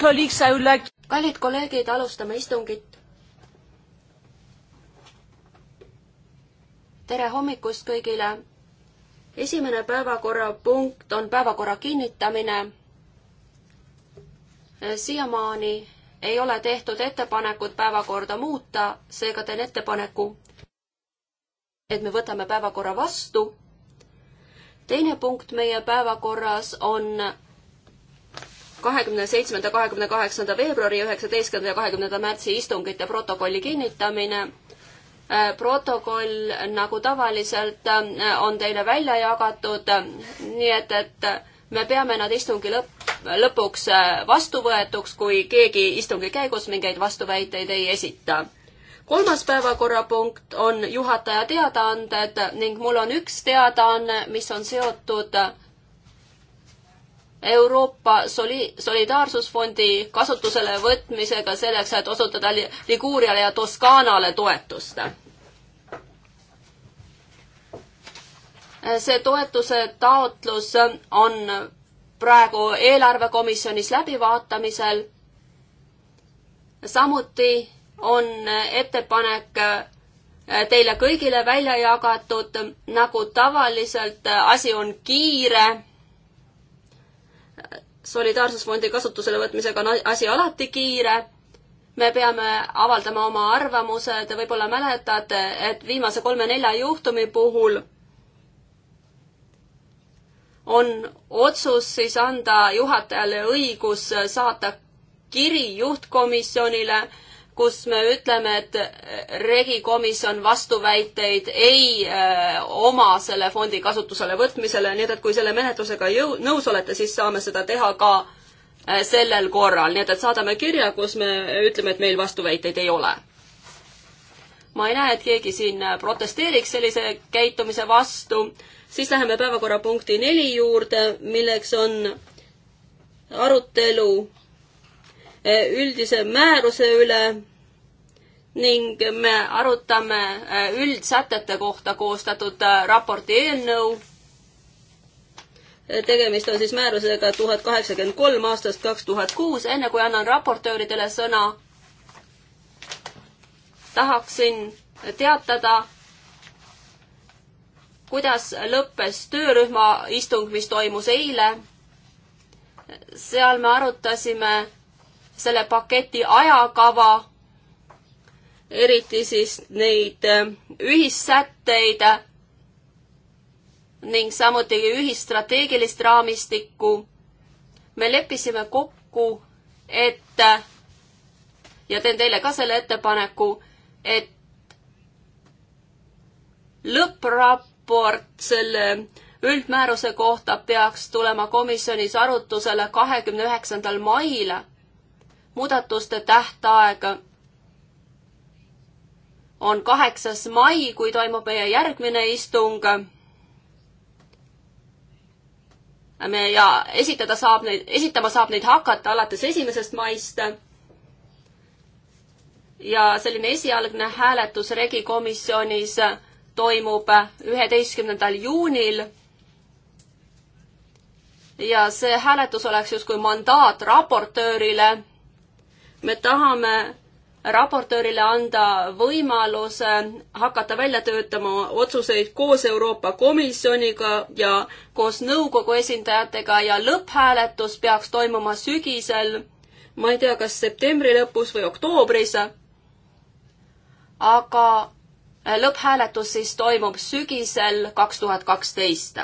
kallid kolleegid, alustame istungit. tere hommikust kõigile. esimene päevakorrapunkt on päevakorra kinnitamine. siiamaani ei ole tehtud ettepanekut päevakorda muuta, seega teen ettepaneku, et me võtame päevakorra vastu. teine punkt meie päevakorras on kahekümne seitsmenda, kahekümne kaheksanda veebruari, üheksateistkümnenda ja kahekümnenda märtsi istungite protokolli kinnitamine. Äh, protokoll, nagu tavaliselt, äh, on teile välja jagatud, nii et, et me peame nad istungi lõpp, lõpuks äh, vastuvõetuks, kui keegi istungi käigus mingeid vastuväiteid ei esita kolmas päevakorrapunkt on juhataja teadaanded ning mul on üks teadaanne, mis on seotud Euroopa soli-, solidaarsusfondi kasutusele võtmisega selleks, et osutada Liguuriale ja Toskaanale toetust. see toetuse taotlus on praegu eelarvekomisjonis läbivaatamisel. samuti on ettepanek teile kõigile välja jagatud, nagu tavaliselt asi on kiire solidaarsusfondi kasutusele võtmisega on asi alati kiire. me peame avaldama oma arvamuse, te võib-olla mäletate, et viimase kolme-nelja juhtumi puhul on otsus siis anda juhatajale õigus saata kiri juhtkomisjonile kus me ütleme, et regikomisjon vastuväiteid ei äh, oma selle fondi kasutusele võtmisele, nii et, et kui selle menetlusega jõu-, nõus olete, siis saame seda teha ka äh, sellel korral, nii et, et saadame kirja, kus me ütleme, et meil vastuväiteid ei ole. ma ei näe, et keegi siin protesteeriks sellise käitumise vastu, siis läheme päevakorrapunkti neli juurde, milleks on arutelu äh, üldise määruse üle ning me arutame äh, üldsätete kohta koostatud äh, raporti eelnõu. Äh, tegemist on siis määrusega tuhat kaheksakümmend kolm aastast kaks tuhat kuus, enne kui annan raportööridele sõna, tahaksin teatada, kuidas lõppes töörühma istung, mis toimus eile. seal me arutasime selle paketi ajakava eriti siis neid äh, ühissätteid äh, ning samuti ühistrateegilist raamistikku. me leppisime kokku, et äh, ja teen teile ka selle ettepaneku, et lõppraport selle üldmääruse kohta peaks tulema komisjonis arutusele kahekümne üheksandal mail. muudatuste tähtaeg on kaheksas mai, kui toimub meie järgmine istung. me ja esitada saab neid, esitama saab neid hakata alates esimesest maist. ja selline esialgne hääletus regikomisjonis toimub üheteistkümnendal juunil ja see hääletus oleks justkui mandaat raportöörile. me tahame raportöörile anda võimaluse hakata välja töötama otsuseid koos Euroopa Komisjoniga ja koos nõukogu esindajatega ja lõpphääletus peaks toimuma sügisel, ma ei tea, kas septembri lõpus või oktoobris, aga lõpphääletus siis toimub sügisel kaks tuhat kaksteist.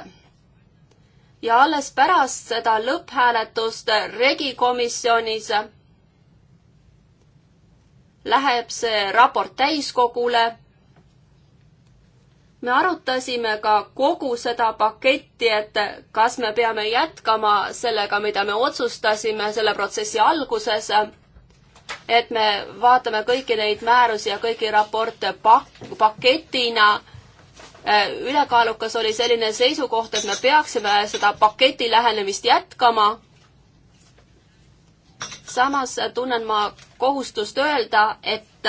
ja alles pärast seda lõpphääletust regikomisjonis läheb see raport täiskogule. me arutasime ka kogu seda paketti, et kas me peame jätkama sellega, mida me otsustasime selle protsessi alguses, et me vaatame kõiki neid määrusi ja kõiki raporte pak-, paketina ülekaalukas oli selline seisukoht, et me peaksime seda paketi lähenemist jätkama. samas tunnen ma kohustust öelda, et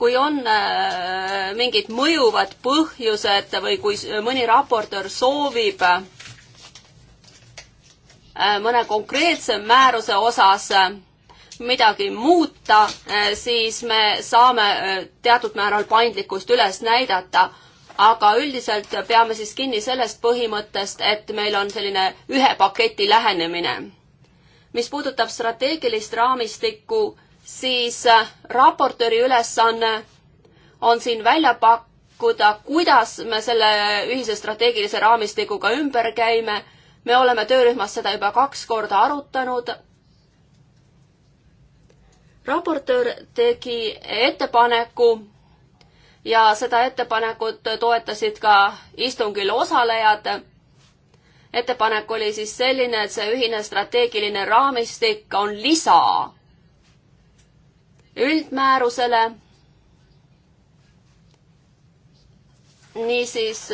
kui on äh, mingid mõjuvad põhjused või kui mõni raportöör soovib äh, mõne konkreetse määruse osas äh, midagi muuta, siis me saame teatud määral paindlikkust üles näidata aga üldiselt peame siis kinni sellest põhimõttest, et meil on selline ühe paketi lähenemine. mis puudutab strateegilist raamistikku, siis äh, raportööri ülesanne on siin välja pakkuda, kuidas me selle ühise strateegilise raamistikuga ümber käime. me oleme töörühmas seda juba kaks korda arutanud. raportöör tegi ettepaneku ja seda ettepanekut toetasid ka istungil osalejad. ettepanek oli siis selline, et see ühine strateegiline raamistik on lisa üldmäärusele. niisiis,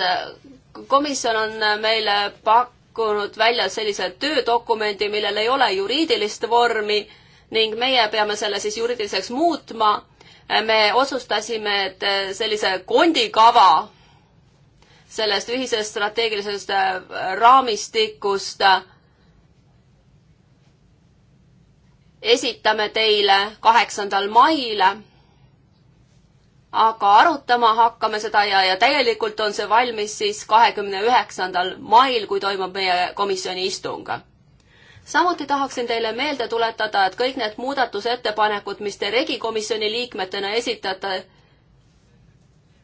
komisjon on meile pakkunud välja sellise töödokumendi, millel ei ole juriidilist vormi ning meie peame selle siis juriidiliseks muutma. me otsustasime, et sellise kondikava sellest ühisest strateegilisest raamistikust äh, esitame teile kaheksandal mail. aga arutama hakkame seda ja, ja täielikult on see valmis siis kahekümne üheksandal mail, kui toimub meie komisjoni istung samuti tahaksin teile meelde tuletada, et kõik need muudatusettepanekud, mis te regikomisjoni liikmetena esitate,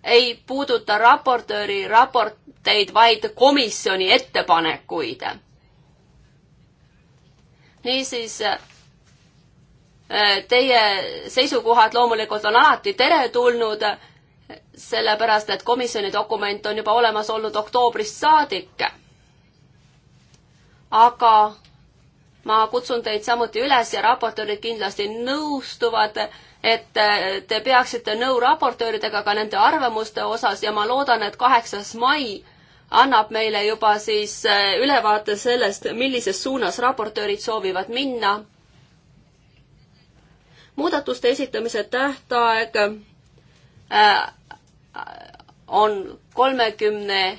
ei puuduta raportööri raporteid, vaid komisjoni ettepanekuid. niisiis Äh, teie seisukohad loomulikult on alati teretulnud, sellepärast et komisjoni dokument on juba olemas olnud oktoobrist saadik. aga ma kutsun teid samuti üles ja raportöörid kindlasti nõustuvad, et te peaksite nõu raportööridega ka nende arvamuste osas ja ma loodan, et kaheksas mai annab meile juba siis äh, ülevaate sellest, millises suunas raportöörid soovivad minna muudatuste esitamise tähtaeg äh, on kolmekümne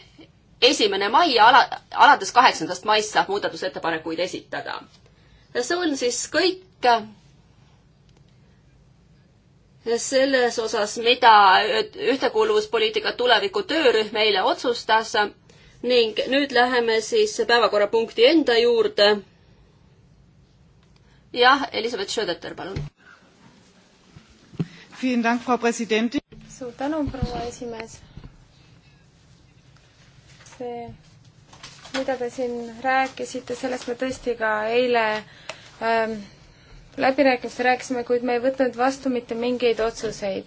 esimene mai ja ala, alates kaheksandast maist saab muudatusettepanekuid esitada. see on siis kõik selles osas, mida ühtekuuluvuspoliitika tuleviku töörühm eile otsustas ning nüüd läheme siis päevakorrapunkti enda juurde. jah, Elizabeth Schröder, palun suur tänu, proua esimees. see, mida te siin rääkisite, sellest me tõesti ka eile ähm, läbirääkimistel rääkisime, kuid me ei võtnud vastu mitte mingeid otsuseid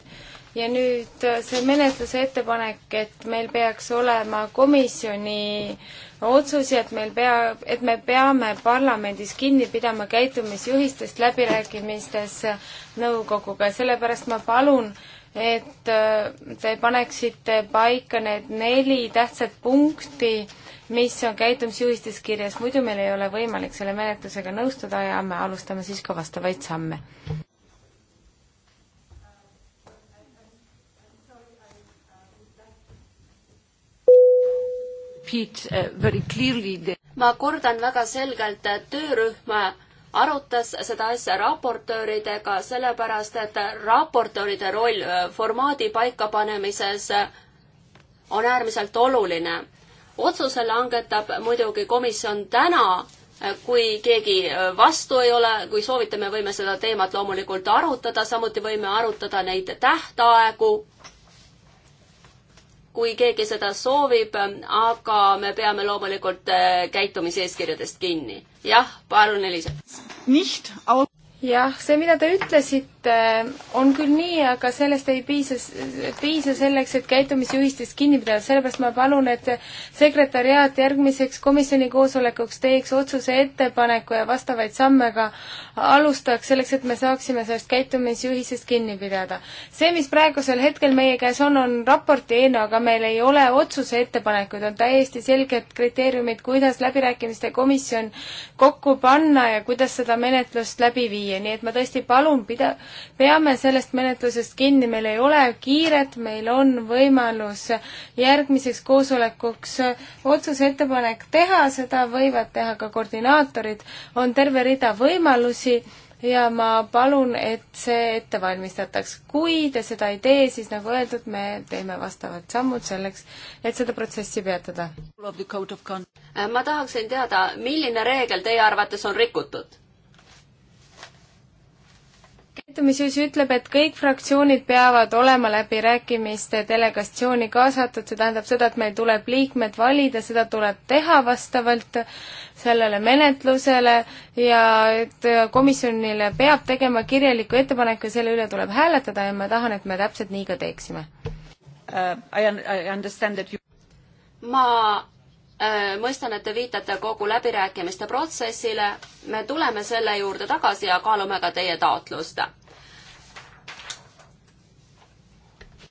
ja nüüd äh, see menetluse ettepanek, et meil peaks olema komisjoni otsus ja et meil pea, et me peame parlamendis kinni pidama käitumisjuhistest läbirääkimistes nõukoguga, sellepärast ma palun, et äh, te paneksite paika need neli tähtsat punkti, mis on käitumisjuhistes kirjas, muidu meil ei ole võimalik selle menetlusega nõustuda ja me alustame siis ka vastavaid samme. Eh, ma kordan väga selgelt, et töörühm arutas seda asja raportööridega, sellepärast et raportööride roll eh, formaadi paikapanemises on äärmiselt oluline. otsuse langetab muidugi komisjon täna, eh, kui keegi vastu ei ole, kui soovite, me võime seda teemat loomulikult arutada, samuti võime arutada neid tähtaegu kui keegi seda soovib, aga me peame loomulikult äh, käitumiseeskirjadest kinni. jah, palun, Elisa. jah, see, mida te ütlesite, et äh, on küll nii, aga sellest ei piisa, piisa selleks, et käitumisjuhistest kinni pidada, sellepärast ma palun, et sekretäriaat järgmiseks komisjoni koosolekuks teeks otsuse ettepaneku ja vastavaid samme ka alustaks, selleks et me saaksime sellest käitumisjuhisest kinni pidada. see, mis praegusel hetkel meie käes on, on raporti eelnõu, aga meil ei ole otsuse ettepanekuid, on täiesti selged kriteeriumid, kuidas läbirääkimiste komisjon kokku panna ja kuidas seda menetlust läbi viia, nii et ma tõesti palun pida-, peame sellest menetlusest kinni, meil ei ole kiiret, meil on võimalus järgmiseks koosolekuks otsuse ettepanek teha, seda võivad teha ka koordinaatorid, on terve rida võimalusi ja ma palun, et see ette valmistataks. kui te seda ei tee, siis nagu öeldud, me teeme vastavad sammud selleks, et seda protsessi peatada. ma tahaksin teada, milline reegel teie arvates on rikutud? käitumisjuhis ütleb, et kõik fraktsioonid peavad olema läbirääkimiste delegatsiooni kaasatud, see tähendab seda, et meil tuleb liikmed valida, seda tuleb teha vastavalt sellele menetlusele ja et komisjonile peab tegema kirjaliku ettepaneku ja selle üle tuleb hääletada ja ma tahan, et me täpselt nii ka teeksime uh,. You... ma Äh, mõistan, et te viitate kogu läbirääkimiste protsessile. me tuleme selle juurde tagasi ja kaalume ka teie taotlust.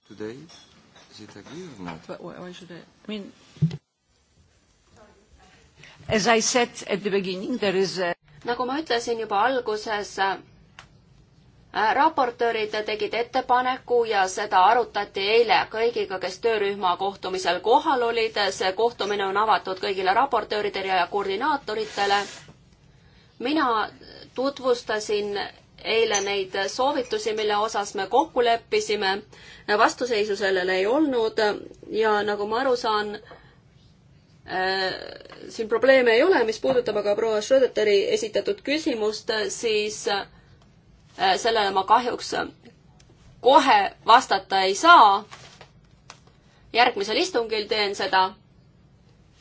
Today is it agree or not? Why should I? I mean, as I said at the beginning, there is a... nagu ma ütlesin juba alguses Äh, raportöörid tegid ettepaneku ja seda arutati eile kõigiga, kes töörühma kohtumisel kohal olid. see kohtumine on avatud kõigile raportööridele ja koordinaatoritele. mina tutvustasin eile neid soovitusi, mille osas me kokku leppisime. vastuseisu sellele ei olnud ja nagu ma aru saan, äh, siin probleeme ei ole, mis puudutab aga proua Schröderi esitatud küsimust, siis äh, Äh, sellele ma kahjuks kohe vastata ei saa. järgmisel istungil teen seda.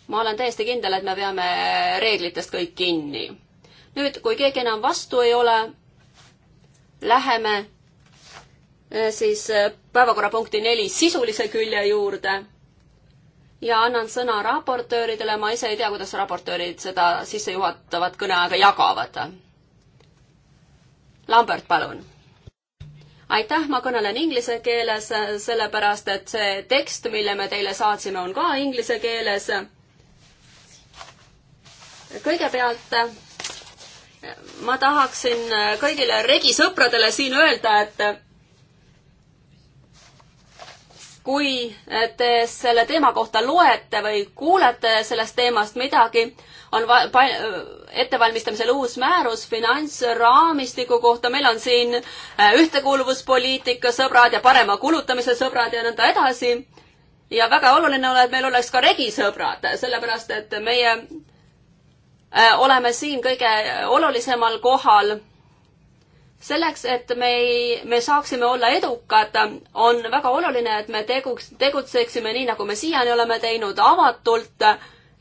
ma olen täiesti kindel, et me peame reeglitest kõik kinni. nüüd, kui keegi enam vastu ei ole, läheme äh, siis äh, päevakorrapunkti neli sisulise külje juurde ja annan sõna raportööridele, ma ise ei tea, kuidas raportöörid seda sissejuhatavat kõneaega jagavad Lambert, palun. aitäh, ma kõnelen inglise keeles, sellepärast et see tekst, mille me teile saatsime, on ka inglise keeles. kõigepealt ma tahaksin kõigile regisõpradele siin öelda, et kui eh, te selle teema kohta loete või kuulete sellest teemast midagi, on eh, ettevalmistamisel uus määrus finantsraamistiku kohta, meil on siin eh, ühtekuuluvuspoliitika sõbrad ja parema kulutamise sõbrad ja nõnda edasi. ja väga oluline on, et meil oleks ka regisõbrad, sellepärast et meie oleme siin kõige olulisemal kohal selleks, et me ei, me saaksime olla edukad, on väga oluline, et me teguks, tegutseksime nii, nagu me siiani oleme teinud, avatult,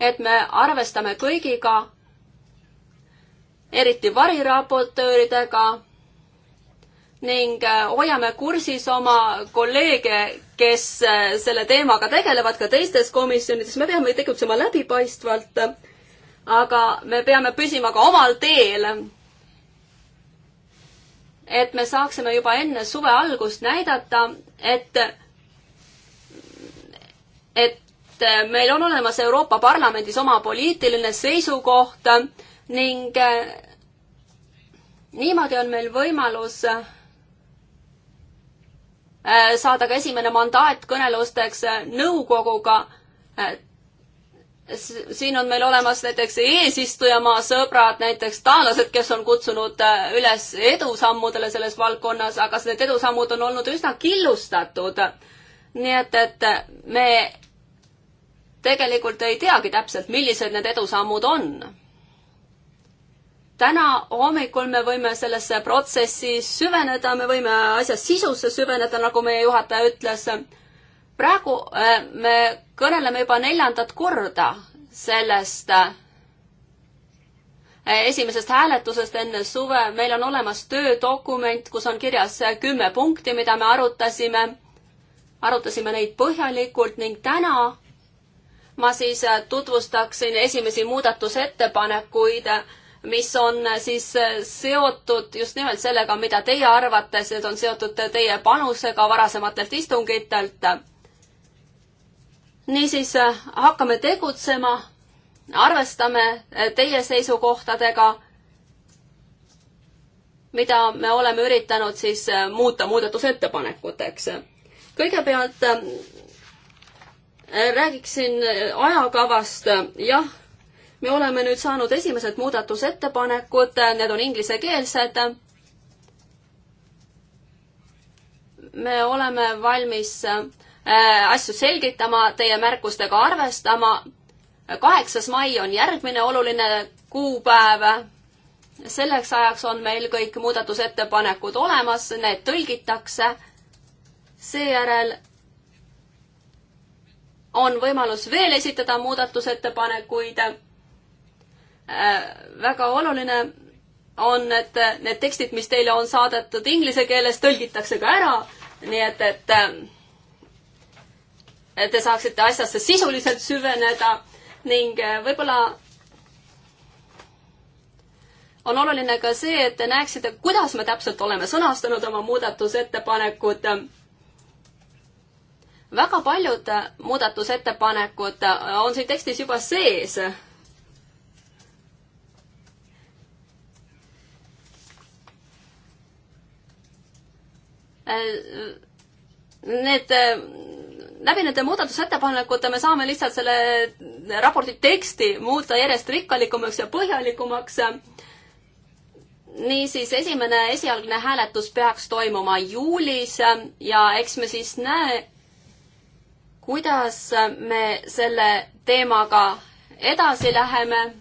et me arvestame kõigiga, eriti variraportööridega ning äh, hoiame kursis oma kolleege, kes äh, selle teemaga tegelevad ka teistes komisjonides, me peame tegutsema läbipaistvalt, aga me peame püsima ka omal teel et me saaksime juba enne suve algust näidata, et, et meil on olemas Euroopa Parlamendis oma poliitiline seisukoht ning niimoodi on meil võimalus saada ka esimene mandaat kõnelusteks nõukoguga siin on meil olemas näiteks eesistujamaa sõbrad, näiteks taanlased, kes on kutsunud äh, üles edusammudele selles valdkonnas, aga need edusammud on olnud üsna killustatud. nii et, et me tegelikult ei teagi täpselt, millised need edusammud on. täna hommikul me võime sellesse protsessi süveneda, me võime asja sisusse süveneda, nagu meie juhataja ütles praegu äh, me kõneleme juba neljandat korda sellest äh, esimesest hääletusest enne suve. meil on olemas töödokument, kus on kirjas äh, kümme punkti, mida me arutasime. arutasime neid põhjalikult ning täna ma siis tutvustaksin esimesi muudatusettepanekuid, mis on siis seotud just nimelt sellega, mida teie arvates, need on seotud teie panusega varasematelt istungitelt niisiis äh, hakkame tegutsema, arvestame äh, teie seisukohtadega, mida me oleme üritanud siis äh, muuta muudatusettepanekuteks. kõigepealt räägiksin ajakavast, jah, me oleme nüüd saanud esimesed muudatusettepanekud, need on inglisekeelsed me oleme valmis Äh, asju selgitama, teie märkustega arvestama. kaheksas mai on järgmine oluline kuupäev. selleks ajaks on meil kõik muudatusettepanekud olemas, need tõlgitakse. seejärel on võimalus veel esitada muudatusettepanekuid. Äh, väga oluline on, et need tekstid, mis teile on saadetud inglise keeles, tõlgitakse ka ära, nii et, et äh, te saaksite asjasse sisuliselt süveneda ning äh, võib-olla on oluline ka see, et te näeksite, kuidas me täpselt oleme sõnastanud oma muudatusettepanekud. väga paljud muudatusettepanekud äh, on siin tekstis juba sees. Äh, need läbi nende muudatusettepanekute me saame lihtsalt selle raporti teksti muuta järjest rikkalikumaks ja põhjalikumaks. niisiis, esimene esialgne hääletus peaks toimuma juulis ja eks me siis näe, kuidas me selle teemaga edasi läheme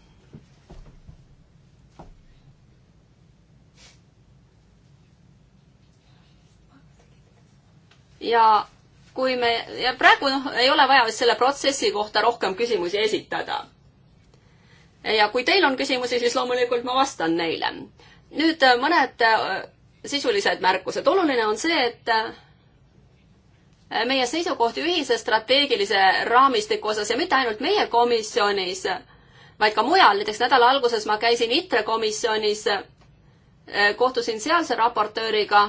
ja kui me, ja praegu noh, ei ole vaja vist selle protsessi kohta rohkem küsimusi esitada. ja kui teil on küsimusi, siis loomulikult ma vastan neile. nüüd äh, mõned äh, sisulised märkused. oluline on see, et äh, meie seisukohti ühise strateegilise raamistiku osas ja mitte ainult meie komisjonis, vaid ka mujal, näiteks nädala alguses ma käisin ITRE komisjonis, kohtusin sealse raportööriga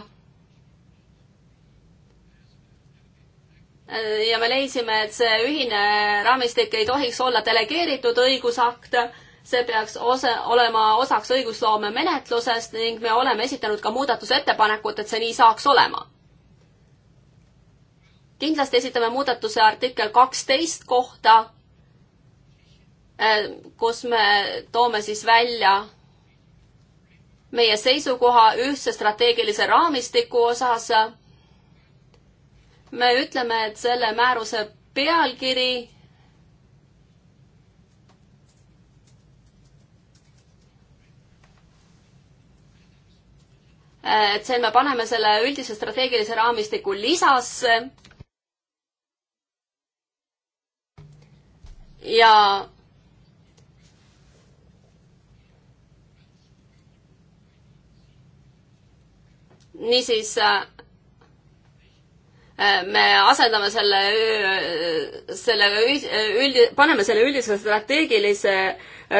Äh, ja me leidsime, et see ühine raamistik ei tohiks olla delegeeritud õigusakt, see peaks osa, olema osaks õigusloome menetlusest ning me oleme esitanud ka muudatusettepanekut, et see nii saaks olema. kindlasti esitame muudatuse artikkel kaksteist kohta, äh, kus me toome siis välja meie seisukoha ühtse strateegilise raamistiku osas me ütleme, et selle määruse pealkiri eh, et see, me paneme selle üldise strateegilise raamistiku lisasse. ja niisiis eh, me asendame selle, selle üldi-, paneme selle üldise strateegilise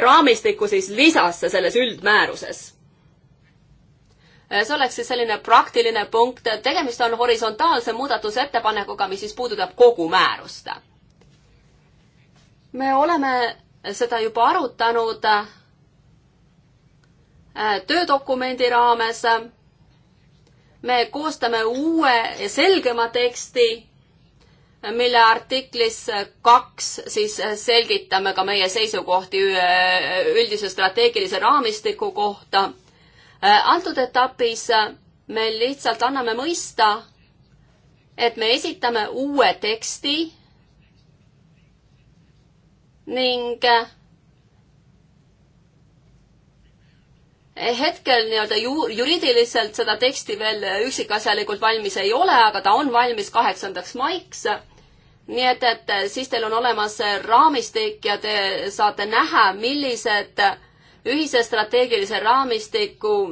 raamistiku siis lisasse selles üldmääruses see oleks siis selline praktiline punkt, tegemist on horisontaalse muudatusettepanekuga, mis siis puudutab kogu määrust. me oleme seda juba arutanud äh, töödokumendi raames me koostame uue ja selgema teksti, mille artiklis kaks siis selgitame ka meie seisukohti üldise strateegilise raamistiku kohta. antud etapis me lihtsalt anname mõista, et me esitame uue teksti ning hetkel nii-öelda ju-, juriidiliselt seda teksti veel üksikasjalikult valmis ei ole, aga ta on valmis kaheksandaks maiks. nii et, et siis teil on olemas raamistik ja te saate näha, millised ühise strateegilise raamistiku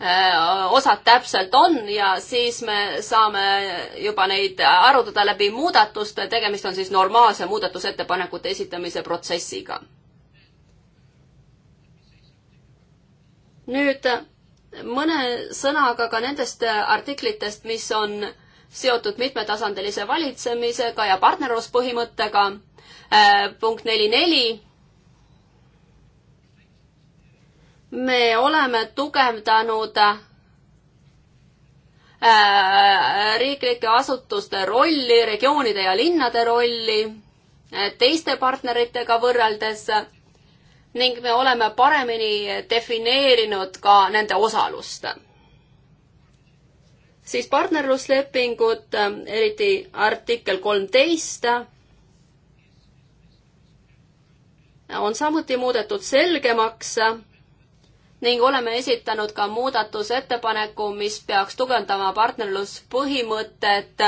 äh, osad täpselt on ja siis me saame juba neid arutada läbi muudatuste, tegemist on siis normaalse muudatusettepanekute esitamise protsessiga nüüd mõne sõnaga ka nendest artiklitest, mis on seotud mitmetasandilise valitsemisega ja partnerluspõhimõttega. Äh, punkt neli neli. me oleme tugevdanud äh, riiklike asutuste rolli, regioonide ja linnade rolli äh, teiste partneritega võrreldes ning me oleme paremini defineerinud ka nende osalust. siis partnerluslepingud, eriti artikkel kolmteist, on samuti muudetud selgemaks ning oleme esitanud ka muudatusettepaneku, mis peaks tugevdama partnerluspõhimõtet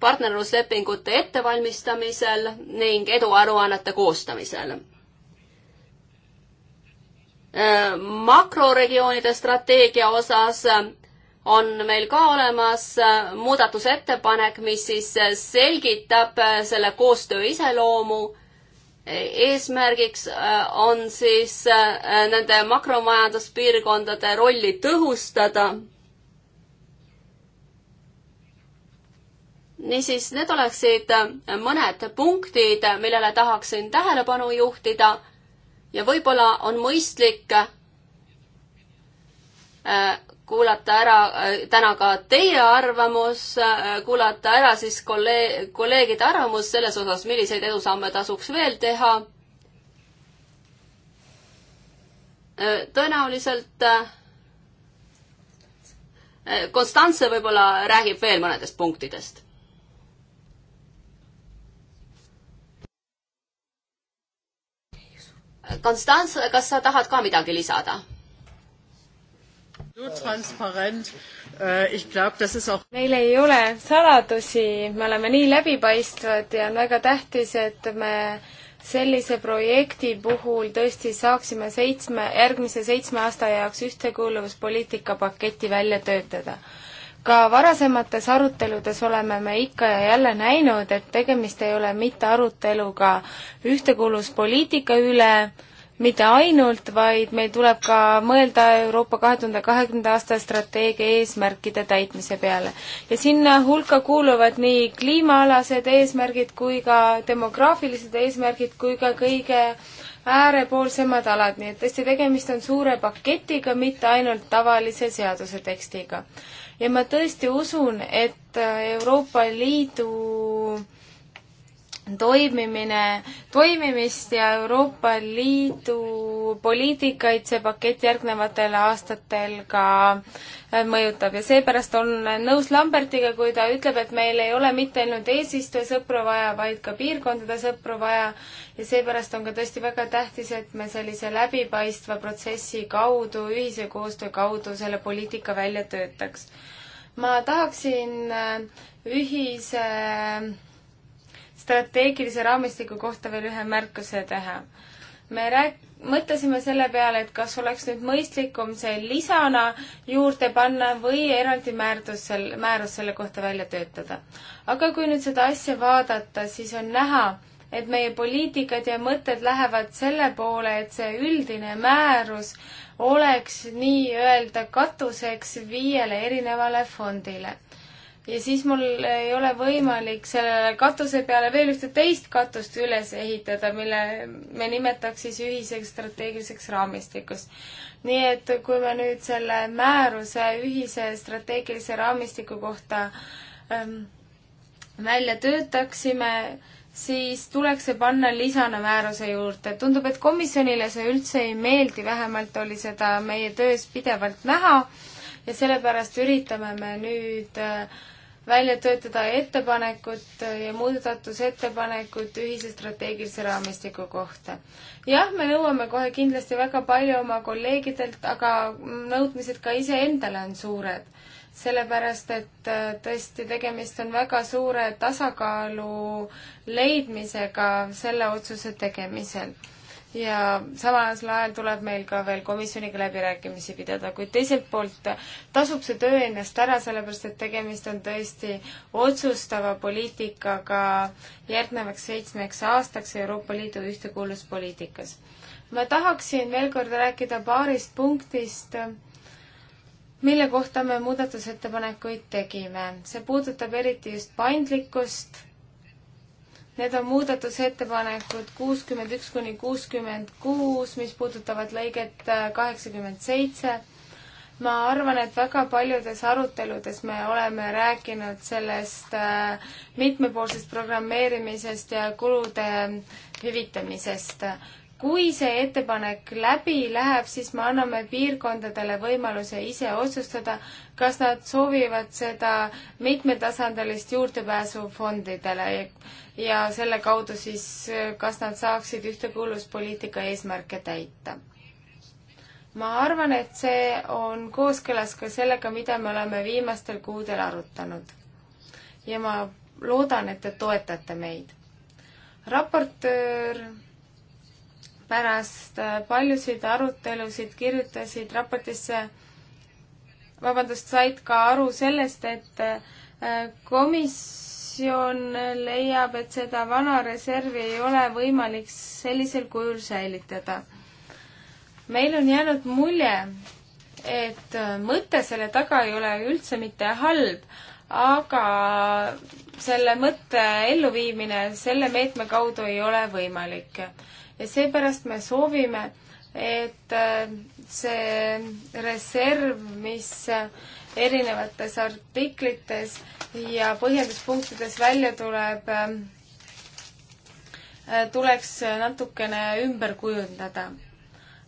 partnerluslepingute ettevalmistamisel ning eduaruannete koostamisel Äh, makroregioonide strateegia osas äh, on meil ka olemas äh, muudatusettepanek, mis siis selgitab selle koostöö iseloomu. E, eesmärgiks on siis nende makromajanduspiirkondade rolli tõhustada. niisiis, need oleksid mõned punktid, millele tahaksin tähelepanu juhtida ja võib-olla on mõistlik äh, kuulata ära äh, täna ka teie arvamus, äh, kuulata ära siis kolleeg, kolleegide arvamus selles osas, milliseid edusamme tasuks veel teha tõenäoliselt Konstantse võib-olla räägib veel mõnedest punktidest. Konstants, kas sa tahad ka midagi lisada? Äh, meil ei ole saladusi, me oleme nii läbipaistvad ja on väga tähtis, et me sellise projekti puhul tõesti saaksime seitsme, järgmise seitsme aasta jaoks ühtekuuluvuspoliitika paketi välja töötada ka varasemates aruteludes oleme me ikka ja jälle näinud, et tegemist ei ole mitte aruteluga ühtekuuluvuspoliitika üle, mitte ainult, vaid meil tuleb ka mõelda Euroopa kahe tuhande kahekümnenda aasta strateegia eesmärkide täitmise peale. ja sinna hulka kuuluvad nii kliimaalased eesmärgid kui ka demograafilised eesmärgid kui ka kõige äärepoolsemad alad, nii et tõesti tegemist on suure paketiga, mitte ainult tavalise seaduse tekstiga ja ma tõesti usun, et Euroopa Liidu toimimine, toimimist ja Euroopa Liidu poliitikaid see pakett järgnevatel aastatel ka äh, mõjutab ja seepärast on nõus Lambertiga, kui ta ütleb, et meil ei ole mitte ainult eesistuja sõpru vaja, vaid ka piirkondade sõpru vaja ja seepärast on ka tõesti väga tähtis, et me sellise läbipaistva protsessi kaudu, ühise koostöö kaudu selle poliitika välja töötaks. ma tahaksin äh, ühise strateegilise raamistiku kohta veel ühe märkuse teha. me rääk-, mõtlesime selle peale, et kas oleks nüüd mõistlikum see lisana juurde panna või eraldi määrdus sel-, määrus selle kohta välja töötada. aga kui nüüd seda asja vaadata, siis on näha, et meie poliitikad ja mõtted lähevad selle poole, et see üldine määrus oleks nii-öelda katuseks viiele erinevale fondile ja siis mul ei ole võimalik sellele katuse peale veel ühte teist katust üles ehitada, mille me nimetaks siis ühiseks strateegiliseks raamistikuks. nii et kui me nüüd selle määruse ühise strateegilise raamistiku kohta ähm, välja töötaksime, siis tuleks see panna lisana määruse juurde. tundub, et komisjonile see üldse ei meeldi, vähemalt oli seda meie töös pidevalt näha ja sellepärast üritame me nüüd äh, välja töötada ettepanekut ja muudatusettepanekut ühise strateegilise raamistiku kohta. jah, me nõuame kohe kindlasti väga palju oma kolleegidelt, aga nõudmised ka iseendale on suured. sellepärast, et äh, tõesti tegemist on väga suure tasakaalu leidmisega selle otsuse tegemisel ja samal ajal tuleb meil ka veel komisjoniga läbirääkimisi pidada, kuid teiselt poolt tasub see töö ennast ära, sellepärast et tegemist on tõesti otsustava poliitikaga järgnevaks seitsmeks aastaks Euroopa Liidu ühtekuuluvuspoliitikas. ma tahaksin veel kord rääkida paarist punktist, mille kohta me muudatusettepanekuid tegime. see puudutab eriti just paindlikkust Need on muudatusettepanekud kuuskümmend üks kuni kuuskümmend kuus, mis puudutavad lõiget äh, kaheksakümmend seitse. ma arvan, et väga paljudes aruteludes me oleme rääkinud sellest äh, mitmepoolsest programmeerimisest ja kulude hüvitamisest kui see ettepanek läbi läheb, siis me anname piirkondadele võimaluse ise otsustada, kas nad soovivad seda mitmetasandilist juurdepääsu fondidele ja selle kaudu siis, kas nad saaksid ühtekuuluvuspoliitika eesmärke täita. ma arvan, et see on kooskõlas ka sellega, mida me oleme viimastel kuudel arutanud. ja ma loodan, et te toetate meid. raportöör pärast paljusid arutelusid kirjutasid raportisse vabandust, said ka aru sellest, et äh, komisjon leiab, et seda vana reservi ei ole võimalik sellisel kujul säilitada. meil on jäänud mulje, et äh, mõte selle taga ei ole üldse mitte halb, aga selle mõtte elluviimine selle meetme kaudu ei ole võimalik. ja seepärast me soovime, et äh, see reserv, mis erinevates artiklites ja põhjenduspunktides välja tuleb, äh, tuleks natukene ümber kujundada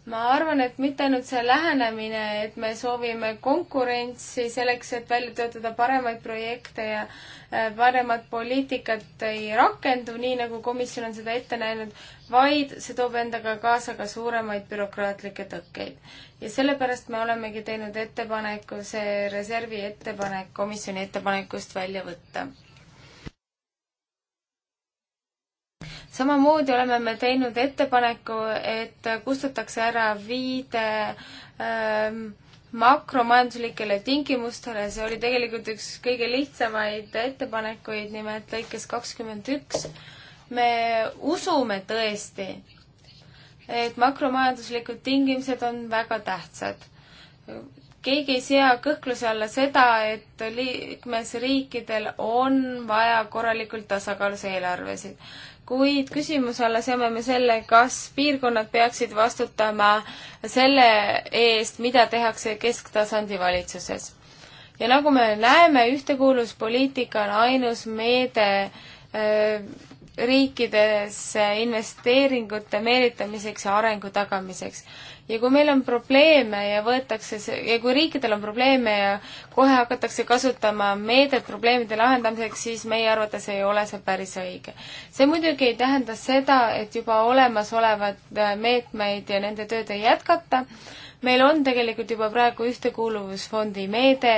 ma arvan, et mitte ainult see lähenemine, et me soovime konkurentsi selleks, et välja töötada paremaid projekte ja äh, paremat poliitikat ei rakendu, nii nagu komisjon on seda ette näinud, vaid see toob endaga kaasa ka suuremaid bürokraatlikke tõkkeid. ja sellepärast me olemegi teinud ettepaneku see reservi ettepanek komisjoni ettepanekust välja võtta samamoodi oleme me teinud ettepaneku, et kustutakse ära viide ähm, makromajanduslikele tingimustele, see oli tegelikult üks kõige lihtsamaid ettepanekuid, nimelt lõikes kakskümmend üks. me usume tõesti, et makromajanduslikud tingimused on väga tähtsad keegi ei sea kõhkluse alla seda, et liikmesriikidel on vaja korralikult tasakaalus eelarvesid kuid küsimuse alla seame me selle, kas piirkonnad peaksid vastutama selle eest, mida tehakse kesktasandi valitsuses. ja nagu me näeme, ühtekuuluvuspoliitika on ainus meede öö, äh, riikidesse investeeringute meelitamiseks ja arengu tagamiseks. ja kui meil on probleeme ja võetakse see, ja kui riikidel on probleeme ja kohe hakatakse kasutama meedet probleemide lahendamiseks, siis meie arvates ei ole see päris õige. see muidugi ei tähenda seda, et juba olemasolevad äh, meetmeid ja nende tööd ei jätkata, meil on tegelikult juba praegu Ühtekuuluvusfondi meede,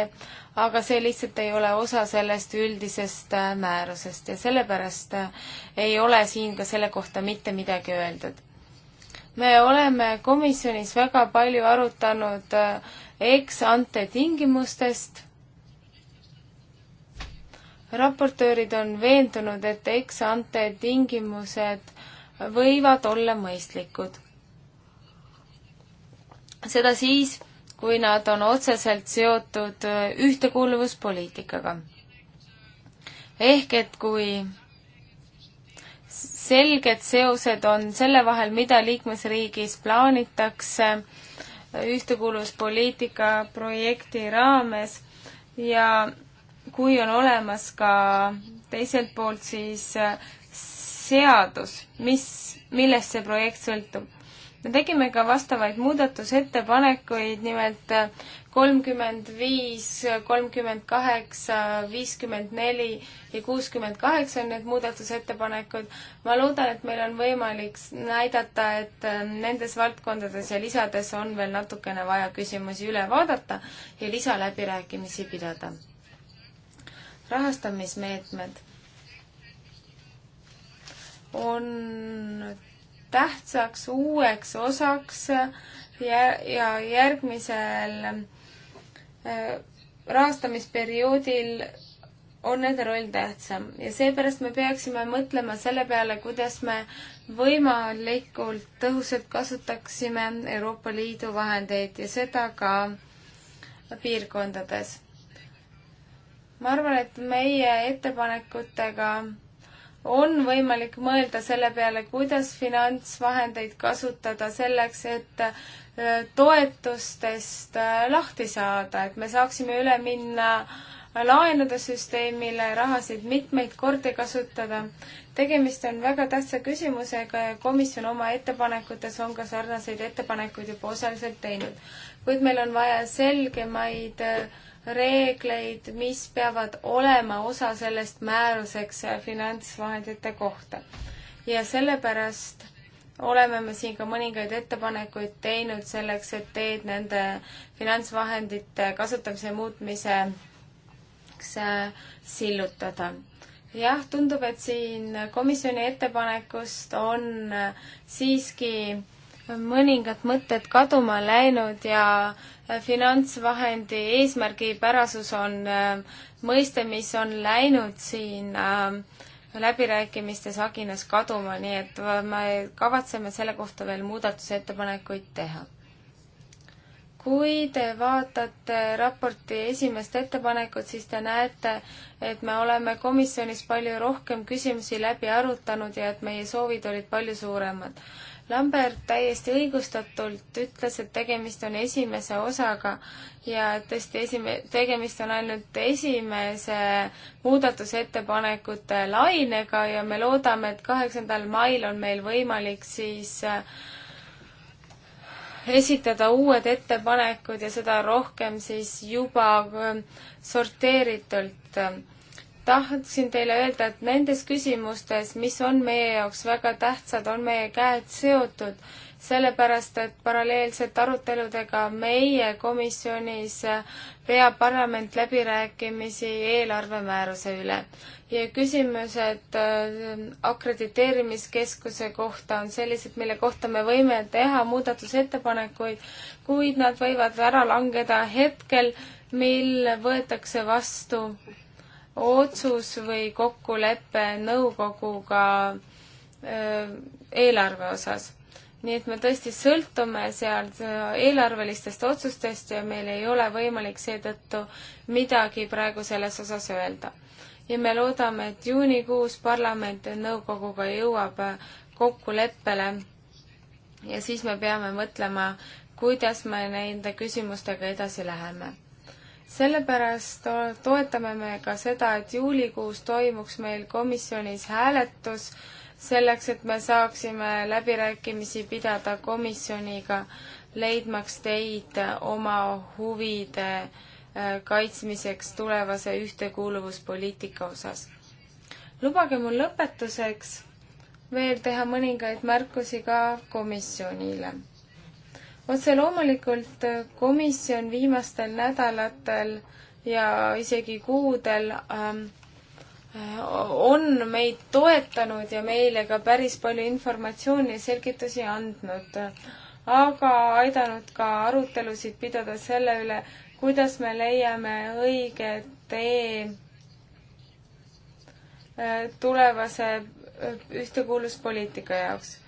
aga see lihtsalt ei ole osa sellest üldisest äh, määrusest ja sellepärast äh, ei ole siin ka selle kohta mitte midagi öeldud. me oleme komisjonis väga palju arutanud äh, ex-ante tingimustest. raportöörid on veendunud, et ex-ante tingimused võivad olla mõistlikud. seda siis, kui nad on otseselt seotud äh, ühtekuuluvuspoliitikaga. ehk et kui selged seosed on selle vahel, mida liikmesriigis plaanitakse äh, ühtekuuluvuspoliitika projekti raames ja kui on olemas ka teiselt poolt siis äh, seadus, mis, millest see projekt sõltub me tegime ka vastavaid muudatusettepanekuid, nimelt kolmkümmend viis, kolmkümmend kaheksa, viiskümmend neli ja kuuskümmend kaheksa on need muudatusettepanekud. ma loodan, et meil on võimalik näidata, et nendes valdkondades ja lisades on veel natukene vaja küsimusi üle vaadata ja lisaläbirääkimisi pidada. rahastamismeetmed on tähtsaks uueks osaks ja, ja järgmisel äh, rahastamisperioodil on nende roll tähtsam ja seepärast me peaksime mõtlema selle peale, kuidas me võimalikult tõhusalt kasutaksime Euroopa Liidu vahendeid ja seda ka piirkondades. ma arvan, et meie ettepanekutega on võimalik mõelda selle peale, kuidas finantsvahendeid kasutada selleks, et äh, toetustest äh, lahti saada, et me saaksime üle minna äh, laenude süsteemile, rahasid mitmeid kordi kasutada. tegemist on väga tähtsa küsimusega ja komisjon oma ettepanekutes on ka sarnaseid ettepanekuid juba osaliselt teinud. kuid meil on vaja selgemaid äh, reegleid, mis peavad olema osa sellest määruseks finantsvahendite kohta. ja sellepärast oleme me siin ka mõningaid ettepanekuid teinud selleks, et teed nende finantsvahendite kasutamise muutmiseks äh, sillutada. jah, tundub, et siin komisjoni ettepanekust on äh, siiski mõningad mõtted kaduma läinud ja finantsvahendi eesmärgipärasus on äh, mõiste, mis on läinud siin äh, läbirääkimistes aginas kaduma, nii et me kavatseme selle kohta veel muudatusettepanekuid teha. kui te vaatate raporti esimest ettepanekut, siis te näete, et me oleme komisjonis palju rohkem küsimusi läbi arutanud ja et meie soovid olid palju suuremad Lambert täiesti õigustatult ütles, et tegemist on esimese osaga ja tõesti esime-, tegemist on ainult esimese muudatusettepanekute lainega ja me loodame, et kaheksandal mail on meil võimalik siis äh, esitada uued ettepanekud ja seda rohkem siis juba äh, sorteeritult tahtsin teile öelda, et nendes küsimustes, mis on meie jaoks väga tähtsad, on meie käed seotud, sellepärast et paralleelselt aruteludega meie komisjonis peab parlament läbirääkimisi eelarvemääruse üle. ja küsimused äh, akrediteerimiskeskuse kohta on sellised, mille kohta me võime teha muudatusettepanekuid, kuid nad võivad ära langeda hetkel, mil võetakse vastu otsus või kokkulepe nõukoguga eelarve osas. nii et me tõesti sõltume seal eelarvelistest otsustest ja meil ei ole võimalik seetõttu midagi praegu selles osas öelda. ja me loodame, et juunikuus parlament nõukoguga jõuab kokkuleppele ja siis me peame mõtlema, kuidas me nende küsimustega edasi läheme sellepärast toetame me ka seda, et juulikuus toimuks meil komisjonis hääletus selleks, et me saaksime läbirääkimisi pidada komisjoniga, leidmaks teid oma huvide äh, kaitsmiseks tulevase ühtekuuluvuspoliitika osas. lubage mul lõpetuseks veel teha mõningaid märkusi ka komisjonile otse loomulikult äh, komisjon viimastel nädalatel ja isegi kuudel ähm, äh, on meid toetanud ja meile ka päris palju informatsiooni ja selgitusi andnud, aga aidanud ka arutelusid pidada selle üle, kuidas me leiame õige tee äh, tulevase ühtekuuluvuspoliitika jaoks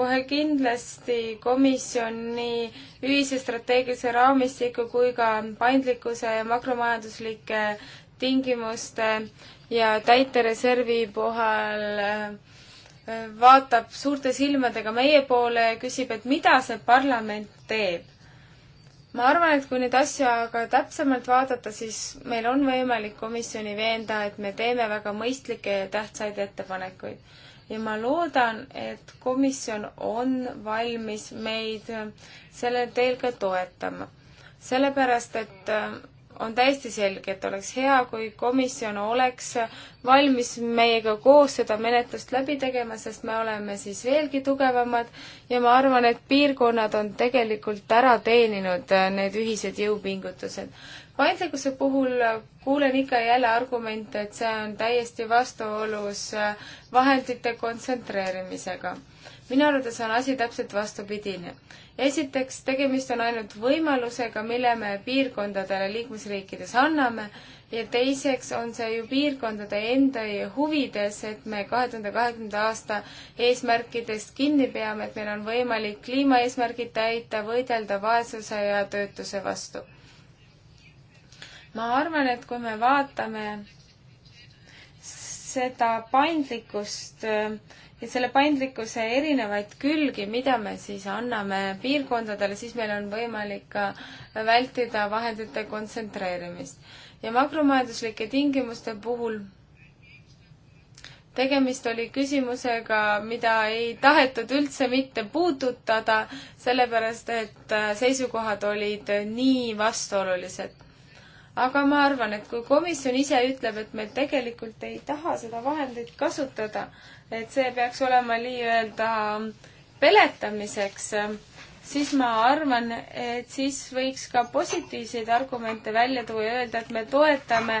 kohe kindlasti komisjoni ühise strateegilise raamistiku kui ka paindlikkuse ja makromajanduslike tingimuste ja täitereservi puhul äh, vaatab suurte silmadega meie poole ja küsib, et mida see parlament teeb. ma arvan, et kui neid asju aga täpsemalt vaadata, siis meil on võimalik komisjoni veenda, et me teeme väga mõistlikke ja tähtsaid ettepanekuid ja ma loodan, et komisjon on valmis meid sellel teel ka toetama. sellepärast, et äh, on täiesti selge, et oleks hea, kui komisjon oleks valmis meiega koos seda menetlust läbi tegema, sest me oleme siis veelgi tugevamad ja ma arvan, et piirkonnad on tegelikult ära teeninud äh, need ühised jõupingutused paindlikkuse puhul kuulen ikka ja jälle argumente, et see on täiesti vastuolus äh, vahendite kontsentreerimisega. minu arvates on asi täpselt vastupidine. esiteks, tegemist on ainult võimalusega, mille me piirkondadele liikmesriikides anname ja teiseks on see ju piirkondade enda huvides, et me kahe tuhande kahekümnenda aasta eesmärkidest kinni peame, et meil on võimalik kliimaeesmärgid täita, võidelda vaesuse ja töötuse vastu ma arvan, et kui me vaatame seda paindlikkust äh, ja selle paindlikkuse erinevaid külgi, mida me siis anname piirkondadele, siis meil on võimalik ka vältida vahendite kontsentreerimist. ja makromajanduslike tingimuste puhul tegemist oli küsimusega, mida ei tahetud üldse mitte puudutada, sellepärast et äh, seisukohad olid nii vastuolulised aga ma arvan, et kui komisjon ise ütleb, et me tegelikult ei taha seda vahendit kasutada, et see peaks olema nii-öelda peletamiseks, siis ma arvan, et siis võiks ka positiivseid argumente välja tuua ja öelda, et me toetame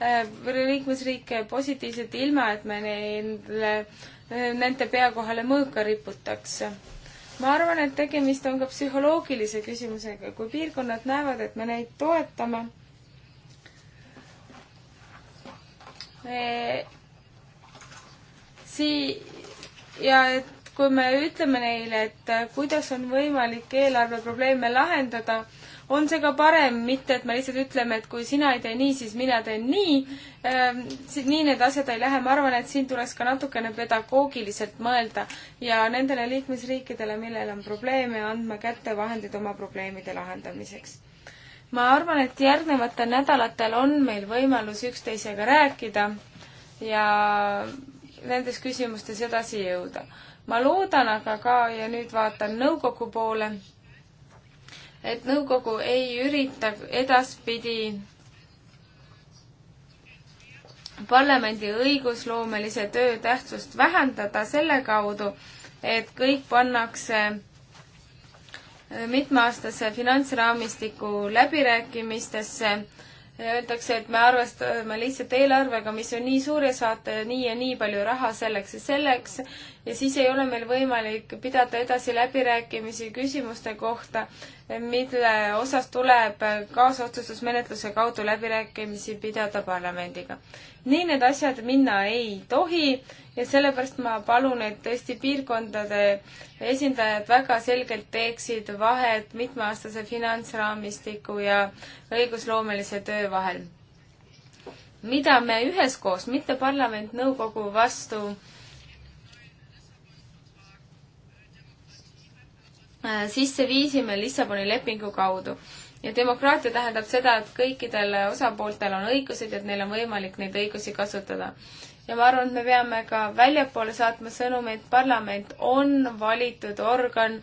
äh, liikmesriike positiivselt, ilma et me neile, äh, nende pea kohale mõõka riputaks ma arvan, et tegemist on ka psühholoogilise küsimusega, kui piirkonnad näevad, et me neid toetame, sii- ja et kui me ütleme neile, et kuidas on võimalik eelarveprobleeme lahendada, on see ka parem, mitte et me lihtsalt ütleme, et kui sina ei tee nii, siis mina teen nii ehm,. nii need asjad ei lähe, ma arvan, et siin tuleks ka natukene pedagoogiliselt mõelda ja nendele liikmesriikidele, millel on probleeme, andma kätte vahendid oma probleemide lahendamiseks ma arvan, et järgnevatel nädalatel on meil võimalus üksteisega rääkida ja nendes küsimustes edasi jõuda. ma loodan aga ka ja nüüd vaatan nõukogu poole, et nõukogu ei ürita edaspidi parlamendi õigusloomelise töö tähtsust vähendada selle kaudu, et kõik pannakse mitmeaastase finantsraamistiku läbirääkimistesse ja öeldakse, et me arvestame lihtsalt eelarvega, mis on nii suur ja saate nii ja nii palju raha selleks ja selleks ja siis ei ole meil võimalik pidada edasi läbirääkimisi küsimuste kohta, mille osas tuleb kaasotsustusmenetluse kaudu läbirääkimisi pidada parlamendiga. nii need asjad minna ei tohi ja sellepärast ma palun, et tõesti piirkondade esindajad väga selgelt teeksid vahet mitmeaastase finantsraamistiku ja õigusloomelise töö vahel. mida me üheskoos, mitte parlament nõukogu vastu äh, sisse viisime Lissaboni lepingu kaudu ja demokraatia tähendab seda, et kõikidel osapooltel on õigused ja et neil on võimalik neid õigusi kasutada ja ma arvan, et me peame ka väljapoole saatma sõnumi, et parlament on valitud organ,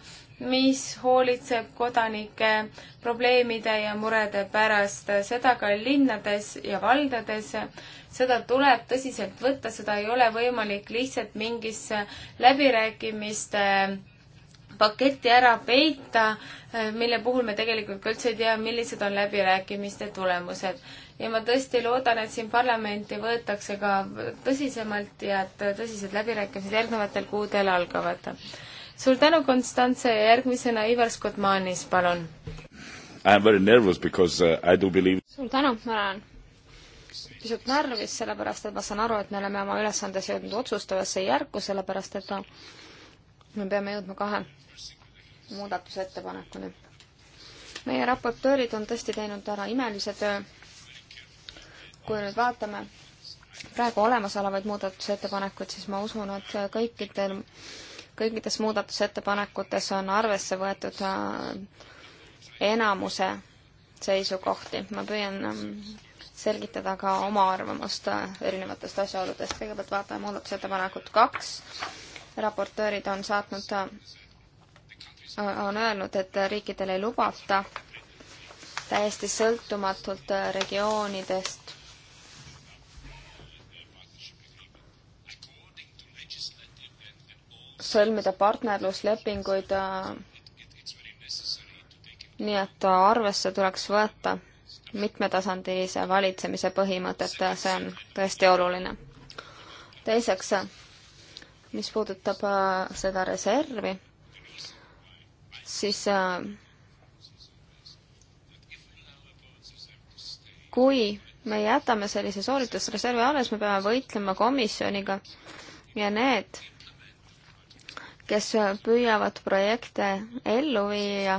mis hoolitseb kodanike probleemide ja murede pärast, seda ka linnades ja valdades. seda tuleb tõsiselt võtta, seda ei ole võimalik lihtsalt mingisse läbirääkimiste paketti ära peita, mille puhul me tegelikult ka üldse ei tea, millised on läbirääkimiste tulemused ja ma tõesti loodan, et siin parlamenti võetakse ka tõsisemalt ja et tõsised läbirääkimised järgnevatel kuudel algavad. suur tänu, Konstantse, ja järgmisena Ivar Skotmanis, palun! I am very nervous because uh, I do believe suur tänu, ma olen pisut närvis, sellepärast et ma saan aru, et me oleme oma ülesandes jõudnud otsustavasse järku, sellepärast et me peame jõudma kahe muudatusettepanekuni. meie raportöörid on tõesti teinud ära imelise töö kui nüüd vaatame praegu olemasolevaid muudatusettepanekuid, siis ma usun, et kõikidel, kõikides muudatusettepanekutes on arvesse võetud äh, enamuse seisukohti. ma püüan ähm, selgitada ka oma arvamust äh, erinevatest asjaoludest. kõigepealt vaatame muudatusettepanekut kaks. raportöörid on saatnud, äh, on öelnud, et riikidel ei lubata täiesti sõltumatult regioonidest sõlmida partnerluslepinguid. Äh, nii et arvesse tuleks võtta mitmetasandilise valitsemise põhimõtet, äh, see on tõesti oluline. teiseks, äh, mis puudutab seda reservi, siis kui me jätame sellise sooritusreservi alles, me peame võitlema komisjoniga ja need kes püüavad projekte ellu viia,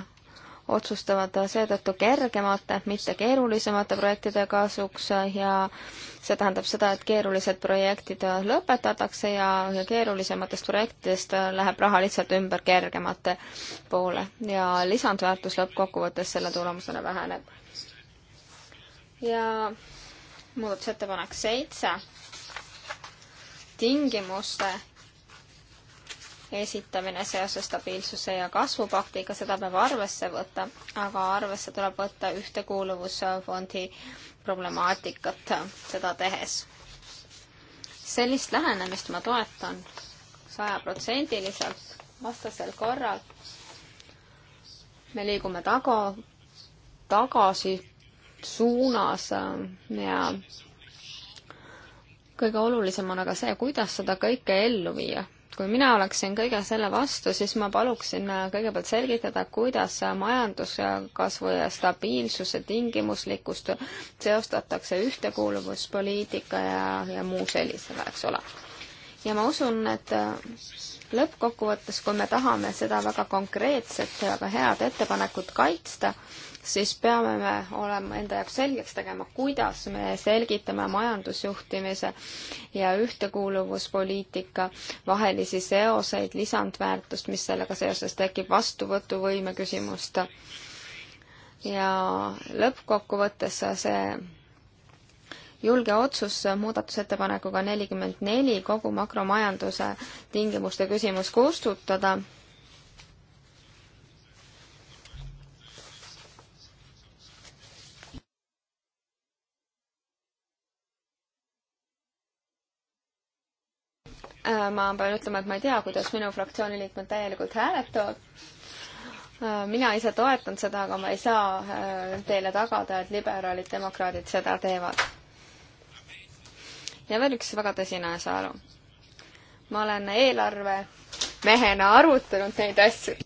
otsustavad seetõttu kergemate, mitte keerulisemate projektide kasuks ja see tähendab seda, et keerulised projektid lõpetatakse ja, ja keerulisematest projektidest läheb raha lihtsalt ümber kergemate poole ja lisandväärtus lõppkokkuvõttes selle tulemusena väheneb. ja muudatusettepanek seitse tingimuste esitamine seoses stabiilsuse ja kasvupaktiga, seda peab arvesse võtta, aga arvesse tuleb võtta ühtekuuluvusfondi problemaatikat seda tehes. sellist lähenemist ma toetan sajaprotsendiliselt, vastasel korral me liigume taga, tagasi suunas ähm, ja kõige olulisem on aga see, kuidas seda kõike ellu viia kui mina oleksin kõige selle vastu, siis ma paluksin äh, kõigepealt selgitada, kuidas äh, majanduskasvu ja stabiilsuse tingimuslikkust seostatakse ühtekuuluvuspoliitika ja, ja muu sellisega, eks ole. ja ma usun, et äh, lõppkokkuvõttes, kui me tahame seda väga konkreetset ja väga head ettepanekut kaitsta, siis peame me olema enda jaoks selgeks tegema, kuidas me selgitame majandusjuhtimise ja ühtekuuluvuspoliitika vahelisi seoseid, lisandväärtust, mis sellega seoses tekib, vastuvõtuvõime küsimust. ja lõppkokkuvõttes see julge otsus muudatusettepanekuga nelikümmend neli kogu makromajanduse tingimuste küsimus kustutada Äh, ma pean ütlema, et ma ei tea, kuidas minu fraktsiooni liikmed täielikult hääletavad. Äh, mina ise toetan seda, aga ma ei saa äh, teile tagada, et liberaalid, demokraadid seda teevad. ja veel üks väga tõsine asjaolu. ma olen eelarve mehena arutanud neid asju.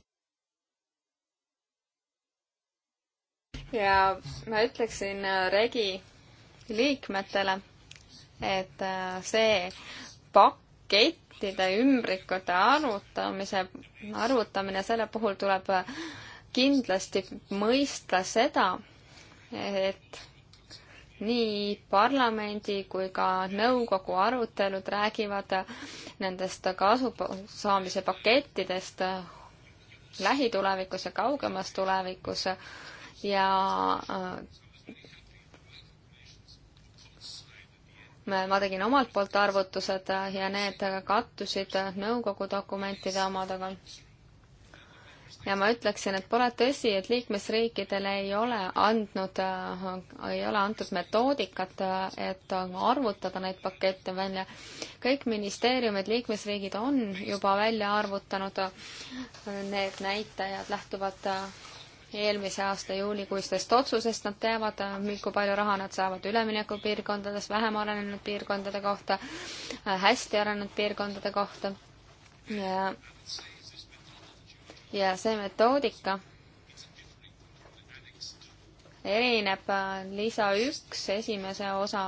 ja ma ütleksin Regi liikmetele, et see pakk, pakettide ümbrikute arvutamise, arvutamine, selle puhul tuleb kindlasti mõista seda, et nii parlamendi kui ka nõukogu arutelud räägivad nendest kasusaamise pakettidest lähitulevikus ja kaugemas tulevikus ja äh, ma tegin omalt poolt arvutused ja need kattusid nõukogu dokumentide omadega. ja ma ütleksin, et pole tõsi, et liikmesriikidele ei ole andnud, ei ole antud metoodikat, et arvutada neid pakette välja. kõik ministeeriumid, liikmesriigid on juba välja arvutanud need näitajad lähtuvalt eelmise aasta juunikuistest otsusest nad teavad, kui palju raha nad saavad üleminekupiirkondades, vähem arenenud piirkondade kohta, äh, hästi arenenud piirkondade kohta ja ja see metoodika erineb äh, lisa üks esimese osa,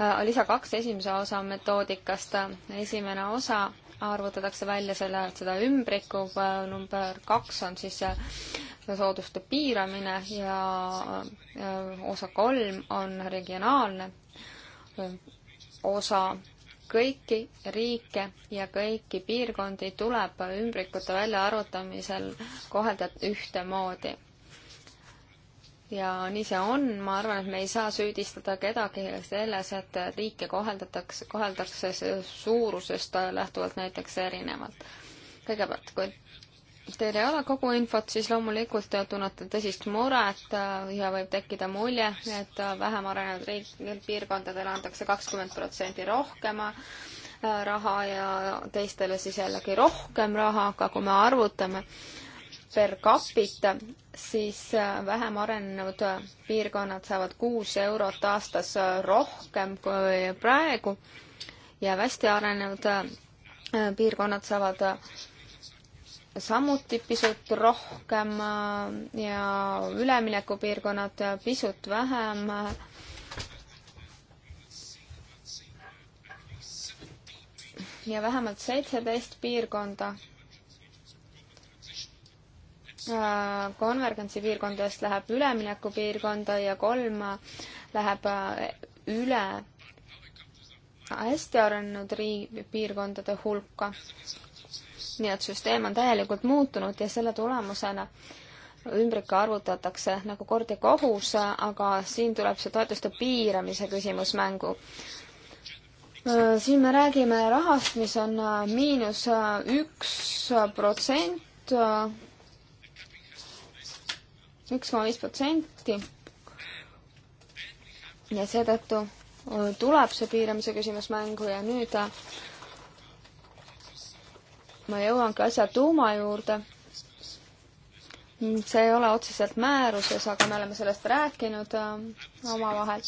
äh, lisa kaks esimese osa metoodikast. esimene osa arvutatakse välja selle, seda ümbriku, number kaks on siis sooduste piiramine ja osa kolm on regionaalne osa. kõiki riike ja kõiki piirkondi tuleb ümbrikute väljaarvutamisel kohelda ühtemoodi ja nii see on, ma arvan, et me ei saa süüdistada kedagi selles, et riike koheldatakse, koheldakse suurusest lähtuvalt näiteks erinevalt. kõigepealt, kui teil ei ole kogu infot, siis loomulikult te tunnete tõsist muret äh, ja võib tekkida mulje, et äh, vähem arenenud riik, piirkondadele antakse kakskümmend protsenti rohkem äh, raha ja teistele siis jällegi rohkem raha, aga kui me arvutame per capita, siis vähem arenenud piirkonnad saavad kuus eurot aastas rohkem kui praegu ja hästi arenenud piirkonnad saavad samuti pisut rohkem äh, ja üleminekupiirkonnad pisut vähem. ja vähemalt seitseteist piirkonda äh, konvergentsi piirkondadest läheb üleminekupiirkonda ja kolm läheb äh, üle hästi arenenud riigi piirkondade hulka nii et süsteem on täielikult muutunud ja selle tulemusena ümbrike arvutatakse nagu kord ja kohus, aga siin tuleb see toetuste piiramise küsimus mängu. Äh, siin me räägime rahast, mis on äh, miinus äh, üks protsent, üks koma viis protsenti. ja seetõttu tuleb see piiramise küsimus mängu ja nüüd ma jõuangi asja tuuma juurde. see ei ole otseselt määruses, aga me oleme sellest rääkinud äh, omavahel.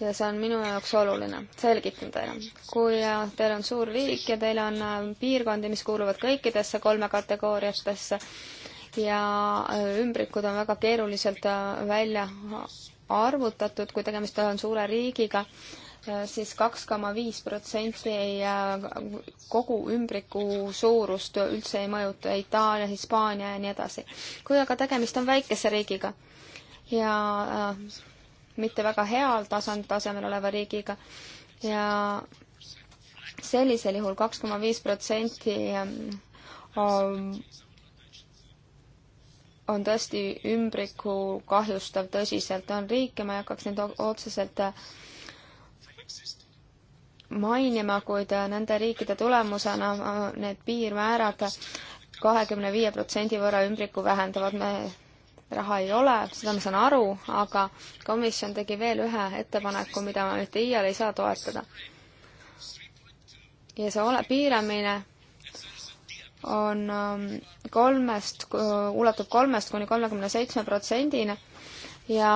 ja see on minu jaoks oluline, selgitan teile. kui äh, teil on suur riik ja teil on äh, piirkondi, mis kuuluvad kõikidesse kolme kategooriatesse, ja ümbrikud on väga keeruliselt välja arvutatud, kui tegemist on suure riigiga siis kaks koma viis protsenti kogu ümbriku suurust üldse ei mõjuta, Itaalia, Hispaania ja nii edasi. kui aga tegemist on väikese riigiga ja äh, mitte väga heal tasand, tasemel oleva riigiga ja sellisel juhul kaks koma viis protsenti äh, on tõesti ümbriku kahjustav tõsiselt, on riike, ma ei hakkaks neid otseselt äh, mainima, kuid nende riikide tulemusena äh, need piirmäärad kahekümne viie protsendi võrra ümbriku vähendavad, me raha ei ole, seda ma saan aru, aga komisjon tegi veel ühe ettepaneku, mida ma mitte iial ei saa toetada. ja see ole, piiramine on ähm, kolmest, äh, ulatub kolmest kuni kolmekümne seitsme protsendini ja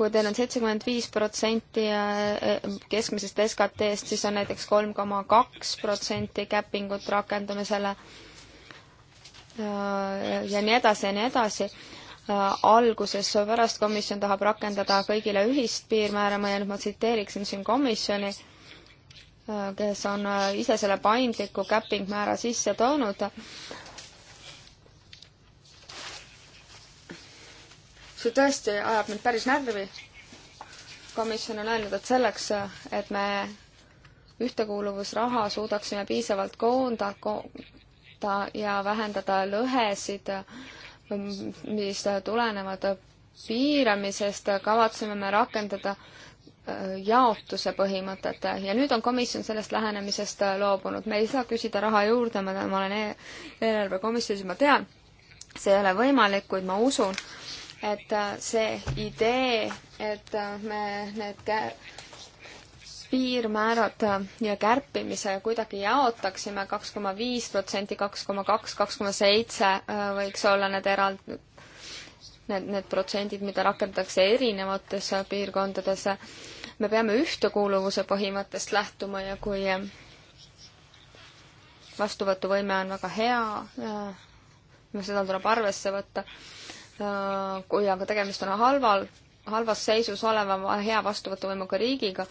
kui teil on seitsekümmend viis protsenti äh, äh, keskmisest SKT-st, siis on näiteks kolm koma kaks protsenti capping ut rakendamisele äh, ja nii edasi ja nii edasi. alguses pärast komisjon tahab rakendada kõigile ühist piirmäära, ma nüüd ma tsiteeriksin siin komisjoni, kes on ise selle paindliku capping määra sisse toonud see tõesti ajab mind päris närvi. komisjon on öelnud, et selleks, et me ühtekuuluvusraha suudaksime piisavalt koonda ko, koondada ja vähendada lõhesid, mis tulenevad piiramisest, kavatseme me rakendada äh, jaotuse põhimõtet ja nüüd on komisjon sellest lähenemisest äh, loobunud. me ei saa küsida raha juurde, ma, ma olen e-, eelarvekomisjonis, ma tean, see ei ole võimalik, kuid ma usun, et äh, see idee, et äh, me need kä-, piirmäärad äh, ja kärpimise kuidagi jaotaksime, kaks koma viis protsenti, kaks koma kaks, kaks koma seitse võiks olla need eraldi, need, need protsendid, mida rakendatakse erinevates piirkondades. me peame ühtekuuluvuse põhimõttest lähtuma ja kui vastuvõtuvõime on väga hea, seda tuleb arvesse võtta Äh, kui aga tegemist on halval, halvas seisus oleva hea vastuvõtuvõimuga riigiga,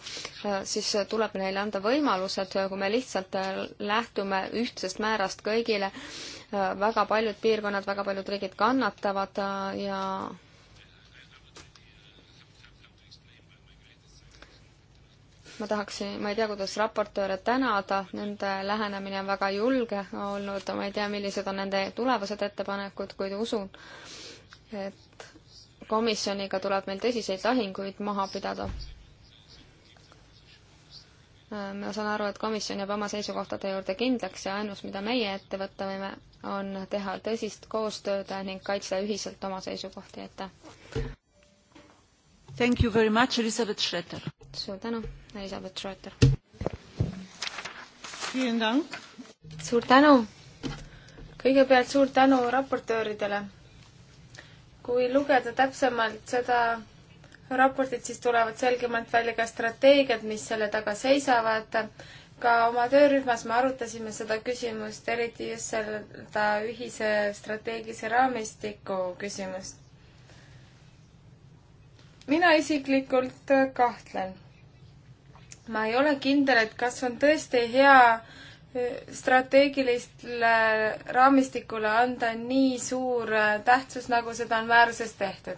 äh, siis tuleb neile anda võimalused, kui me lihtsalt äh, lähtume ühtsest määrast kõigile, väga paljud piirkonnad, väga paljud riigid kannatavad ja ma tahaksin, ma ei tea, kuidas raportööre tänada, nende lähenemine on väga julge olnud, ma ei tea, millised on nende tulevased ettepanekud, kuid usun, et komisjoniga tuleb meil tõsiseid lahinguid maha pidada. ma saan aru, et komisjon jääb oma seisukohtade juurde kindlaks ja ainus, mida meie ette võtta võime, on teha tõsist koostööd ning kaitsta ühiselt oma seisukohti, aitäh! Thank you very much, Elizabeth Schroeter. suur tänu, Elizabeth Schroeter. suur tänu! kõigepealt suur tänu raportööridele kui lugeda täpsemalt seda raportit, siis tulevad selgemalt välja ka strateegiad, mis selle taga seisavad. ka oma töörühmas me arutasime seda küsimust, eriti just seda ühise strateegilise raamistiku küsimust. mina isiklikult kahtlen. ma ei ole kindel, et kas on tõesti hea äh, strateegilistele raamistikule anda nii suur äh, tähtsus, nagu seda on määruses tehtud.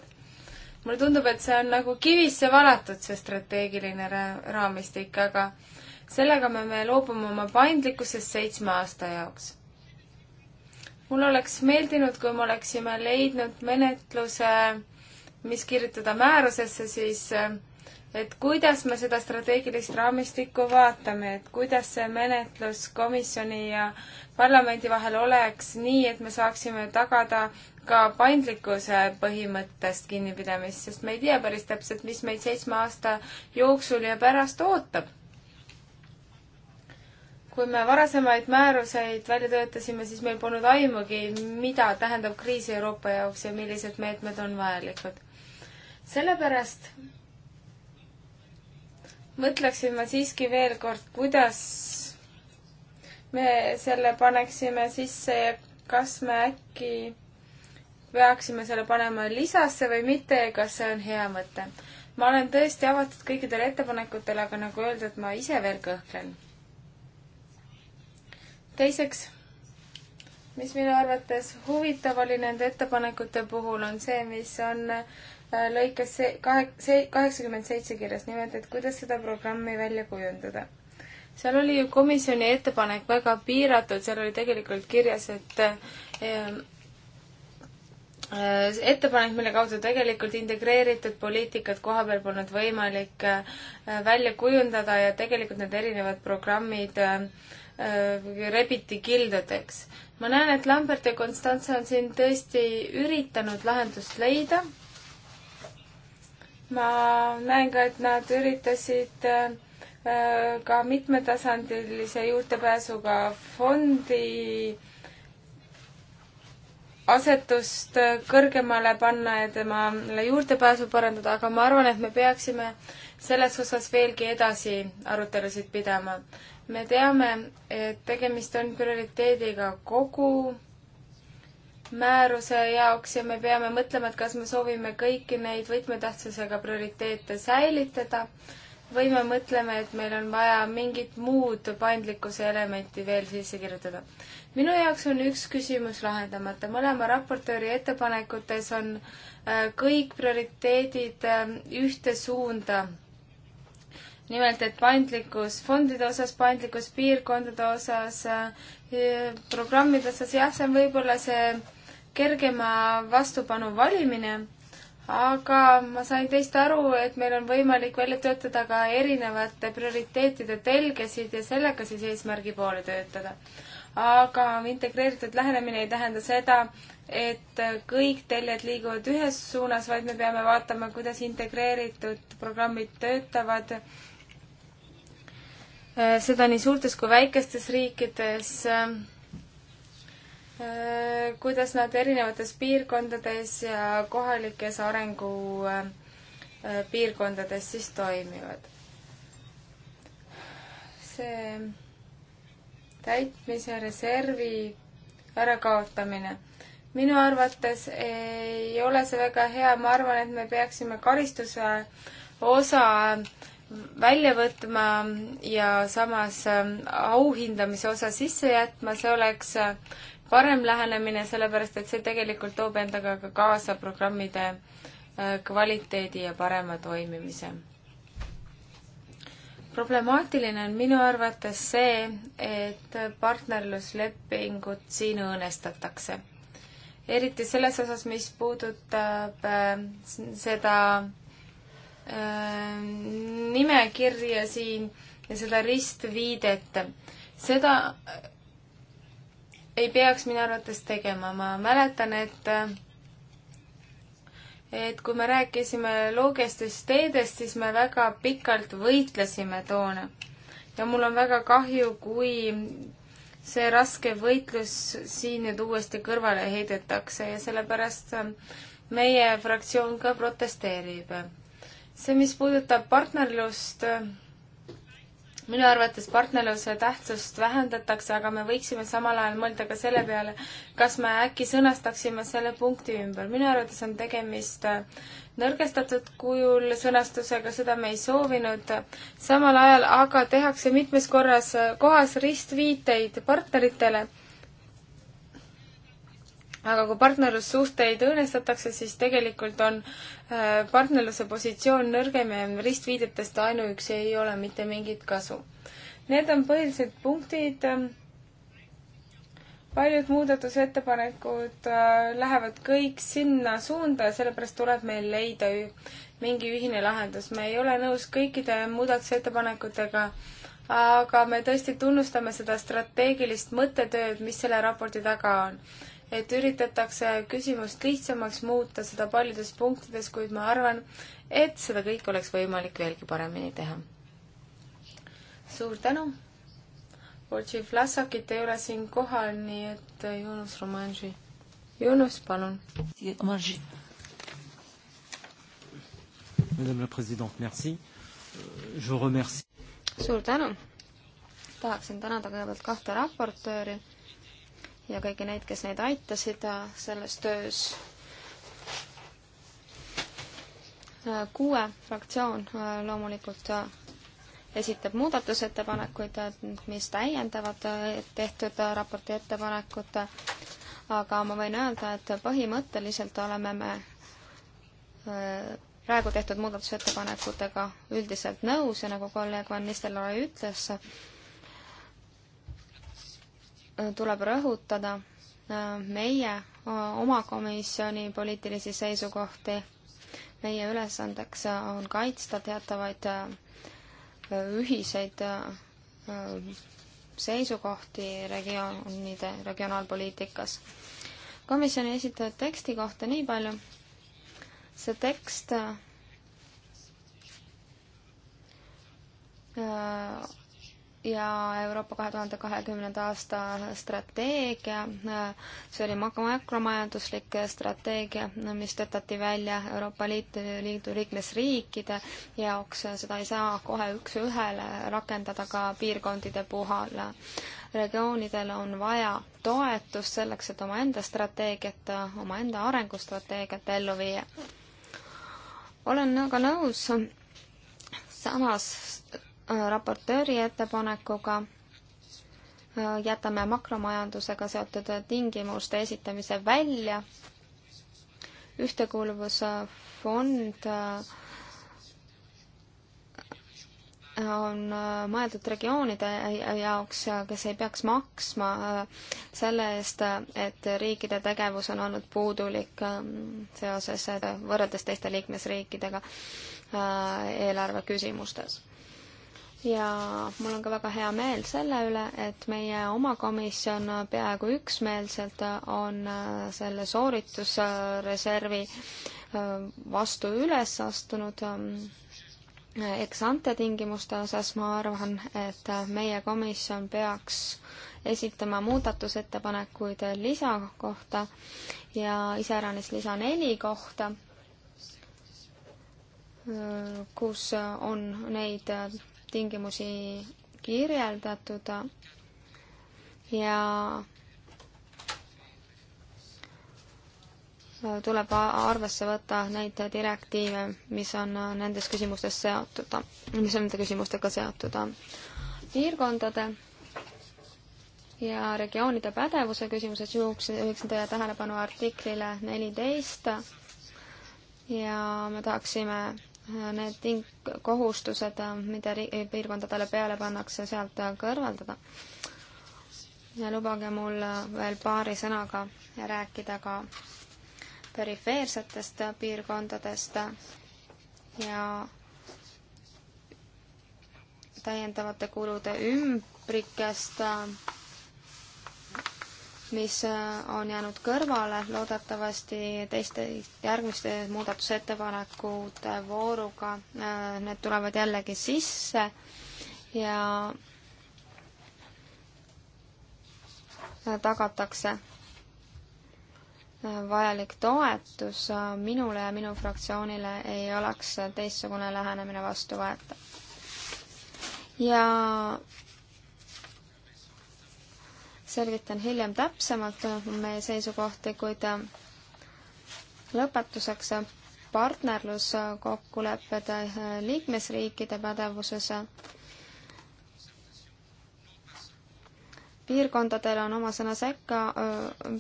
mulle tundub, et see on nagu kivisse valatud, see strateegiline raamistik, aga sellega me, me loobume oma paindlikkusest seitsme aasta jaoks. mul oleks meeldinud, kui me oleksime leidnud menetluse, mis kirjutada määrusesse, siis äh, et kuidas me seda strateegilist raamistikku vaatame, et kuidas see menetlus komisjoni ja parlamendi vahel oleks nii, et me saaksime tagada ka paindlikkuse põhimõttest kinnipidamist, sest me ei tea päris täpselt, mis meid seitsme aasta jooksul ja pärast ootab. kui me varasemaid määruseid välja töötasime, siis meil polnud aimugi, mida tähendab kriis Euroopa jaoks ja millised meetmed on vajalikud. sellepärast mõtleksin ma siiski veel kord, kuidas me selle paneksime sisse ja kas me äkki peaksime selle panema lisasse või mitte ja kas see on hea mõte. ma olen tõesti avatud kõikidele ettepanekutele, aga nagu öeldud, ma ise veel kõhklen. teiseks, mis minu arvates huvitav oli nende ettepanekute puhul, on see, mis on äh, Äh, lõikes see kahe, see kaheksakümmend seitse kirjas nimelt, et kuidas seda programmi välja kujundada. seal oli ju komisjoni ettepanek väga piiratud, seal oli tegelikult kirjas, et ähm, äh, ettepanek, mille kaudu tegelikult integreeritud poliitikat koha peal polnud võimalik äh, välja kujundada ja tegelikult need erinevad programmid äh, rebiti kildudeks. ma näen, et Lambert ja Konstantse on siin tõesti üritanud lahendust leida ma näen ka, et nad üritasid äh, ka mitmetasandilise juurdepääsuga fondi asetust äh, kõrgemale panna ja temale juurdepääsu parandada, aga ma arvan, et me peaksime selles osas veelgi edasi arutelusid pidama. me teame, et tegemist on prioriteediga kogu määruse jaoks ja me peame mõtlema, et kas me soovime kõiki neid võtmetähtsusega prioriteete säilitada või me mõtleme, et meil on vaja mingit muud paindlikkuse elementi veel sisse kirjutada. minu jaoks on üks küsimus lahendamata, mõlema raportööri ettepanekutes on äh, kõik prioriteedid äh, ühte suunda. nimelt, et paindlikkus fondide osas, paindlikkus piirkondade osas, äh, programmide osas, jah, see on võib-olla see kergema vastupanu valimine, aga ma sain teist aru, et meil on võimalik välja töötada ka erinevate prioriteetide telgesid ja sellega siis eesmärgi poole töötada. aga integreeritud lähenemine ei tähenda seda, et kõik teljed liiguvad ühes suunas, vaid me peame vaatama, kuidas integreeritud programmid töötavad seda nii suurtes kui väikestes riikides Äh, kuidas nad erinevates piirkondades ja kohalikes arengupiirkondades äh, siis toimivad. see täitmise reservi ärakaotamine. minu arvates ei ole see väga hea, ma arvan, et me peaksime karistuse osa välja võtma ja samas äh, auhindamise osa sisse jätma, see oleks parem lähenemine, sellepärast et see tegelikult toob endaga ka kaasa programmide äh, kvaliteedi ja parema toimimise. problemaatiline on minu arvates see, et partnerluslepingut siin õõnestatakse. eriti selles osas, mis puudutab äh, seda äh, nimekirja siin ja seda ristviidet. seda ei peaks minu arvates tegema, ma mäletan, et et kui me rääkisime loogestest teedest, siis me väga pikalt võitlesime toona. ja mul on väga kahju, kui see raske võitlus siin nüüd uuesti kõrvale heidetakse ja sellepärast meie fraktsioon ka protesteerib. see, mis puudutab partnerlust, minu arvates partnerluse tähtsust vähendatakse, aga me võiksime samal ajal mõelda ka selle peale, kas me äkki sõnastaksime selle punkti ümber. minu arvates on tegemist äh, nõrgestatud kujul sõnastusega, seda me ei soovinud. samal ajal aga tehakse mitmes korras, äh, kohas ristviiteid partneritele aga kui partnerlussuhteid õõnestatakse, siis tegelikult on äh, partnerluse positsioon nõrgem ja ristviidetest ainuüksi ei ole mitte mingit kasu. Need on põhilised punktid. paljud muudatusettepanekud äh, lähevad kõik sinna suunda ja sellepärast tuleb meil leida mingi ühine lahendus. me ei ole nõus kõikide muudatusettepanekutega aga me tõesti tunnustame seda strateegilist mõttetööd, mis selle raporti taga on et üritatakse küsimust lihtsamaks muuta seda paljudes punktides, kuid ma arvan, et seda kõike oleks võimalik veelgi paremini teha. suur tänu! Otsi Vlasakit ei ole siin kohal, nii et Jonas äh, Romanži. Jonas, palun. Romanži. Madame la Présidente, merci. Je remercie. suur tänu. tahaksin tänada kõigepealt kahte raportööri ja kõiki neid, kes neid aitasid äh, selles töös. Äh, kuue fraktsioon äh, loomulikult esitab muudatusettepanekuid, mis täiendavad tehtud raporti ettepanekut, aga ma võin öelda, et põhimõtteliselt oleme me praegu tehtud muudatusettepanekutega üldiselt nõus ja nagu kolleeg Van Nistelrooy ütles, tuleb rõhutada äh, meie äh, oma komisjoni poliitilisi seisukohti. meie ülesandeks äh, on kaitsta teatavaid ühiseid seisukohti regioonide regionaalpoliitikas. komisjoni esitatud teksti kohta nii palju. see tekst ja Euroopa kahe tuhande kahekümnenda aasta strateegia, see oli makromajanduslik strateegia, mis töötati välja Euroopa Liidu, Liidu liikmesriikide jaoks, seda ei saa kohe üks-ühele rakendada ka piirkondade puhul. regioonidel on vaja toetust selleks, et omaenda strateegiat, omaenda arengustrateegiat ellu viia. olen aga nõus samas Äh, raportööri ettepanekuga äh, jätame makromajandusega seotud tingimuste esitamise välja. ühtekuuluvusfond äh, on mõeldud regioonide jaoks, kes ei peaks maksma selle eest, et riikide tegevus on olnud puudulik ähm, seoses võrreldes teiste liikmesriikidega eelarve küsimustes ja mul on ka väga hea meel selle üle, et meie oma komisjon peaaegu üksmeelselt on äh, selle sooritusreservi äh, vastu üles astunud äh, eksante tingimuste osas ma arvan, et meie komisjon peaks esitama muudatusettepanekuid lisa kohta ja iseäranis lisa neli kohta, kus on neid tingimusi kirjeldatud ja tuleb arvesse võtta neid direktiive, mis on nendes küsimustes seotud, mis on nende küsimustega seotud. piirkondade ja regioonide pädevuse küsimuses juhuks, juhiksin teie tähelepanu artiklile neliteist ja me tahaksime need ting-, kohustused, mida ri-, piirkondadele peale pannakse, sealt kõrvaldada. ja lubage mul veel paari sõnaga rääkida ka perifeersetest piirkondadest ja täiendavate kulude ümbrikest mis äh, on jäänud kõrvale, loodetavasti teiste järgmiste muudatusettepanekute vooruga äh, need tulevad jällegi sisse ja äh, tagatakse vajalik toetus minule ja minu fraktsioonile ei oleks teistsugune lähenemine vastuvõetav. ja selgitan hiljem täpsemalt meie seisukohti, kuid äh, lõpetuseks äh, partnerluskokkulepped äh, liikmesriikide pädevuses. piirkondadel on oma sõna sekka,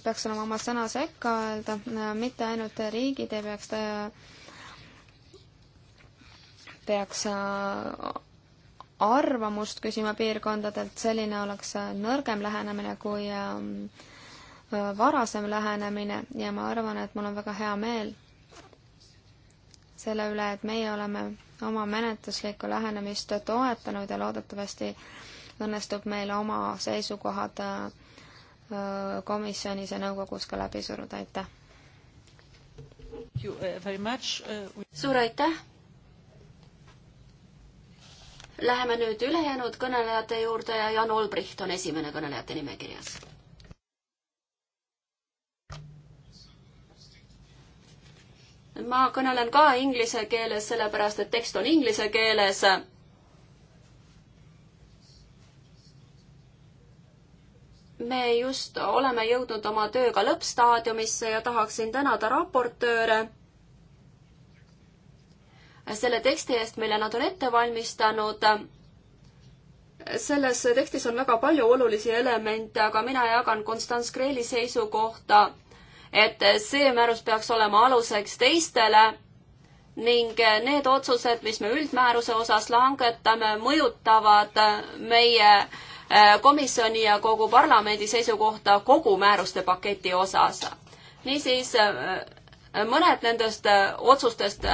peaks olema oma sõna sekka öelda, mitte ainult riigid ei peaks, peaks arvamust küsima piirkondadelt, selline oleks äh, nõrgem lähenemine kui ähm, äh, varasem lähenemine ja ma arvan, et mul on väga hea meel selle üle, et meie oleme oma menetluslikku lähenemist toetanud ja loodetavasti õnnestub meil oma seisukohad äh, komisjonis ja nõukogus ka läbi suruda, aitäh! Uh, uh, suur aitäh! Läheme nüüd ülejäänud kõnelejate juurde ja Jan Olbricht on esimene kõnelejate nimekirjas. ma kõnelen ka inglise keeles, sellepärast et tekst on inglise keeles me just oleme jõudnud oma tööga lõppstaadiumisse ja tahaksin tänada raportööre selle teksti eest, mille nad on ette valmistanud. selles tekstis on väga palju olulisi elemente, aga mina jagan Konstanz Kreeli seisukohta, et see määrus peaks olema aluseks teistele ning need otsused, mis me üldmääruse osas langetame, mõjutavad meie eh, komisjoni ja kogu parlamendi seisukohta kogu määruste paketi osas. niisiis eh, mõned nendest eh, otsustest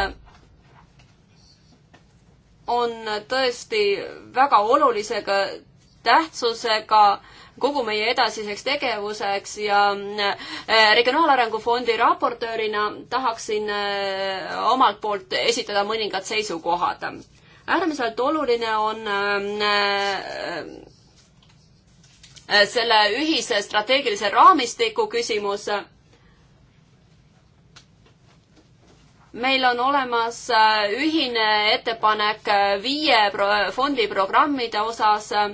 on tõesti väga olulisega tähtsusega kogu meie edasiseks tegevuseks ja äh, Regionaalarengu Fondi raportöörina tahaksin äh, omalt poolt esitada mõningad seisukohad. äärmiselt oluline on äh, selle ühise strateegilise raamistiku küsimus meil on olemas äh, ühine ettepanek äh, viie pro-, fondi programmide osas äh,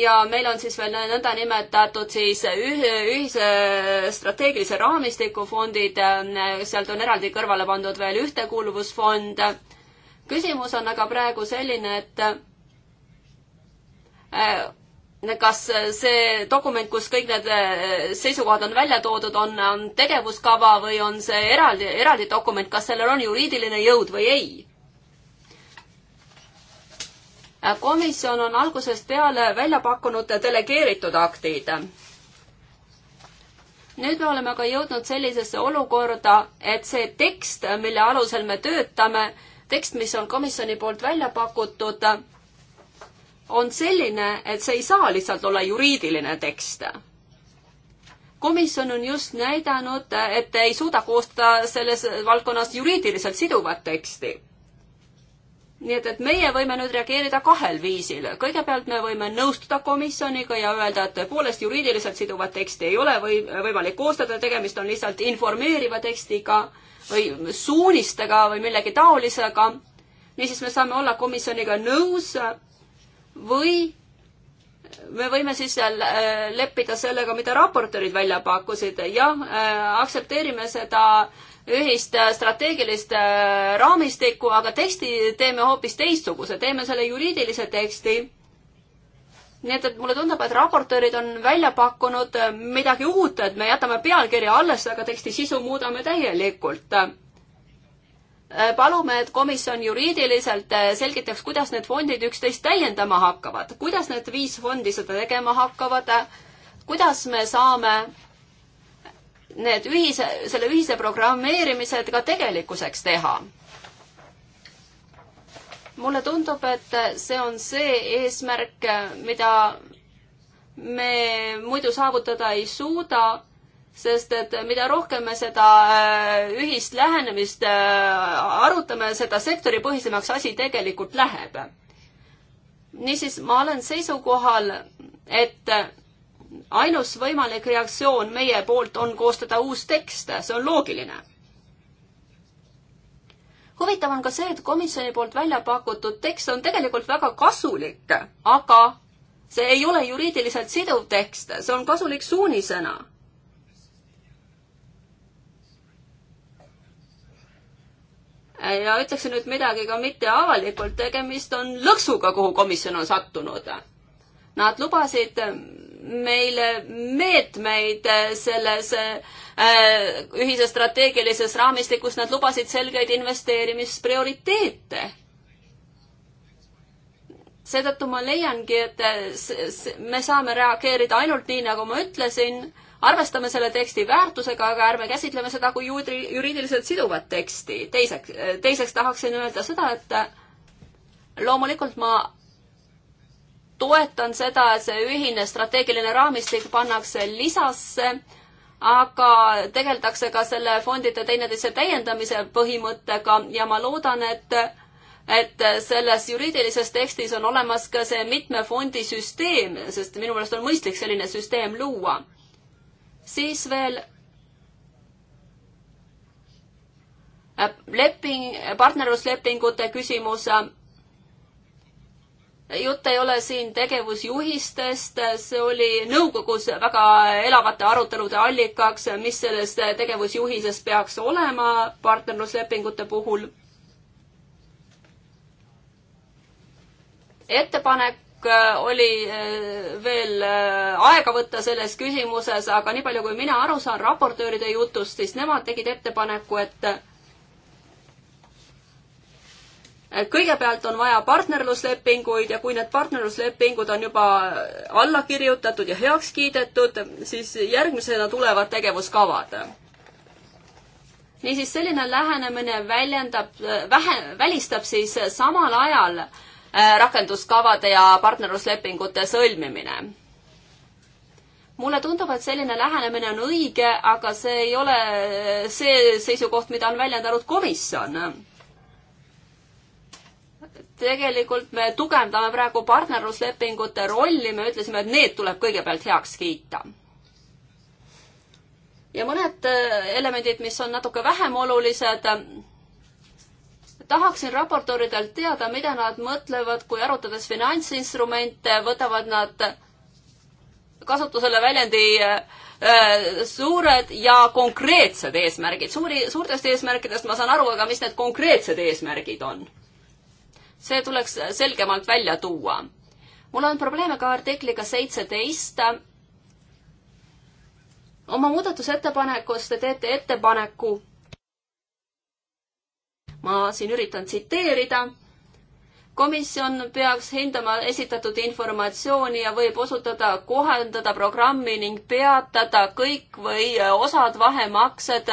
ja meil on siis veel nõndanimetatud siis ühise strateegilise raamistiku fondid, sealt on eraldi kõrvale pandud veel ühtekuuluvusfond. küsimus on aga praegu selline, et kas see dokument, kus kõik need eh, seisukohad on välja toodud, on, on tegevuskava või on see eraldi, eraldi dokument, kas sellel on juriidiline jõud või ei? Äh, komisjon on algusest peale välja pakkunud delegeeritud aktid. nüüd me oleme aga jõudnud sellisesse olukorda, et see tekst, mille alusel me töötame, tekst, mis on komisjoni poolt välja pakutud, on selline, et see ei saa lihtsalt olla juriidiline tekst. komisjon on just näidanud, et ei suuda koostada selles valdkonnas juriidiliselt siduvat teksti. nii et, et meie võime nüüd reageerida kahel viisil. kõigepealt me võime nõustuda komisjoniga ja öelda, et tõepoolest juriidiliselt siduvat teksti ei ole või võimalik koostada, tegemist on lihtsalt informeeriva tekstiga või suunistega või millegi taolisega. niisiis me saame olla komisjoniga nõus või me võime siis äh, leppida sellega, mida raportöörid välja pakkusid, jah, äh, aktsepteerime seda ühist äh, strateegilist raamistikku, aga teksti teeme hoopis teistsuguse, teeme selle juriidilise teksti. nii et, et mulle tundub, et raportöörid on välja pakkunud midagi uut, et me jätame pealkirja alles, aga teksti sisu muudame täielikult Äh, palume, et komisjon juriidiliselt äh, selgitaks, kuidas need fondid üksteist täiendama hakkavad, kuidas need viis fondi seda tegema hakkavad, kuidas me saame need ühise, selle ühise programmeerimised ka tegelikkuseks teha. mulle tundub, et see on see eesmärk, äh, mida me muidu saavutada ei suuda sest et mida rohkem me seda äh, ühist lähenemist äh, arutame, seda sektoripõhisemaks asi tegelikult läheb. niisiis, ma olen seisukohal, et ainus võimalik reaktsioon meie poolt on koostada uus tekst, see on loogiline. huvitav on ka see, et komisjoni poolt välja pakutud tekst on tegelikult väga kasulik, aga see ei ole juriidiliselt siduv tekst, see on kasulik suunisena ja ütleksin nüüd midagi ka mitte avalikult, tegemist on lõksuga, kuhu komisjon on sattunud. Nad lubasid meile meetmeid selles äh, ühises strateegilises raamistikus, nad lubasid selgeid investeerimisprioriteete seetõttu ma leiangi, et me saame reageerida ainult nii, nagu ma ütlesin arvestame selle teksti väärtusega, aga ärme käsitleme seda kui juriidiliselt siduvat teksti. teiseks, eh, teiseks tahaksin öelda seda, et eh, loomulikult ma toetan seda, et see ühine strateegiline raamistik pannakse lisasse, aga tegeldakse ka selle fondide teineteise täiendamise põhimõttega ja ma loodan, et et selles juriidilises tekstis on olemas ka see mitme fondi süsteem, sest minu meelest on mõistlik selline süsteem luua siis veel äh, leping, partnerluslepingute küsimus. jutt ei ole siin tegevusjuhistest, see oli nõukogus väga elavate arutelude allikaks, mis selles tegevusjuhises peaks olema partnerluslepingute puhul. ettepanek Äh, oli äh, veel äh, aega võtta selles küsimuses, aga nii palju, kui mina aru saan raportööride jutust, siis nemad tegid ettepaneku, et kõigepealt on vaja partnerluslepinguid ja kui need partnerluslepingud on juba alla kirjutatud ja heaks kiidetud, siis järgmisena tulevad tegevuskavad niisiis selline lähenemine väljendab, vähe, välistab siis samal ajal äh, Äh, rakenduskavade ja partnerluslepingute sõlmimine. mulle tundub, et selline lähenemine on õige, aga see ei ole äh, see seisukoht, mida on väljendanud komisjon tegelikult me tugevdame praegu partnerluslepingute rolli, me ütlesime, et need tuleb kõigepealt heaks kiita. ja mõned äh, elemendid, mis on natuke vähem olulised, tahaksin raportööridelt teada, mida nad mõtlevad, kui arutades finantsinstrumente, võtavad nad kasutusele väljendi äh, suured ja konkreetsed eesmärgid. suuri, suurtest eesmärkidest ma saan aru, aga mis need konkreetsed eesmärgid on? see tuleks selgemalt välja tuua. mul on probleeme ka artikliga seitseteist. oma muudatusettepanekus te teete ettepaneku ma siin üritan tsiteerida. komisjon peaks hindama esitatud informatsiooni ja võib osutada, kohendada programmi ning peatada kõik või äh, osad vahemaksed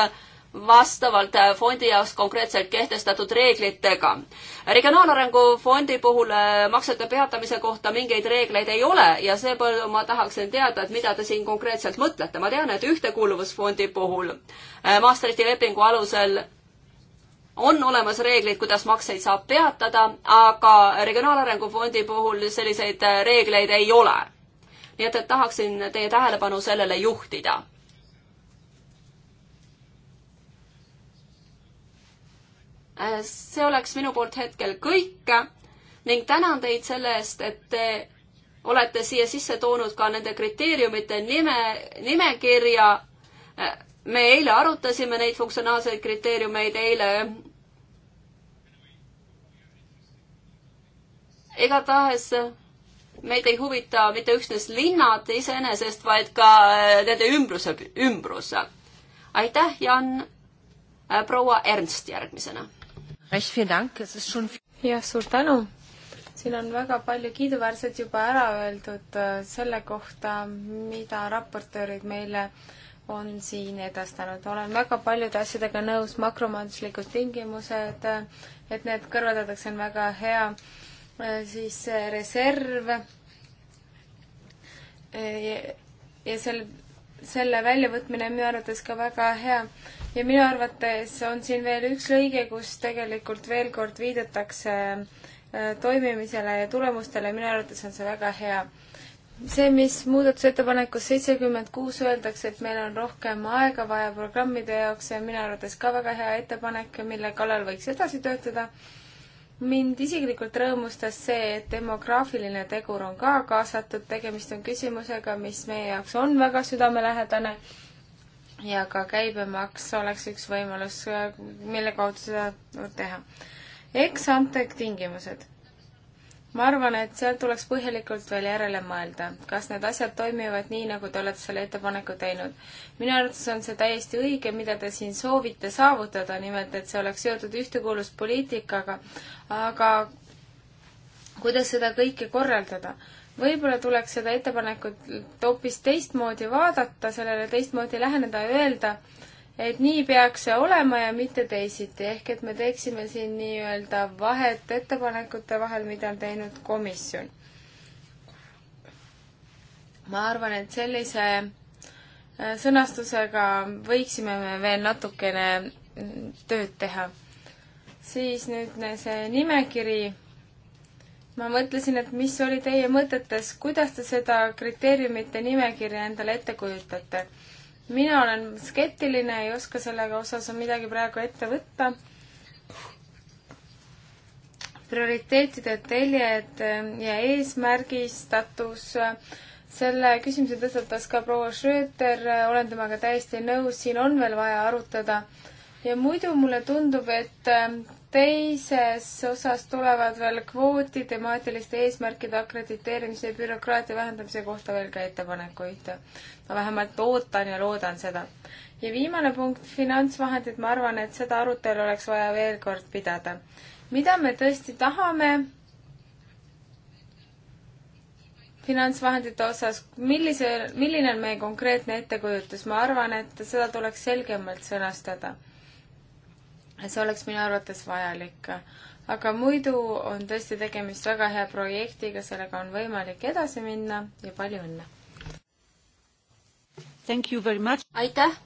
vastavalt äh, fondi jaoks konkreetselt kehtestatud reeglitega. regionaalarengu fondi puhul äh, maksete peatamise kohta mingeid reegleid ei ole ja seetõttu ma tahaksin teada, et mida te siin konkreetselt mõtlete. ma tean, et ühtekuuluvusfondi puhul Maastrichti lepingu alusel on olemas reeglid, kuidas makseid saab peatada, aga Regionaalarengu Fondi puhul selliseid äh, reegleid ei ole. nii et, et tahaksin teie tähelepanu sellele juhtida. Äh, see oleks minu poolt hetkel kõik ning tänan teid selle eest, et te olete siia sisse toonud ka nende kriteeriumite nime, nimekirja äh, me eile arutasime neid funktsionaalseid kriteeriumeid, eile igatahes meid ei huvita mitte üksnes linnad iseenesest, vaid ka äh, nende ümbruse, ümbrus. aitäh, Jan. Äh, proua Ernst järgmisena. jah, suur tänu. siin on väga palju kiiduväärset juba ära öeldud äh, selle kohta, mida raportöörid meile äh, on siin edastanud. olen väga paljude asjadega nõus, makromajanduslikud tingimused, et need kõrvaldatakse, on väga hea, äh, siis äh, reserv äh, ja, ja sel, selle väljavõtmine on minu arvates ka väga hea. ja minu arvates on siin veel üks lõige, kus tegelikult veel kord viidatakse toimimisele ja tulemustele, minu arvates on see väga hea see, mis muudatusettepanekus seitsekümmend kuus öeldakse, et meil on rohkem aega vaja programmide jaoks, see on minu arvates ka väga hea ettepanek, mille kallal võiks edasi töötada. mind isiklikult rõõmustas see, et demograafiline tegur on ka kaasatud, tegemist on küsimusega, mis meie jaoks on väga südamelähedane ja ka käibemaks oleks üks võimalus, mille kaudu seda teha. eks ante tingimused ma arvan, et seal tuleks põhjalikult veel järele mõelda, kas need asjad toimivad nii, nagu te olete selle ettepaneku teinud. minu arvates on see täiesti õige, mida te siin soovite saavutada, nimelt et see oleks seotud ühtekuuluvuspoliitikaga, aga kuidas seda kõike korraldada? võib-olla tuleks seda ettepanekut hoopis teistmoodi vaadata, sellele teistmoodi läheneda ja öelda, et nii peaks see olema ja mitte teisiti, ehk et me teeksime siin nii-öelda vahet ettepanekute vahel, mida on teinud komisjon. ma arvan, et sellise äh, sõnastusega võiksime me veel natukene mm, tööd teha. siis nüüd see nimekiri. ma mõtlesin, et mis oli teie mõtetes, kuidas te seda kriteeriumite nimekirja endale ette kujutate mina olen skeptiline, ei oska sellega osas midagi praegu ette võtta. prioriteetide teljed äh, ja eesmärgistatus äh, selle küsimuse tõstatas ka proua Schröter, äh, olen temaga täiesti nõus, siin on veel vaja arutada. ja muidu mulle tundub, et teises osas tulevad veel kvooti temaatiliste eesmärkide akrediteerimise ja bürokraatia vähendamise kohta veel ka ettepanekuid. ma vähemalt ootan ja loodan seda. ja viimane punkt, finantsvahendid, ma arvan, et seda arutelu oleks vaja veel kord pidada. mida me tõesti tahame finantsvahendite osas, millise, milline on meie konkreetne ettekujutus, ma arvan, et seda tuleks selgemalt sõnastada see oleks minu arvates vajalik. aga muidu on tõesti tegemist väga hea projektiga, sellega on võimalik edasi minna ja palju õnne! aitäh!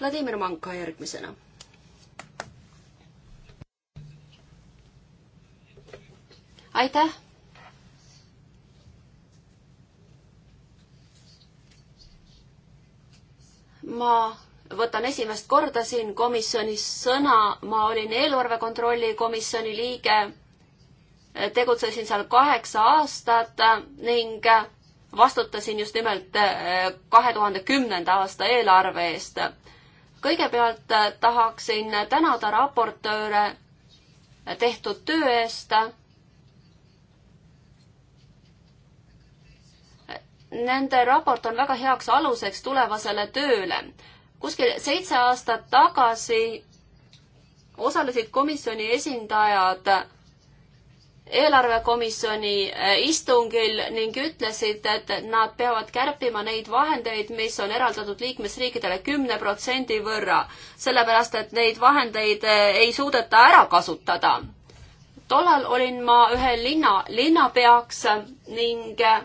Vladimir Manka järgmisena. aitäh! ma võtan esimest korda siin komisjonis sõna, ma olin eelarve kontrolli komisjoni liige, tegutsesin seal kaheksa aastat ning vastutasin just nimelt eh, kahe tuhande kümnenda aasta eelarve eest. kõigepealt eh, tahaksin tänada raportööre tehtud töö eest. Nende raport on väga heaks aluseks tulevasele tööle kuskil seitse aastat tagasi osalesid komisjoni esindajad eelarvekomisjoni eh, istungil ning ütlesid, et nad peavad kärpima neid vahendeid, mis on eraldatud liikmesriikidele kümne protsendi võrra, sellepärast et neid vahendeid eh, ei suudeta ära kasutada. tollal olin ma ühe linna, linnapeaks ning eh,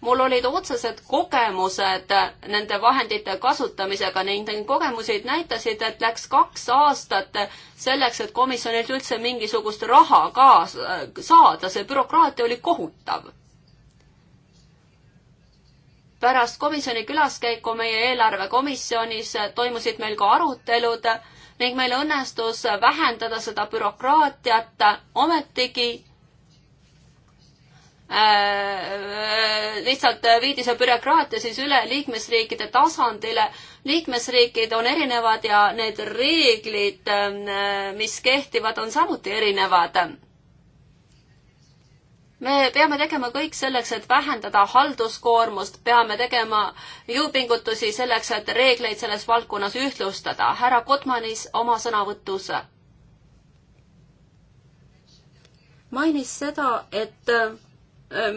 mul olid otsesed kogemused nende vahendite kasutamisega, neid kogemusi näitasid, et läks kaks aastat selleks, et komisjonilt üldse mingisugust raha ka saada, see bürokraatia oli kohutav. pärast komisjoni külaskäiku meie eelarvekomisjonis toimusid meil ka arutelud ning meil õnnestus vähendada seda bürokraatiat, ometigi Äh, äh, lihtsalt äh, viidi see bürokraatia siis üle liikmesriikide tasandile. liikmesriigid on erinevad ja need reeglid, ähm, mis kehtivad, on samuti erinevad. me peame tegema kõik selleks, et vähendada halduskoormust, peame tegema jõupingutusi selleks, et reegleid selles valdkonnas ühtlustada. härra Kotmanis oma sõnavõtus mainis seda, et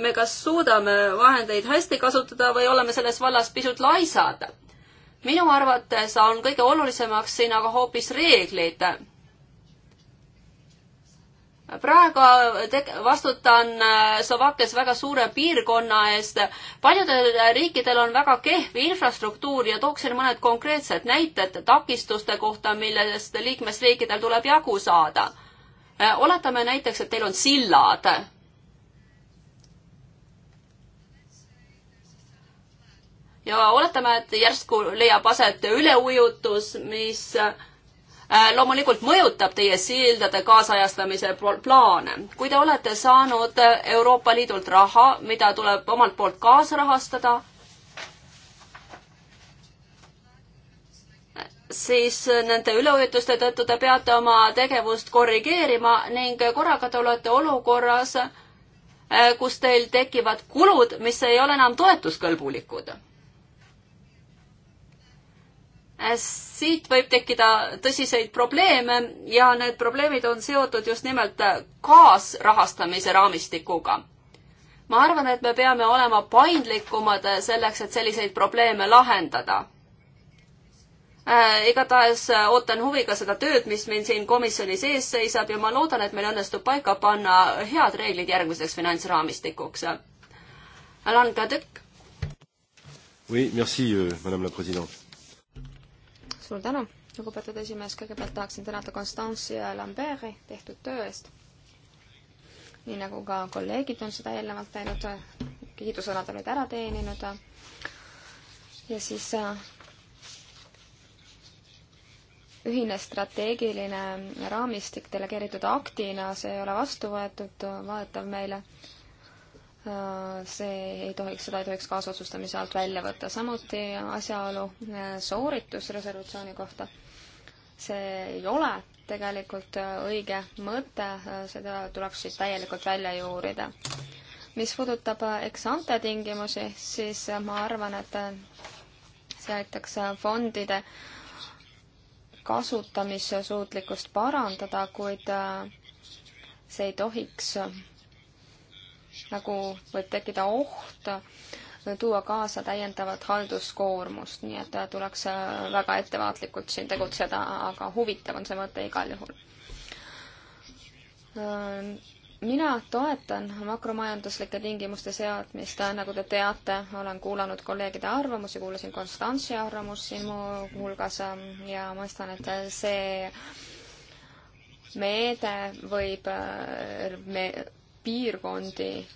me kas suudame vahendeid hästi kasutada või oleme selles vallas pisut laisad. minu arvates on kõige olulisemaks siin aga hoopis reeglid. praegu vastutan äh, Slovakkias väga suure piirkonna eest. paljudel riikidel on väga kehv infrastruktuur ja tooksin mõned konkreetsed näited takistuste kohta, millest liikmesriikidel tuleb jagu saada. Äh, oletame näiteks, et teil on sillad ja oletame, et järsku leiab aset üleujutus, mis äh, loomulikult mõjutab teie sildade kaasajastamise plaane. kui te olete saanud Euroopa Liidult raha, mida tuleb omalt poolt kaasrahastada, siis nende üleujutuste tõttu te peate oma tegevust korrigeerima ning korraga te olete olukorras, äh, kus teil tekivad kulud, mis ei ole enam toetuskõlbulikud Äh, siit võib tekkida tõsiseid probleeme ja need probleemid on seotud just nimelt äh, kaasrahastamise raamistikuga. ma arvan, et me peame olema paindlikumad äh, selleks, et selliseid probleeme lahendada igatahes ootan huviga seda tööd, mis meil siin komisjonis ees seisab ja ma loodan, et meil õnnestub paika panna head reeglid järgmiseks finantsraamistikuks. Alain Kadõk. Oui, merci, euh, Madame la Présidente suur tänu, lugupeetud esimees, kõigepealt tahaksin tänada Constance'i ja Lambert'i tehtud töö eest. nii nagu ka kolleegid on seda eelnevalt teinud, kiidusõnad olid ära teeninud. ja siis äh, ühine strateegiline raamistik delegeeritud aktina, see ei ole vastu võetud, vaatav meile Äh, see ei tohiks, seda ei tohiks kaasotsustamise alt välja võtta. samuti asjaolu äh, sooritus reservatsiooni kohta. see ei ole tegelikult äh, õige mõte, seda tuleks siis täielikult välja juurida. mis puudutab ex-ante tingimusi, siis ma arvan, et see aitaks fondide kasutamissuutlikkust parandada, kuid see ei tohiks nagu võib tekkida oht äh, tuua kaasa täiendavat halduskoormust, nii et äh, tuleks äh, väga ettevaatlikult siin tegutseda, aga huvitav on see mõte igal juhul. mina toetan makromajanduslike tingimuste seadmist, nagu te teate, olen kuulanud kolleegide arvamusi, kuulasin Konstantsi arvamust siin muuhulgas ähm, ja mõistan, et see meede võib me piirkondi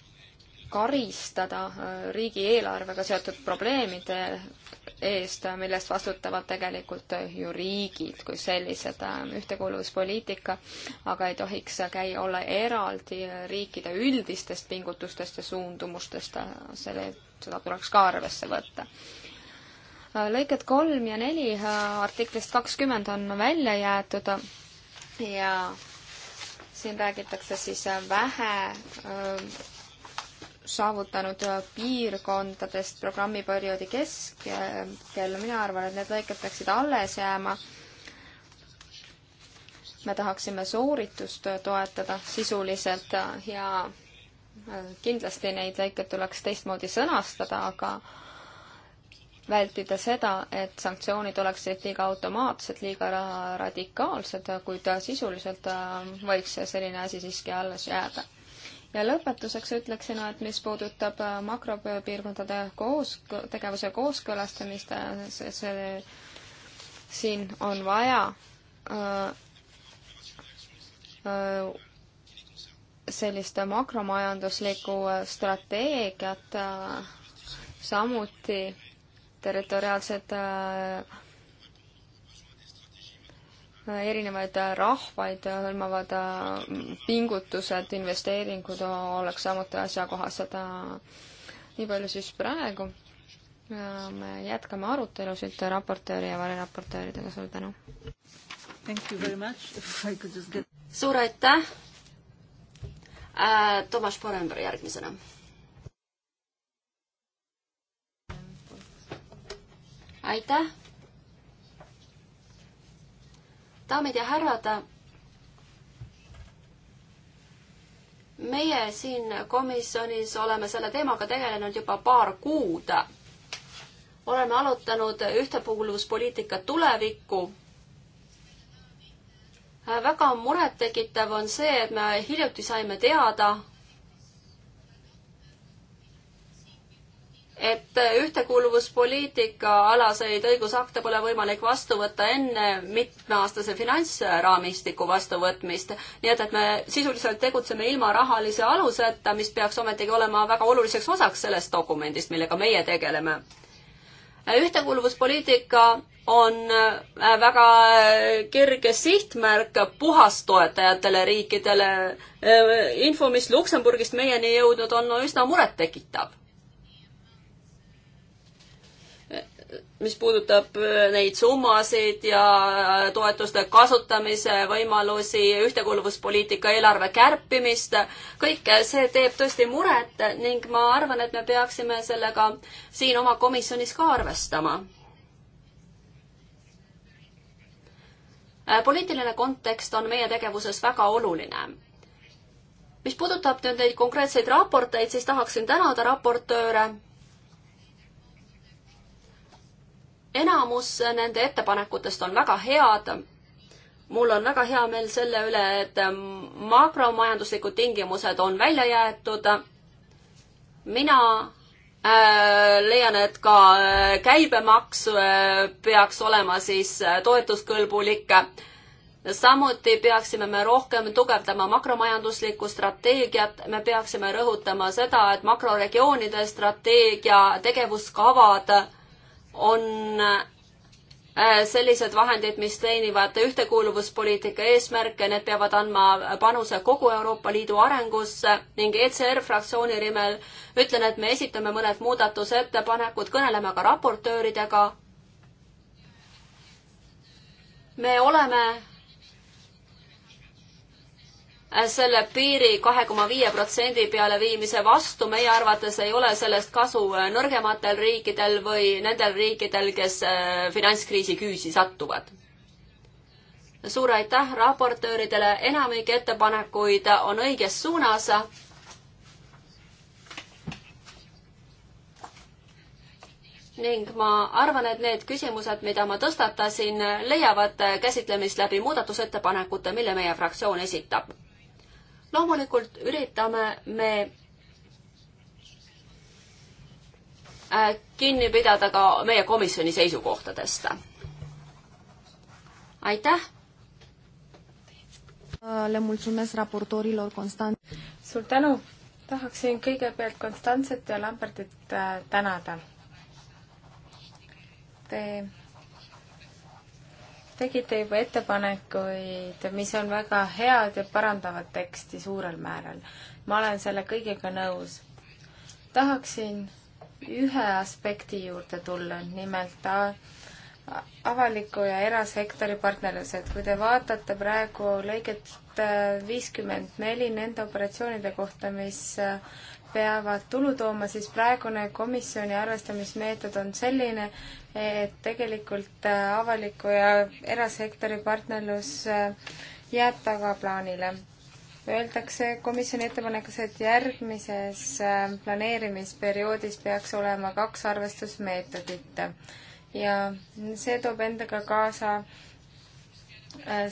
karistada äh, riigieelarvega seotud probleemide eest, äh, millest vastutavad tegelikult äh, ju riigid kui sellised. ühtekuuluvuspoliitika aga ei tohiks käia, olla eraldi riikide üldistest pingutustest ja suundumustest. selle, seda tuleks ka arvesse võtta. lõiked kolm ja neli artiklist kakskümmend on välja jäetud ja siin räägitakse siis vähe saavutanud piirkondadest programmiperioodi keskel, mina arvan, et need lõiked peaksid alles jääma. me tahaksime sooritust toetada sisuliselt ja kindlasti neid lõike tuleks teistmoodi sõnastada, aga vältida seda, et sanktsioonid oleksid liiga automaatsed, liiga radikaalsed, kuid sisuliselt äh, võiks selline asi siiski alles jääda. ja lõpetuseks ütleksin, et mis puudutab äh, makropiirkondade koos, tegevuse kooskõlastamist, äh, see, see, siin on vaja öö, öö, sellist makromajanduslikku strateegiat, samuti territoriaalsed äh, erinevaid äh, rahvaid hõlmavad äh, pingutused, investeeringud oleks samuti asjakohased. nii palju siis praegu. me jätkame arutelusid raportööri ja variraportööridega, suur tänu! suur aitäh! Toomas Porember järgmisena aitäh! daamid ja härrad, meie siin komisjonis oleme selle teemaga tegelenud juba paar kuud. oleme arutanud ühtekuuluvuspoliitika tulevikku väga murettekitav on see, et me hiljuti saime teada, et ühtekuuluvuspoliitika alaseid õigusakte pole võimalik vastu võtta enne mitmeaastase finantsraamistiku vastuvõtmist. nii et, et me sisuliselt tegutseme ilma rahalise aluseta, mis peaks ometigi olema väga oluliseks osaks sellest dokumendist, millega meie tegeleme. ühtekuuluvuspoliitika on äh, väga äh, kerge sihtmärk puhastoetajatele riikidele. Äh, info, mis Luksemburgist meieni jõudnud on, on üsna murettekitav mis puudutab äh, neid summasid ja äh, toetuste kasutamise võimalusi, ühtekuuluvuspoliitika eelarve kärpimist, kõik see teeb tõesti muret ning ma arvan, et me peaksime sellega siin oma komisjonis ka arvestama. Äh, poliitiline kontekst on meie tegevuses väga oluline mis puudutab nüüd neid konkreetseid raporteid, siis tahaksin tänada raportööre enamus nende ettepanekutest on väga head. mul on väga hea meel selle üle, et makromajanduslikud tingimused on välja jäetud. mina äh, leian, et ka äh, käibemaks äh, peaks olema siis toetuskõlbulik. samuti peaksime me rohkem tugevdama makromajanduslikku strateegiat, me peaksime rõhutama seda, et makroregioonide strateegia tegevuskavad on äh, sellised vahendid, mis teenivad ühtekuuluvuspoliitika eesmärke, need peavad andma panuse kogu Euroopa Liidu arengusse ning ECR fraktsiooni nimel ütlen, et me esitame mõned muudatusettepanekud, kõneleme ka raportööridega. me oleme selle piiri kahe koma viie protsendi peale viimise vastu, meie arvates ei ole sellest kasu äh, nõrgematel riikidel või nendel riikidel, kes äh, finantskriisi küüsi satuvad. suur aitäh raportööridele, enamik ettepanekuid on õiges suunas. ning ma arvan, et need küsimused, mida ma tõstatasin, leiavad käsitlemist läbi muudatusettepanekute, mille meie fraktsioon esitab loomulikult üritame me äh, kinni pidada ka meie komisjoni seisukohtadest. aitäh! Äh, le mulțumesc raportorilor Constant. Suur tänu! Tahaksin kõigepealt Konstantset ja Lambertit äh, tänada. Te tegite juba ettepanekuid, mis on väga head ja parandavad teksti suurel määral. ma olen selle kõigega nõus. tahaksin ühe aspekti juurde tulla, nimelt avaliku ja erasektori partnerlused. kui te vaatate praegu lõiget äh, viiskümmend neli nende operatsioonide kohta, mis äh, peavad tulu tooma, siis praegune komisjoni arvestamismeetod on selline, et tegelikult äh, avaliku ja erasektori partnerlus äh, jääb tagaplaanile. Öeldakse komisjoni ettepanekus, et järgmises äh, planeerimisperioodis peaks olema kaks arvestusmeetodit ja see toob endaga kaasa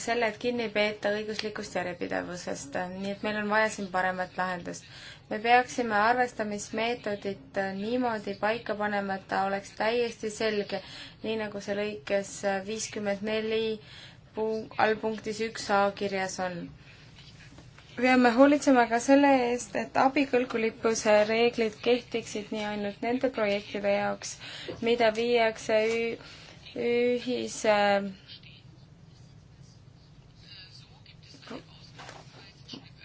selle, et kinni ei peeta õiguslikust järjepidevusest, nii et meil on vaja siin paremat lahendust me peaksime arvestamismeetodit niimoodi paika panema, et ta oleks täiesti selge, nii nagu see lõikes viiskümmend neli allpunktis üks A kirjas on. peame hoolitsema ka selle eest, et abikõlgulippuse reeglid kehtiksid nii ainult nende projektide jaoks, mida viiakse ühise äh,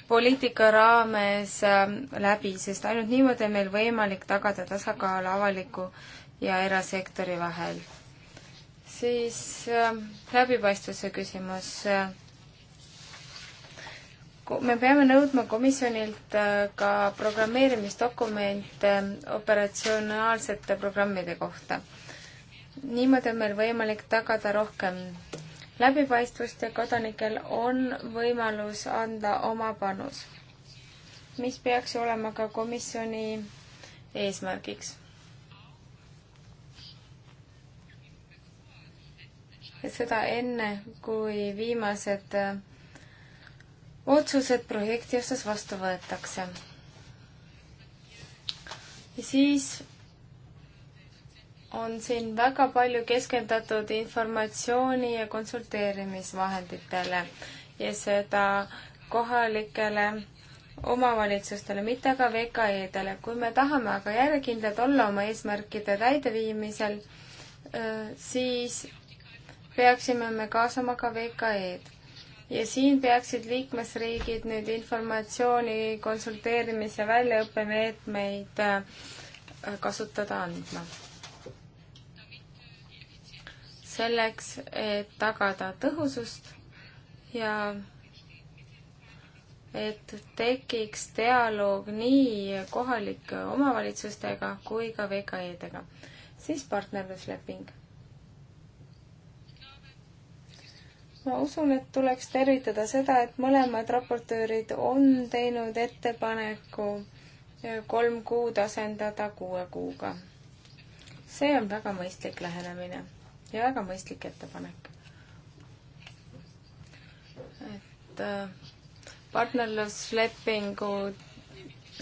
poliitika raames ähm, läbi, sest ainult niimoodi on meil võimalik tagada tasakaal avaliku ja erasektori vahel. siis ähm, läbipaistvuse küsimus. Äh, me peame nõudma komisjonilt äh, ka programmeerimisdokumente ähm, operatsionaalsete programmide kohta niimoodi on meil võimalik tagada rohkem läbipaistvust ja kodanikel on võimalus anda oma panus, mis peaks olema ka komisjoni eesmärgiks. ja seda enne, kui viimased äh, otsused projekti osas vastu võetakse. ja siis on siin väga palju keskendatud informatsiooni ja konsulteerimisvahenditele ja seda kohalikele omavalitsustele, mitte aga VKE-dele. kui me tahame aga järjekindlad olla oma eesmärkide täideviimisel, siis peaksime me kaasama ka VKE-d. ja siin peaksid liikmesriigid nüüd informatsiooni, konsulteerimis- ja väljaõppemeetmeid kasutada andma selleks, et tagada tõhusust ja et tekiks dialoog nii kohalike omavalitsustega kui ka VKE-dega. siis partnerlusleping. ma usun, et tuleks tervitada seda, et mõlemad raportöörid on teinud ettepaneku kolm kuud asendada kuue kuuga. see on väga mõistlik lähenemine ja väga mõistlik ettepanek. et äh, partnerluslepingu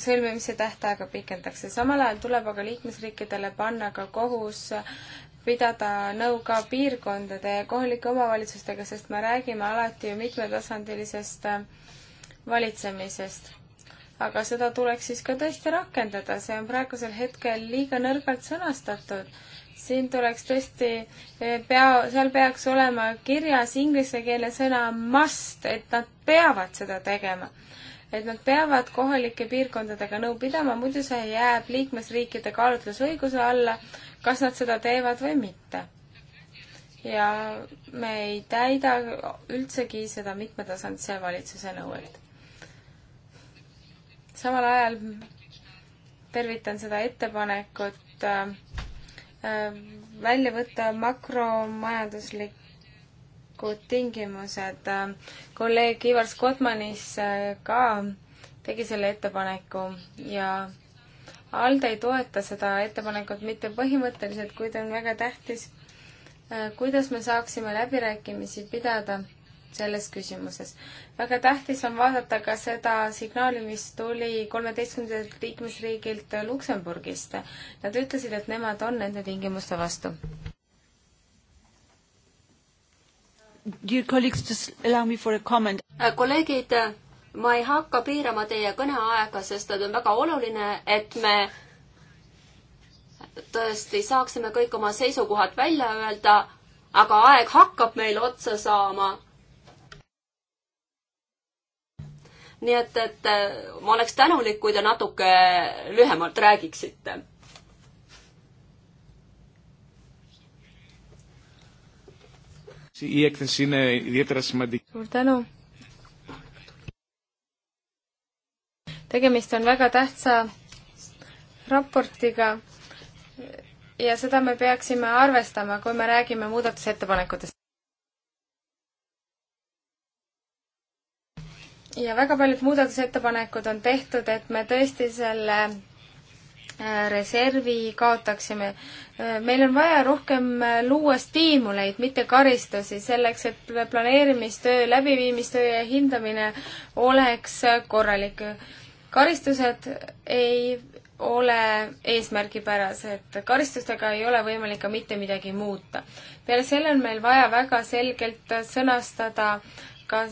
sõlmimise tähtaega pikendatakse, samal ajal tuleb aga liikmesriikidele panna ka kohus pidada nõu ka piirkondade ja kohalike omavalitsustega, sest me räägime alati ju mitmetasandilisest äh, valitsemisest. aga seda tuleks siis ka tõesti rakendada, see on praegusel hetkel liiga nõrgalt sõnastatud siin tuleks tõesti eh, pea, seal peaks olema kirjas inglise keele sõna must, et nad peavad seda tegema. et nad peavad kohalike piirkondadega nõu pidama, muidu see jääb liikmesriikide kaalutlusõiguse alla, kas nad seda teevad või mitte. ja me ei täida üldsegi seda mitmetasandise valitsuse nõuet. samal ajal tervitan seda ettepanekut äh, Ähm, välja võtta makromajanduslikud tingimused. kolleeg Ivar Skotmanis äh, ka tegi selle ettepaneku ja ALDE ei toeta seda ettepanekut mitte põhimõtteliselt, kuid on väga tähtis, äh, kuidas me saaksime läbirääkimisi pidada selles küsimuses. väga tähtis on vaadata ka seda signaali, mis tuli kolmeteistkümnendalt liikmesriigilt Luksemburgist. Nad ütlesid, et nemad on nende tingimuste vastu. Dear colleagues, just allow me for a comment. Äh, kolleegid, ma ei hakka piirama teie kõneaega, sest et on väga oluline, et me tõesti saaksime kõik oma seisukohad välja öelda, aga aeg hakkab meil otsa saama nii et, et äh, ma oleks tänulik, kui te natuke lühemalt räägiksite. suur tänu. tegemist on väga tähtsa raportiga ja seda me peaksime arvestama, kui me räägime muudatusettepanekutest. ja väga paljud muudatusettepanekud on tehtud, et me tõesti selle äh, reservi kaotaksime. Äh, meil on vaja rohkem äh, luua stiimuleid, mitte karistusi, selleks et planeerimistöö, läbiviimistöö ja hindamine oleks korralik. karistused ei ole eesmärgipärased, karistustega ei ole võimalik ka mitte midagi muuta. peale selle on meil vaja väga selgelt sõnastada ka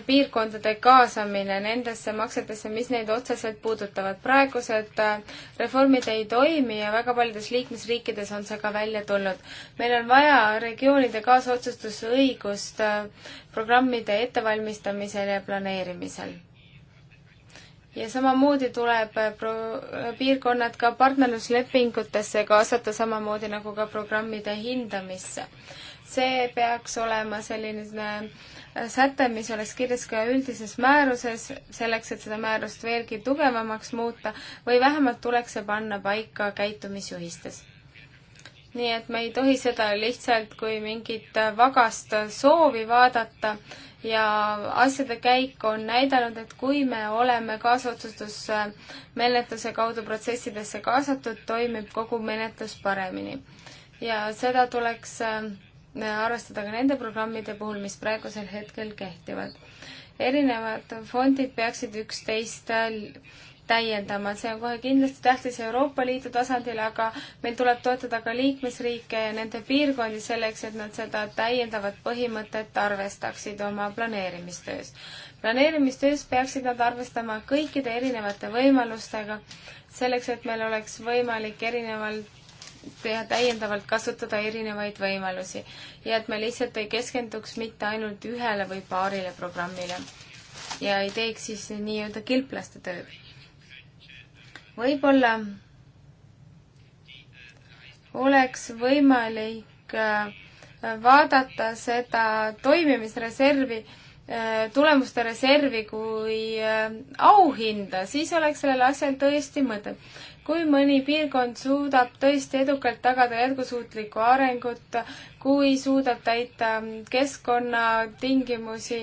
piirkondade kaasamine nendesse maksetesse, mis neid otseselt puudutavad. praegused äh, reformid ei toimi ja väga paljudes liikmesriikides on see ka välja tulnud. meil on vaja regioonide kaasotsustusõigust äh, programmide ettevalmistamisel ja planeerimisel ja samamoodi tuleb äh, pro-, piirkonnad ka partnerluslepingutesse kaasata, samamoodi nagu ka programmide hindamisse. see peaks olema selline säte, mis oleks kirjas ka üldises määruses, selleks et seda määrust veelgi tugevamaks muuta või vähemalt tuleks see panna paika käitumisjuhistes. nii et me ei tohi seda lihtsalt kui mingit vagast soovi vaadata ja asjade käik on näidanud, et kui me oleme kaasotsustusmenetluse kaudu protsessidesse kaasatud, toimib kogu menetlus paremini. ja seda tuleks äh, arvestada ka nende programmide puhul, mis praegusel hetkel kehtivad. erinevad fondid peaksid üksteist täiendama, see on kohe kindlasti tähtis Euroopa Liidu tasandil, aga meil tuleb toetada ka liikmesriike ja nende piirkondi selleks, et nad seda täiendavat põhimõtet arvestaksid oma planeerimistöös. planeerimistöös peaksid nad arvestama kõikide erinevate võimalustega, selleks et meil oleks võimalik erinevalt täiendavalt kasutada erinevaid võimalusi ja et me lihtsalt ei keskenduks mitte ainult ühele või paarile programmile ja ei teeks siis nii-öelda kilplaste tööd. võib-olla oleks võimalik äh, vaadata seda toimimisreservi, äh, tulemuste reservi kui äh, auhinda, siis oleks sellel asjal tõesti mõtet kui mõni piirkond suudab tõesti edukalt tagada jätkusuutlikku arengut, kui suudab täita keskkonnatingimusi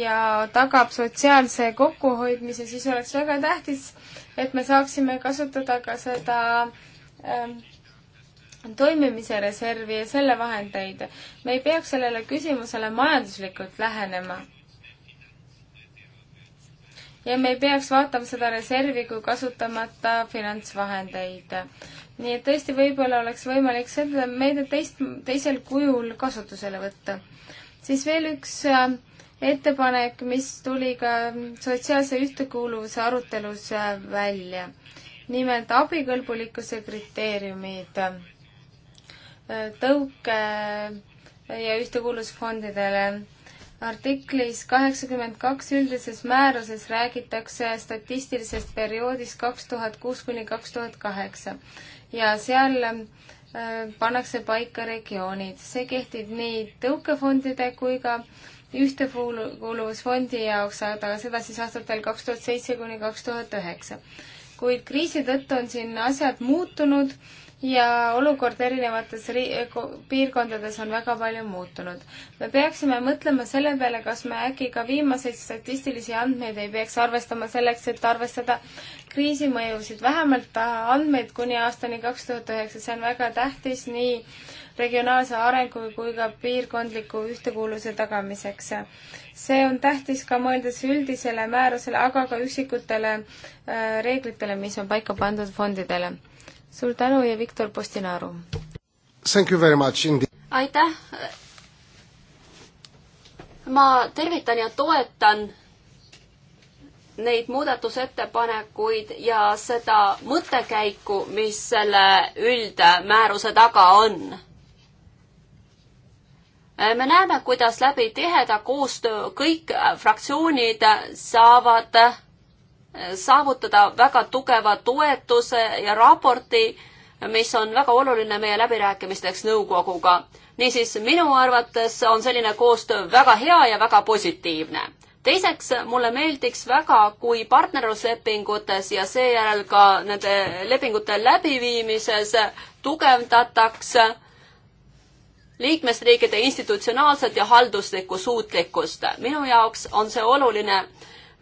ja tagab sotsiaalse kokkuhoidmise, siis oleks väga tähtis, et me saaksime kasutada ka seda ähm, toimimise reservi ja selle vahendeid. me ei peaks sellele küsimusele majanduslikult lähenema ja me ei peaks vaatama seda reservi kui kasutamata finantsvahendeid. nii et tõesti, võib-olla oleks võimalik seda meedet teist, teisel kujul kasutusele võtta. siis veel üks äh, ettepanek, mis tuli ka sotsiaalse ühtekuuluvuse arutelus äh, välja. nimelt abikõlbulikkuse kriteeriumid äh, tõuke ja ühtekuuluvusfondidele artiklis kaheksakümmend kaks üldises määruses räägitakse statistilisest perioodist kaks tuhat kuus kuni kaks tuhat kaheksa ja seal äh, pannakse paika regioonid. see kehtib nii tõukefondide kui ka ühtekuuluvusfondi jaoks, aga seda siis aastatel kaks tuhat seitse kuni kaks tuhat üheksa. kuid kriisi tõttu on siin asjad muutunud ja olukord erinevates ri-, piirkondades on väga palju muutunud. me peaksime mõtlema selle peale, kas me äkki ka viimaseid statistilisi andmeid ei peaks arvestama selleks, et arvestada kriisimõjusid, vähemalt äh, andmeid kuni aastani kaks tuhat üheksa, see on väga tähtis nii regionaalse arengu kui ka piirkondliku ühtekuuluvuse tagamiseks. see on tähtis ka mõeldes üldisele määrusele, aga ka üksikutele äh, reeglitele, mis on paika pandud fondidele suur tänu ja Viktor Postinaru! Thank you very much indeed! aitäh! ma tervitan ja toetan neid muudatusettepanekuid ja seda mõttekäiku, mis selle üldmääruse taga on. me näeme, kuidas läbi tiheda koostöö kõik fraktsioonid saavad saavutada väga tugeva toetuse ja raporti, mis on väga oluline meie läbirääkimisteks nõukoguga. niisiis, minu arvates on selline koostöö väga hea ja väga positiivne. teiseks, mulle meeldiks väga, kui partnerluslepingutes ja seejärel ka nende lepingute läbiviimises tugevdatakse liikmesriikide institutsionaalset ja halduslikku suutlikkust. minu jaoks on see oluline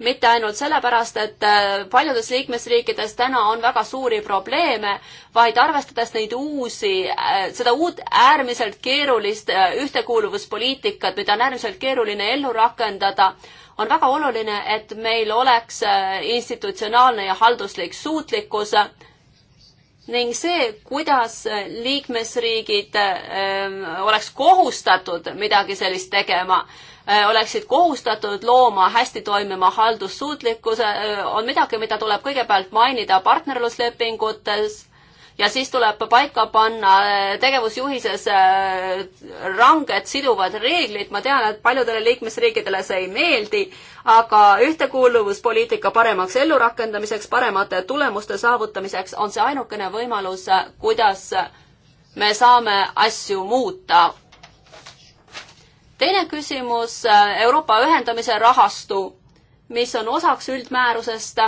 mitte ainult sellepärast, et äh, paljudes liikmesriikides täna on väga suuri probleeme, vaid arvestades neid uusi, äh, seda uut äärmiselt keerulist äh, ühtekuuluvuspoliitikat, mida on äärmiselt keeruline ellu rakendada, on väga oluline, et meil oleks institutsionaalne ja halduslik suutlikkus ning see, kuidas liikmesriigid ähm, oleks kohustatud midagi sellist tegema, äh, oleksid kohustatud looma hästi toimima haldussuutlikkuse, äh, on midagi, mida tuleb kõigepealt mainida partnerluslepingutes ja siis tuleb paika panna äh, tegevusjuhises äh, ranged siduvad reeglid, ma tean, et paljudele liikmesriikidele see ei meeldi, aga ühtekuuluvuspoliitika paremaks ellurakendamiseks, paremate tulemuste saavutamiseks on see ainukene võimalus, kuidas me saame asju muuta. teine küsimus, äh, Euroopa ühendamise rahastu, mis on osaks üldmäärusest.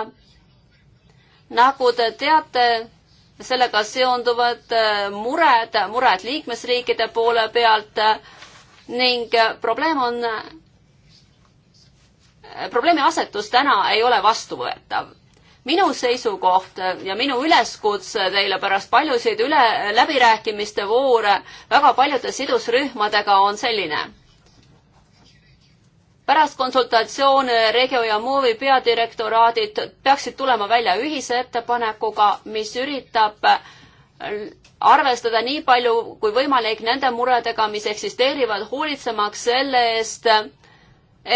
nagu te teate, sellega seonduvad äh, mured, mured liikmesriikide poole pealt äh, ning äh, probleem on, probleemi asetus täna ei ole vastuvõetav. minu seisukoht ja minu üleskutse teile pärast paljusid üle, läbirääkimiste voore väga paljude sidusrühmadega on selline pärast konsultatsioone Regio ja Movi peadirektoraadid peaksid tulema välja ühise ettepanekuga, mis üritab arvestada nii palju kui võimalik nende muredega, mis eksisteerivad, hoolitsemaks selle eest,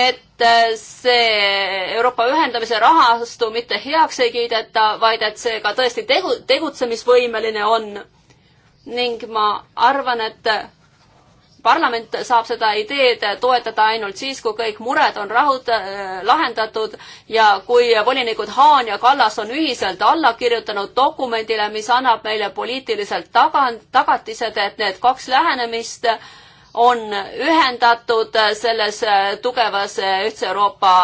et see Euroopa ühendamise rahastu mitte heaks ei kiideta, vaid et see ka tõesti tegu, tegutsemisvõimeline on. ning ma arvan, et parlament saab seda ideed toetada ainult siis, kui kõik mured on rahut-, äh, lahendatud ja kui volinikud Haan ja Kallas on ühiselt alla kirjutanud dokumendile, mis annab meile poliitiliselt tagant, tagatised, et need kaks lähenemist on ühendatud selles äh, tugevas äh, ühtse Euroopa,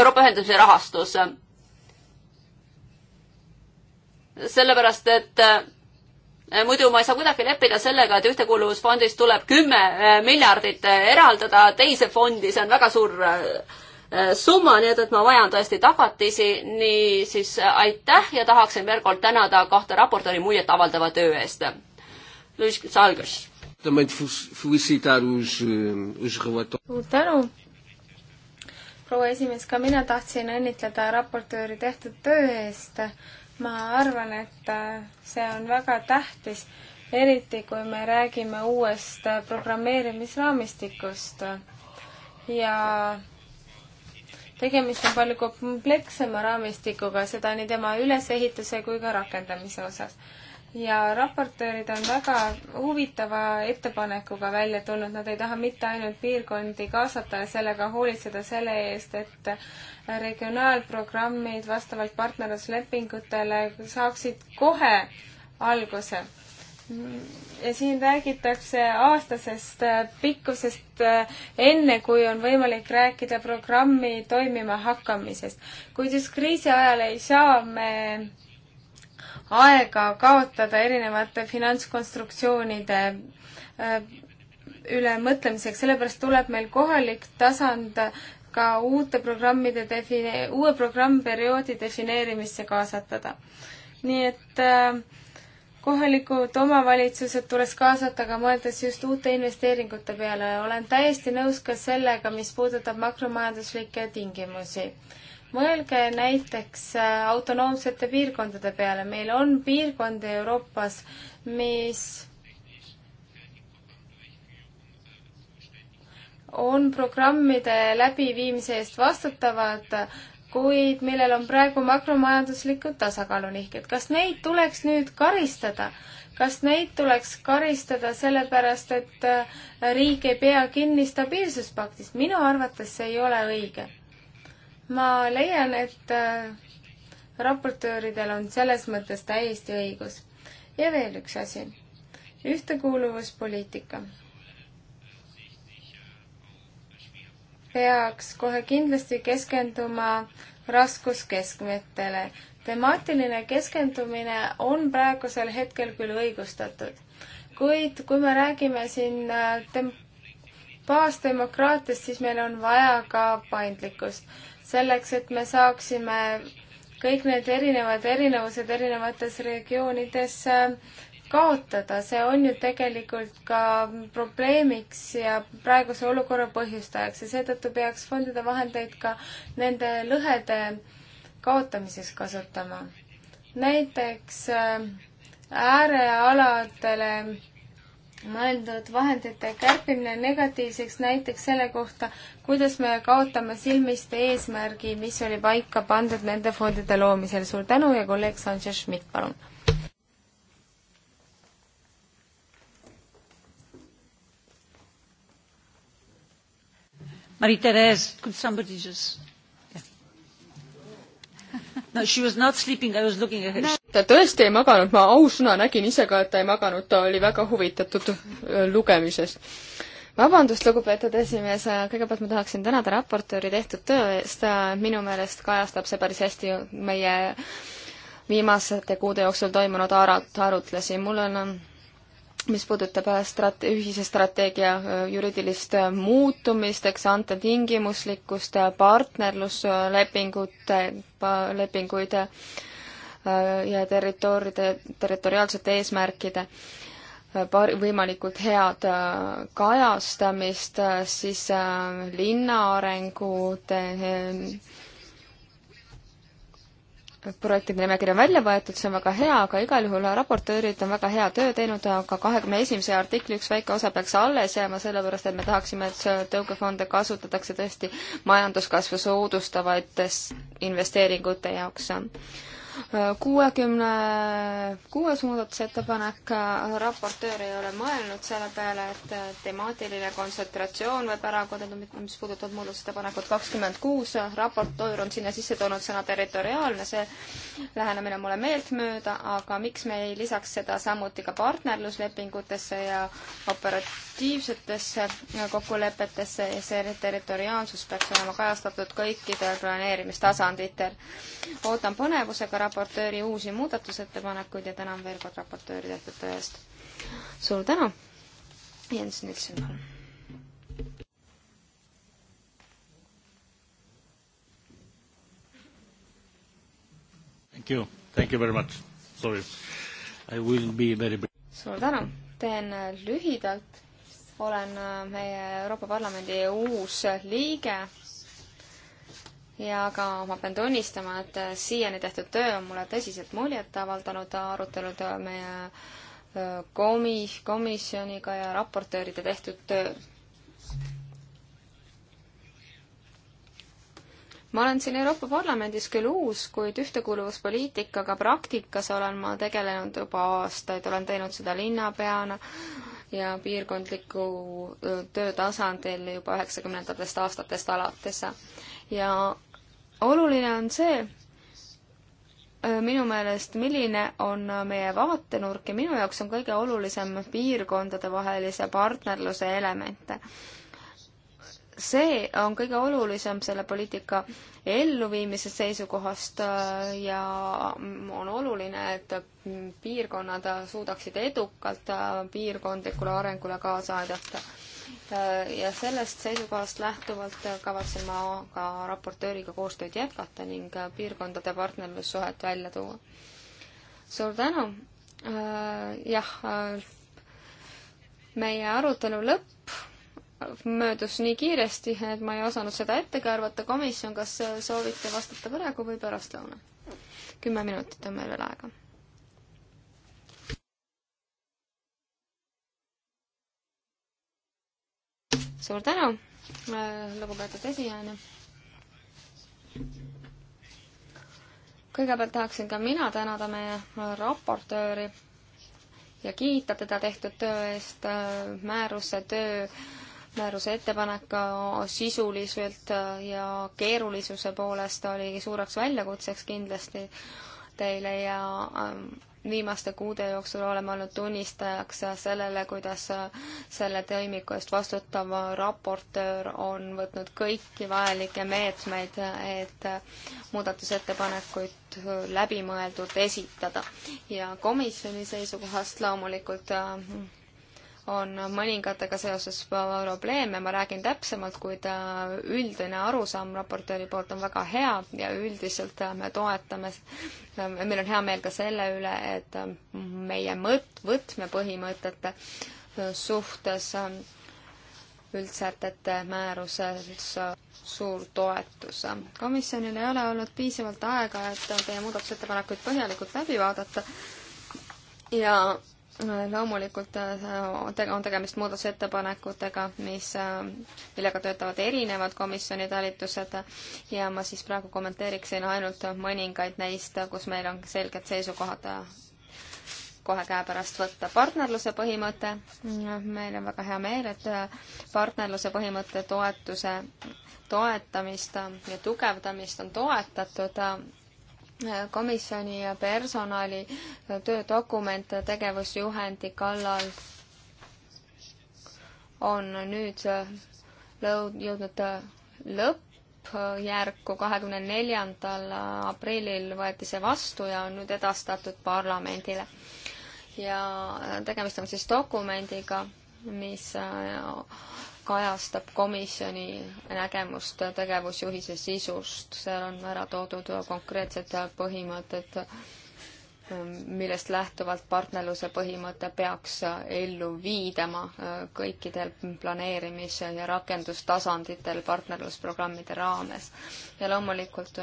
Euroopa ühendamise rahastus. sellepärast, et Äh, muidu ma ei saa kuidagi leppida sellega, et ühtekuuluvusfondist tuleb kümme äh, miljardit äh, eraldada teise fondi, see on väga suur summa, nii et, et ma vajan tõesti tagatisi, niisiis aitäh ja tahaksin veel kord tänada kahte raportööri muljet avaldava töö eest. Luis Salgas. Eh, suur tänu. proua esimees, ka mina tahtsin õnnitleda raportööri tehtud töö eest ma arvan, et äh, see on väga tähtis, eriti kui me räägime uuest äh, programmeerimisraamistikust ja tegemist on palju komplekssema raamistikuga, seda nii tema ülesehituse kui ka rakendamise osas ja raportöörid on väga huvitava ettepanekuga välja tulnud, nad ei taha mitte ainult piirkondi kaasata ja sellega hoolitseda selle eest, et regionaalprogrammid vastavalt partnerluslepingutele saaksid kohe alguse. ja siin räägitakse aastasest pikkusest, enne kui on võimalik rääkida programmi toimima hakkamisest. kuid just kriisi ajal ei saa me aega kaotada erinevate finantskonstruktsioonide äh, üle mõtlemiseks, sellepärast tuleb meil kohalik tasand ka uute programmide defini-, uue programmperioodi defineerimisse kaasatada. nii et äh, kohalikud omavalitsused tuleks kaasata ka mõeldes just uute investeeringute peale. olen täiesti nõus ka sellega, mis puudutab makromajanduslikke tingimusi mõelge näiteks äh, autonoomsete piirkondade peale. meil on piirkondi Euroopas, mis on programmide läbiviimise eest vastutavad, kuid millel on praegu makromajanduslikud tasakaalunihked. kas neid tuleks nüüd karistada? kas neid tuleks karistada sellepärast, et äh, riik ei pea kinni stabiilsuspaktist? minu arvates see ei ole õige ma leian, et äh, raportööridel on selles mõttes täiesti õigus. ja veel üks asi, ühtekuuluvuspoliitika. peaks kohe kindlasti keskenduma raskuskeskmetele. temaatiline keskendumine on praegusel hetkel küll õigustatud, kuid kui me räägime siin äh, tem-, baasdemokraatiast, siis meil on vaja ka paindlikkust selleks, et me saaksime kõik need erinevad erinevused erinevates regioonides äh, kaotada, see on ju tegelikult ka probleemiks ja praeguse olukorra põhjustajaks ja seetõttu peaks fondide vahendeid ka nende lõhede kaotamises kasutama. näiteks äh, äärealadele mõeldud vahendite kärpimine negatiivseks näiteks selle kohta, kuidas me kaotame silmist eesmärgi, mis oli paika pandud nende fondide loomisel. suur tänu ja kolleeg Sanchez Schmidt, palun! Marie-Therese, could somebody just no she was not sleeping, I was looking at her. ta tõesti ei maganud, ma ausõna nägin ise ka, et ta ei maganud, ta oli väga huvitatud äh, lugemisest. vabandust, lugupeetud esimees, äh, kõigepealt ma tahaksin tänada raportööri tehtud töö eest, äh, minu meelest kajastab see päris hästi meie viimaste kuude jooksul toimunud arut-, arutlusi, mul on teist, mis puudutab äh, strate-, ühise strateegia äh, juriidilist äh, muutumist, eks ante tingimuslikkust, partnerluslepingute, lepinguid ja territooride, territoriaalsete eesmärkide par-, võimalikult head kajastamist, siis linnaarengu projektide nimekiri on välja võetud, see on väga hea, aga igal juhul raportöörid on väga hea töö teinud, aga kahekümne esimese artikli üks väike osa peaks alles jääma, sellepärast et me tahaksime, et tõukefonde kasutatakse tõesti majanduskasvu soodustavatest investeeringute jaoks kuuekümne kuues muudatusettepanek, raportöör ei ole mõelnud selle peale, et temaatiline kontsentratsioon võib ära kaduda, mis puudutab muudatusettepanekut kakskümmend kuus, raportöör on sinna sisse toonud sõna territoriaalne, see lähenemine mulle meeltmööda, aga miks me ei lisaks seda samuti ka partnerluslepingutesse ja operat-, fakultatiivsetesse kokkulepetesse ja see territoriaalsus peaks olema kajastatud kõikidel planeerimistasanditel. ootan põnevusega raportööri uusi muudatusettepanekuid ja tänan veel kord raportööri tehtud töö eest. suur tänu, Jens Nilsson, palun. Thank you, thank you very much, sorry. I will be very brief. suur tänu, teen lühidalt olen äh, meie Euroopa Parlamendi uus liige ja ka ma pean tunnistama, et äh, siiani tehtud töö on mulle tõsiselt muljet avaldanud, arutelud äh, meie komi-, komisjoniga ja raportööride tehtud töö. ma olen siin Euroopa Parlamendis küll uus, kuid ühtekuuluvuspoliitikaga praktikas olen ma tegelenud juba aastaid, olen teinud seda linnapeana, ja piirkondliku töö tasandil juba üheksakümnendatest aastatest alates. ja oluline on see, minu meelest, milline on meie vaatenurk ja minu jaoks on kõige olulisem piirkondadevahelise partnerluse elemente see on kõige olulisem selle poliitika elluviimise seisukohast äh, ja on oluline, et piirkonnad suudaksid edukalt äh, piirkondlikule arengule kaasa aidata. Äh, ja sellest seisukohast lähtuvalt kavatsen ma ka raportööriga koostööd jätkata ning piirkondade partnerlussuhet välja tuua. suur tänu! jah, meie arutelu lõpp möödus nii kiiresti, et ma ei osanud seda ettegi arvata. komisjon, kas soovite vastata praegu või pärastlõuna? kümme minutit on meil veel aega. suur tänu, äh, lugupeetud esijäänu. kõigepealt tahaksin ka mina tänada meie raportööri ja kiita teda tehtud töö eest, äh, määruse töö määruse ettepanek sisuliselt ja keerulisuse poolest oli suureks väljakutseks kindlasti teile ja ähm, viimaste kuude jooksul oleme olnud tunnistajaks sellele, kuidas selle toimiku eest vastutav raportöör on võtnud kõiki vajalikke meetmeid, et muudatusettepanekuid läbimõeldult esitada. ja komisjoni seisukohast loomulikult ähm, on mõningatega seoses probleeme, ma räägin täpsemalt, kuid üldine arusaam raportööri poolt on väga hea ja üldiselt me toetame, meil on hea meel ka selle üle, et meie mõt-, võtmepõhimõtete suhtes üldsätete määruses suur toetus. komisjonil ei ole olnud piisavalt aega, et teie muudatusettepanekuid põhjalikult läbi vaadata ja loomulikult äh, on tegemist muudatusettepanekutega, mis, äh, millega töötavad erinevad komisjoni talitused ja ma siis praegu kommenteeriksin ainult mõningaid neist, kus meil on selged seisukohad äh, kohe käepärast võtta. partnerluse põhimõte, meil on väga hea meel, et partnerluse põhimõtte toetuse toetamist ja tugevdamist on toetatud komisjoni ja personali töödokument tegevusjuhendi kallal on nüüd jõudnud lõppjärku, kahekümne neljandal aprillil võeti see vastu ja on nüüd edastatud parlamendile. ja tegemist on siis dokumendiga, mis kajastab komisjoni nägemust tegevusjuhise sisust, seal on ära toodud konkreetsed põhimõtted, millest lähtuvalt partnerluse põhimõte peaks ellu viidama kõikidel planeerimis- ja rakendustasanditel partnerlusprogrammide raames. ja loomulikult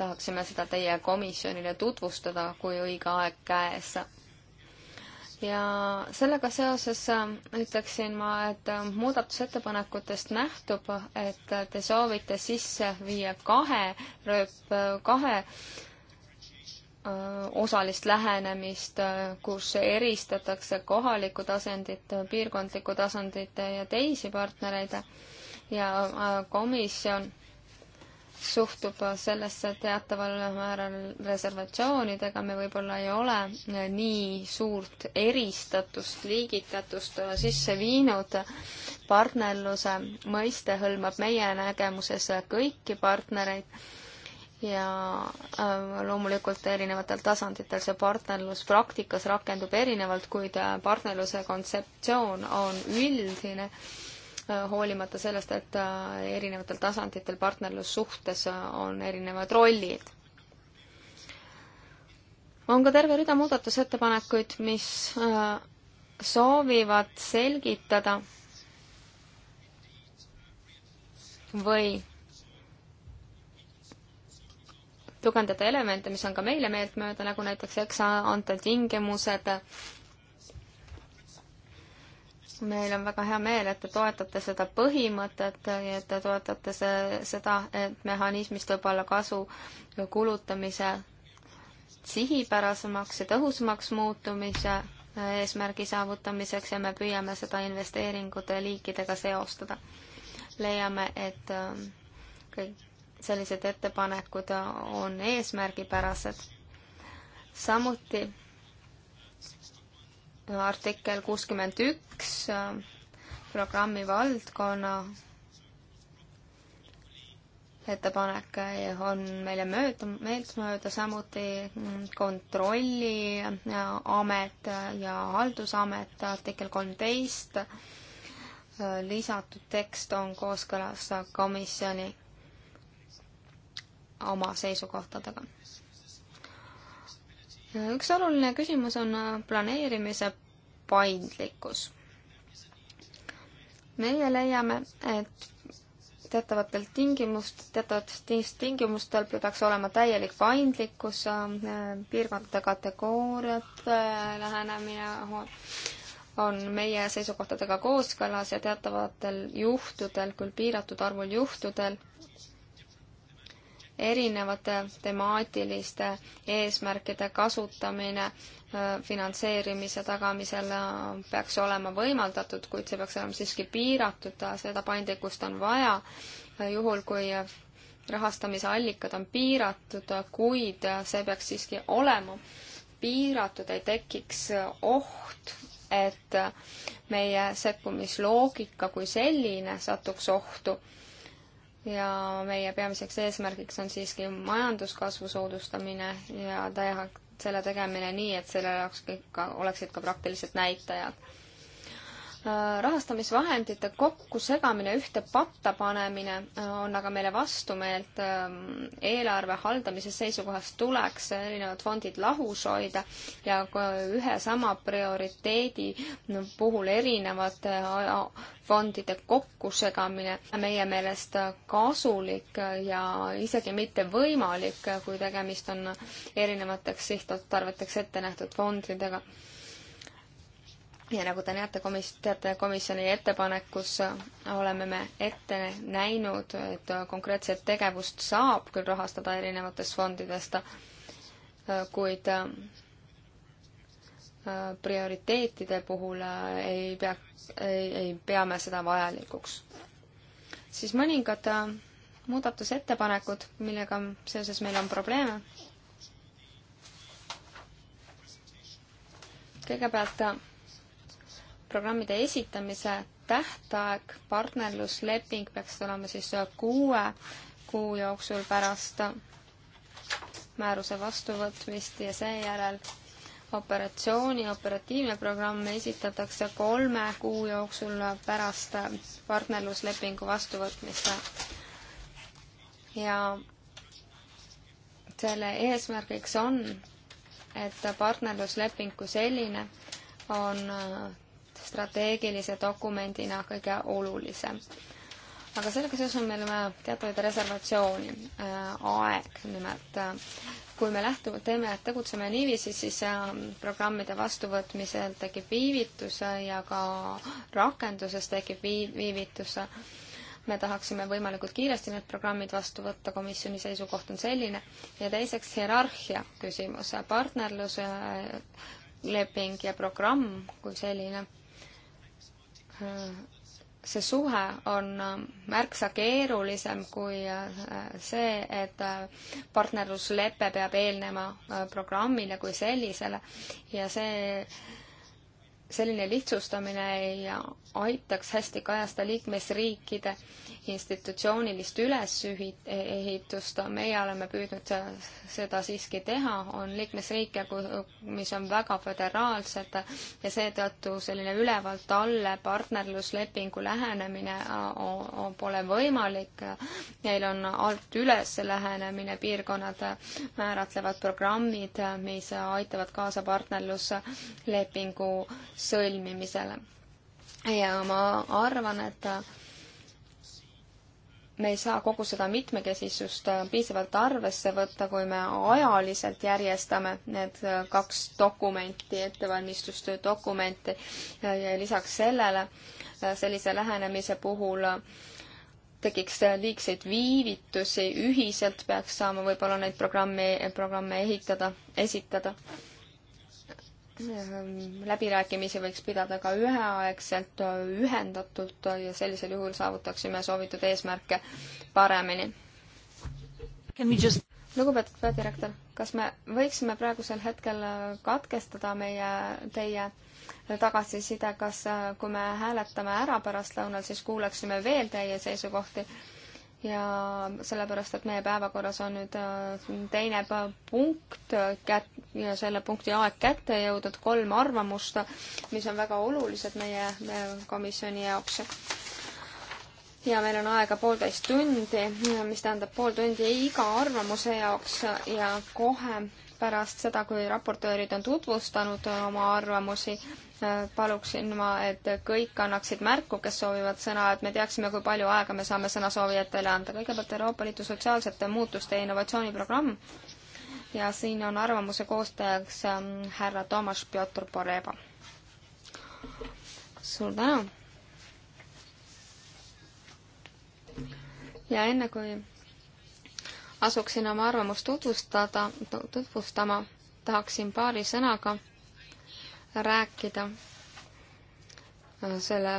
tahaksime seda teie komisjonile tutvustada, kui õige aeg käes ja sellega seoses äh, ütleksin ma, et äh, muudatusettepanekutest nähtub, et te soovite sisse viia kahe rööp, kahe äh, osalist lähenemist, kus eristatakse kohalikku tasandit, piirkondlikku tasandit ja teisi partnereid ja komisjon suhtub sellesse teataval määral reservatsioonidega, me võib-olla ei ole nii suurt eristatust, liigitatust sisse viinud. partnerluse mõiste hõlmab meie nägemuses kõiki partnereid ja äh, loomulikult erinevatel tasanditel see partnerlus praktikas rakendub erinevalt, kuid äh, partnerluse kontseptsioon on üldine hoolimata sellest, et äh, erinevatel tasanditel partnerlussuhtes äh, on erinevad rollid. on ka terve rida muudatusettepanekuid, mis äh, soovivad selgitada või tugevdada elemente, mis on ka meile meeltmööda, nagu näiteks eks-ante tingimused meil on väga hea meel, et te toetate seda põhimõtet ja et te toetate see, seda, et mehhanismist võib olla kasu kulutamise sihipärasemaks ja tõhusamaks muutumise eesmärgi saavutamiseks ja me püüame seda investeeringute liikidega seostada. leiame, et ähm, kõik sellised ettepanekud on eesmärgipärased. samuti artikkel kuuskümmend üks programmi valdkonna ettepanek on meile mööda, meeltmööda, samuti Kontrolliamet ja Haldusamet, artikkel kolmteist, lisatud tekst on kooskõlas komisjoni oma seisukohtadega üks oluline küsimus on äh, planeerimise paindlikkus. meie leiame, et teatavatel tingimust, teatavatel tingimustel peaks olema täielik paindlikkus, äh, piirkondade kategooriate lähenemine on meie seisukohtadega kooskõlas ja teatavatel juhtudel, küll piiratud arvul juhtudel, erinevate temaatiliste eesmärkide kasutamine äh, finantseerimise tagamisel äh, peaks olema võimaldatud, kuid see peaks olema siiski piiratud, seda paindlikkust on vaja, äh, juhul kui rahastamise allikad on piiratud, kuid see peaks siiski olema piiratud, ei tekiks oht, et meie sekkumisloogika kui selline satuks ohtu ja meie peamiseks eesmärgiks on siiski majanduskasvu soodustamine ja teha selle tegemine nii, et sellel oleks ka, oleksid ka praktilised näitajad Äh, rahastamisvahendite kokkusegamine, ühte patta panemine äh, on aga meile vastumeelt. Ähm, eelarve haldamise seisukohast tuleks erinevad fondid lahus hoida ja äh, ühe sama prioriteedi puhul erinevate fondide kokkusegamine meie meelest kasulik ja isegi mitte võimalik, kui tegemist on erinevateks sihtotstarveteks ette nähtud fondidega ja nagu te näete komis-, teate komisjoni ettepanekus äh, oleme me ette näinud, et äh, konkreetset tegevust saab küll rahastada erinevatest fondidest, äh, kuid prioriteetide puhul ei pea, ei pea me seda vajalikuks. siis mõningad muudatusettepanekud, millega seoses meil on probleeme. kõigepealt programmide esitamise tähtaeg, partnerlusleping peaks olema siis kuue kuu jooksul pärast määruse vastuvõtmist ja seejärel operatsiooni operatiivne programm esitatakse kolme kuu jooksul pärast partnerluslepingu vastuvõtmist. ja selle eesmärgiks on, et partnerlusleping kui selline on strateegilise dokumendina kõige olulisem. aga sellega seoses on meil vaja teatavaid reservatsiooni äh,, aeg nimelt äh, kui me lähtume, teeme, tegutseme niiviisi, siis äh, programmide vastuvõtmisel tekib viivitus ja ka rakenduses tekib vii-, viivitus. me tahaksime võimalikult kiiresti need programmid vastu võtta, komisjoni seisukoht on selline, ja teiseks hierarhia küsimus, partnerluse äh, leping ja programm kui selline see suhe on ähm, märksa keerulisem kui äh, see, et äh, partnerluslepe peab eelnema äh, programmile kui sellisele ja see selline lihtsustamine ei aitaks hästi kajasta liikmesriikide institutsioonilist ülesehitust, meie oleme püüdnud seda siiski teha, on liikmesriike, mis on väga föderaalsed ja seetõttu selline ülevalt alla partnerluslepingu lähenemine pole võimalik. Neil on alt üles lähenemine, piirkonnad määratlevad programmid, mis aitavad kaasa partnerluslepingu sõlmimisele. ja ma arvan, et me ei saa kogu seda mitmekesisust piisavalt arvesse võtta, kui me ajaliselt järjestame need kaks dokumenti, ettevalmistustöö dokumenti ja lisaks sellele sellise lähenemise puhul tekiks liigseid viivitusi, ühiselt peaks saama võib-olla neid programmi, programme ehitada, esitada Ehm, läbirääkimisi võiks pidada ka üheaegselt, ühendatult ja sellisel juhul saavutaksime soovitud eesmärke paremini. Just... lugupeetud peadirektor, kas me võiksime praegusel hetkel äh, katkestada meie, teie tagasiside, kas, äh, kui me hääletame ära pärastlõunal, siis kuulaksime veel teie seisukohti ja sellepärast, et meie päevakorras on nüüd äh, teine punkt kät- ja selle punkti aeg kätte jõudnud, kolm arvamust, mis on väga olulised meie, meie komisjoni jaoks. ja meil on aega poolteist tundi, mis tähendab pool tundi iga arvamuse jaoks ja kohe pärast seda, kui raportöörid on tutvustanud oma arvamusi, paluksin ma, et kõik annaksid märku, kes soovivad sõna, et me teaksime, kui palju aega me saame sõnasoovijatele anda. kõigepealt Euroopa Liidu sotsiaalsete muutuste ja innovatsiooniprogramm ja siin on arvamuse koostajaks ähm, härra Toomas Pjotor Poreba. suur tänu! ja enne, kui asuksin oma arvamust tutvustada, tutvustama, tahaksin paari sõnaga rääkida äh, selle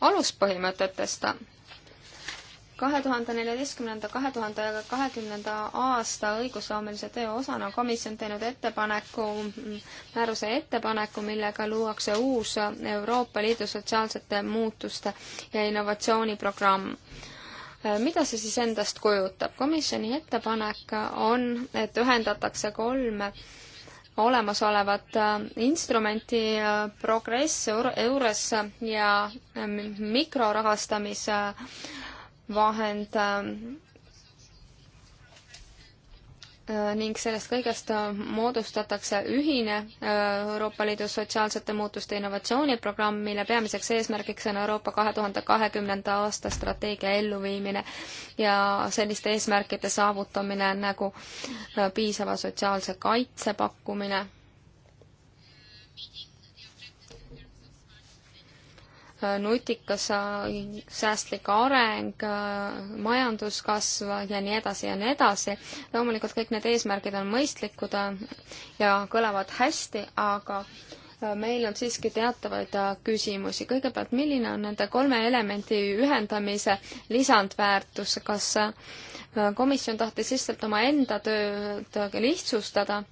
aluspõhimõtetest kahe tuhande neljateistkümnenda, kahe tuhande kahekümnenda aasta õigusloomelise töö osana komisjon teinud ettepaneku, määruse ettepaneku, millega luuakse uus Euroopa Liidu sotsiaalsete muutuste ja innovatsiooniprogramm mida see siis endast kujutab? komisjoni ettepanek on, et ühendatakse kolm olemasolevat äh, instrumenti äh, Progress, EURES ja äh, mikrorahastamise vahend äh, ning sellest kõigest äh, moodustatakse ühine äh, Euroopa Liidu sotsiaalsete muutuste innovatsiooniprogramm, mille peamiseks eesmärgiks on Euroopa kahe tuhande kahekümnenda aasta strateegia elluviimine ja selliste eesmärkide saavutamine nagu piisava sotsiaalse kaitse pakkumine nutikas säästlik areng, majanduskasv ja nii edasi ja nii edasi. loomulikult kõik need eesmärgid on mõistlikud äh, ja kõlavad hästi, aga äh, meil on siiski teatavaid äh, küsimusi. kõigepealt, milline on nende kolme elemendi ühendamise lisandväärtus, kas komisjon tahtis lihtsalt omaenda tööd lihtsustada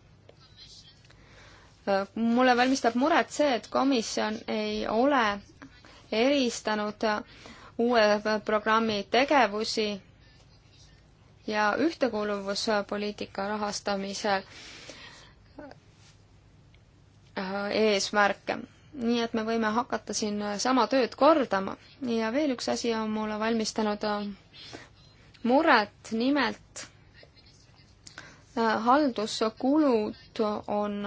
mulle valmistab muret see, et komisjon ei ole eristanud uue programmi tegevusi ja ühtekuuluvuspoliitika rahastamise äh, eesmärke. nii et me võime hakata siin sama tööd kordama ja veel üks asi on mulle valmistanud äh, muret, nimelt äh, halduskulud on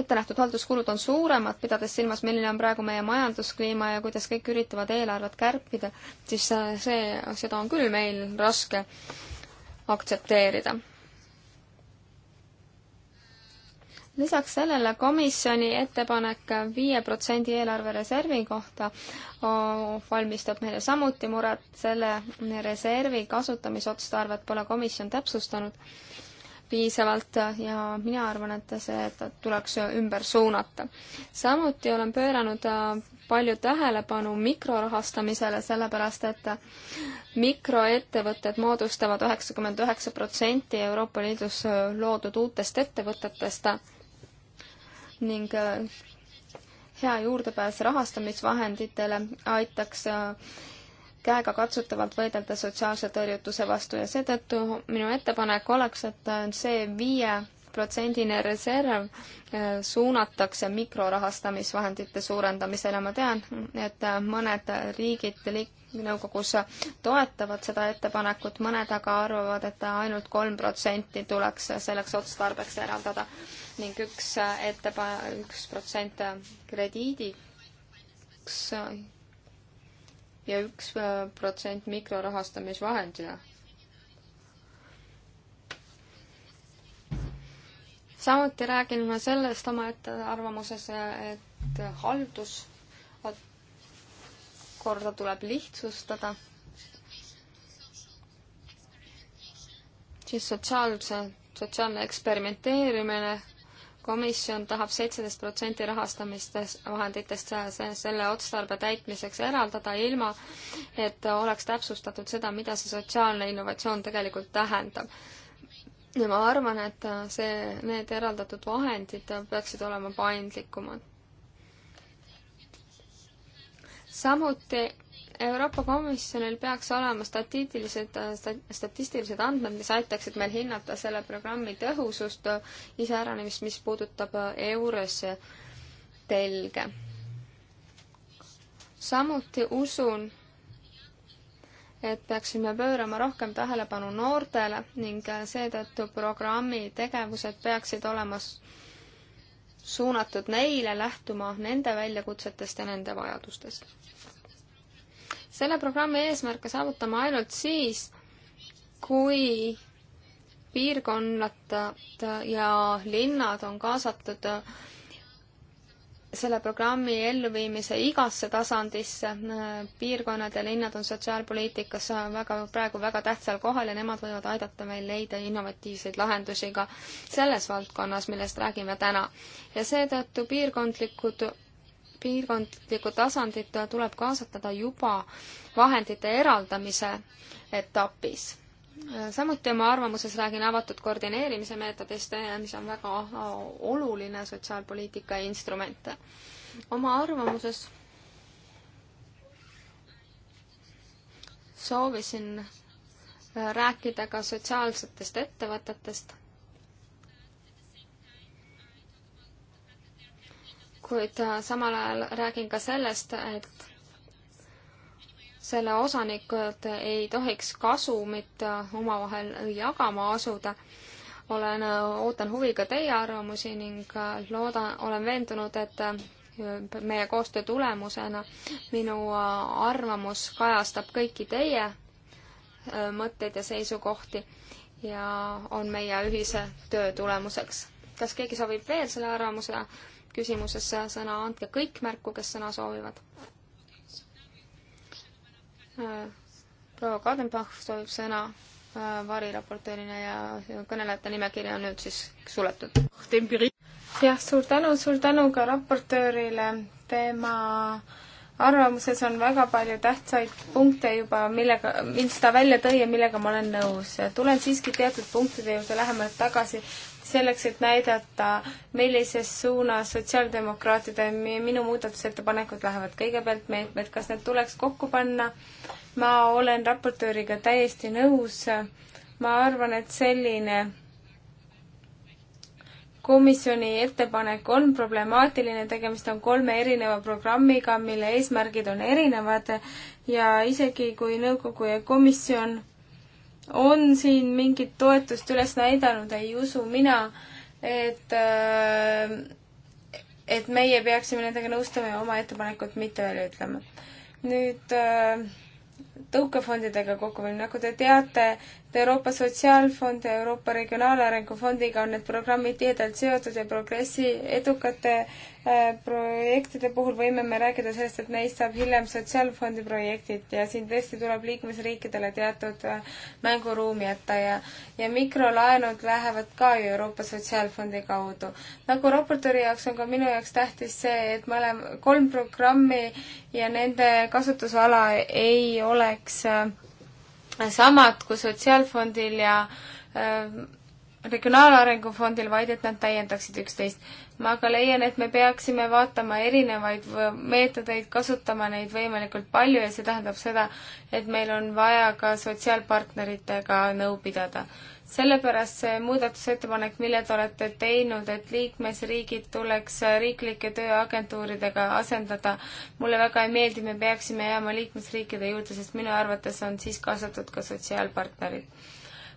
ette nähtud halduskulud on suuremad, pidades silmas, milline on praegu meie majanduskliima ja kuidas kõik üritavad eelarvet kärpida, siis äh, see, seda on küll meil raske aktsepteerida. lisaks sellele komisjoni ettepanek viie protsendi eelarvereservi kohta äh, valmistab meile samuti muret, selle reservi kasutamisotstarvet pole komisjon täpsustanud piisavalt ja mina arvan, et see et tuleks ümber suunata. samuti olen pööranud äh, palju tähelepanu mikrorahastamisele, sellepärast et äh, mikroettevõtted moodustavad üheksakümmend üheksa protsenti Euroopa Liidus äh, loodud uutest ettevõtetest ning hea juurdepääs rahastamisvahenditele aitaks käegakatsutavalt võidelda sotsiaalse tõrjutuse vastu ja seetõttu minu ettepanek oleks, et see viie protsendine reserv äh, suunatakse mikrorahastamisvahendite suurendamisele. ma tean, et mõned riigid nõukogus toetavad seda ettepanekut, mõned aga arvavad, et ainult kolm protsenti tuleks selleks otstarbeks eraldada ning üks ettepa-, üks protsent krediidiks ja üks äh, protsent mikrorahastamisvahendina. samuti räägin ma sellest omaette arvamuses, et halduskorda tuleb lihtsustada siis sotsiaalse, sotsiaalne eksperimenteerimine komisjon tahab seitseteist protsenti rahastamisvahenditest selle otstarbe täitmiseks eraldada, ilma et oleks täpsustatud seda, mida see sotsiaalne innovatsioon tegelikult tähendab. ja ma arvan, et see, need eraldatud vahendid peaksid olema paindlikumad. samuti Euroopa Komisjonil peaks olema statistilised, statistilised andmed, mis aitaksid meil hinnata selle programmi tõhusust, iseäranemist, mis puudutab EURES telge. samuti usun, et peaksime pöörama rohkem tähelepanu noortele ning seetõttu programmi tegevused peaksid olema suunatud neile, lähtuma nende väljakutsetest ja nende vajadustest selle programmi eesmärke saavutame ainult siis, kui piirkonnad ja linnad on kaasatud selle programmi elluviimise igasse tasandisse, piirkonnad ja linnad on sotsiaalpoliitikas väga, praegu väga tähtsal kohal ja nemad võivad aidata meil leida innovatiivseid lahendusi ka selles valdkonnas, millest räägime täna. ja seetõttu piirkondlikud piirkondlikku tasandit tuleb kaasatada juba vahendite eraldamise etapis. samuti oma arvamuses räägin avatud koordineerimise meetodist, mis on väga oluline sotsiaalpoliitika instrument. oma arvamuses soovisin rääkida ka sotsiaalsetest ettevõtetest kuid äh, samal ajal räägin ka sellest, et selle osanikud ei tohiks kasumit äh, omavahel jagama asuda. olen, äh, ootan huviga teie arvamusi ning loodan, olen veendunud, et meie koostöö tulemusena minu arvamus kajastab kõiki teie mõtteid ja seisukohti ja on meie ühise töö tulemuseks. kas keegi soovib veel selle arvamuse küsimuses sõna, andke kõik märku, kes sõna soovivad. proua Kadenbach soovib sõna variraportöörina ja kõnelejate nimekiri on nüüd siis suletud. jah, suur tänu, suur tänu ka raportöörile, tema arvamuses on väga palju tähtsaid punkte juba, millega, mis ta välja tõi ja millega ma olen nõus. tulen siiski teatud punktide juurde lähemalt tagasi selleks, et näidata, millises suunas sotsiaaldemokraatide minu muudatusettepanekud lähevad. kõigepealt meetmed, kas need tuleks kokku panna? ma olen raportööriga täiesti nõus. ma arvan, et selline komisjoni ettepanek on problemaatiline, tegemist on kolme erineva programmiga, mille eesmärgid on erinevad ja isegi kui nõukogu ja komisjon on siin mingit toetust üles näidanud, ei usu mina, et äh, et meie peaksime nendega nõustuma ja oma ettepanekut mitte välja ütlema. nüüd äh, tõukefondidega kokku viimine, nagu te teate, Euroopa Sotsiaalfond ja Euroopa Regionaalarengu Fondiga on need programmid tihedalt seotud ja progressi edukate äh, projektide puhul võime me rääkida sellest, et neist saab hiljem sotsiaalfondi projektid ja siin tõesti tuleb liikmesriikidele teatud äh, mänguruumi jätta ja ja mikrolaenud lähevad ka ju Euroopa Sotsiaalfondi kaudu. nagu raportööri jaoks on ka minu jaoks tähtis see, et mõlem-, kolm programmi ja nende kasutusala ei oleks äh, samad kui Sotsiaalfondil ja äh, Regionaalarengu Fondil, vaid et nad täiendaksid üksteist. ma aga leian, et me peaksime vaatama erinevaid meetodeid, kasutama neid võimalikult palju ja see tähendab seda, et meil on vaja ka sotsiaalpartneritega nõu pidada sellepärast see muudatusettepanek, mille te olete teinud, et liikmesriigid tuleks riiklike tööagentuuridega asendada, mulle väga ei meeldi, me peaksime jääma liikmesriikide juurde, sest minu arvates on siis kaasatud ka sotsiaalpartnerid.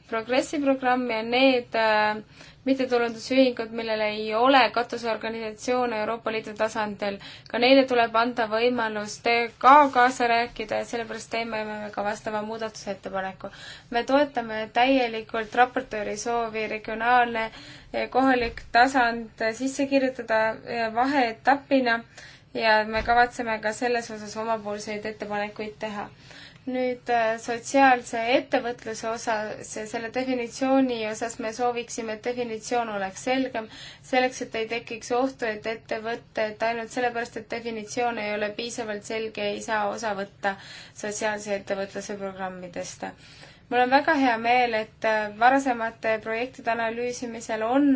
progressi programm ja need äh, mittetulundusühingud, millel ei ole katusorganisatsioone Euroopa Liidu tasandil, ka neile tuleb anda võimalus ka kaasa rääkida ja sellepärast teeme me ka vastava muudatusettepaneku. me toetame täielikult raportööri soovi regionaalne kohalik tasand sisse kirjutada vaheetapina ja me kavatseme ka selles osas omapoolseid ettepanekuid teha nüüd äh, sotsiaalse ettevõtluse osas ja selle definitsiooni osas me sooviksime, et definitsioon oleks selgem, selleks et ei tekiks ohtu, et ettevõtted ainult sellepärast, et definitsioon ei ole piisavalt selge, ei saa osa võtta sotsiaalse ettevõtluse programmidest mul on väga hea meel, et äh, varasemate projektide analüüsimisel on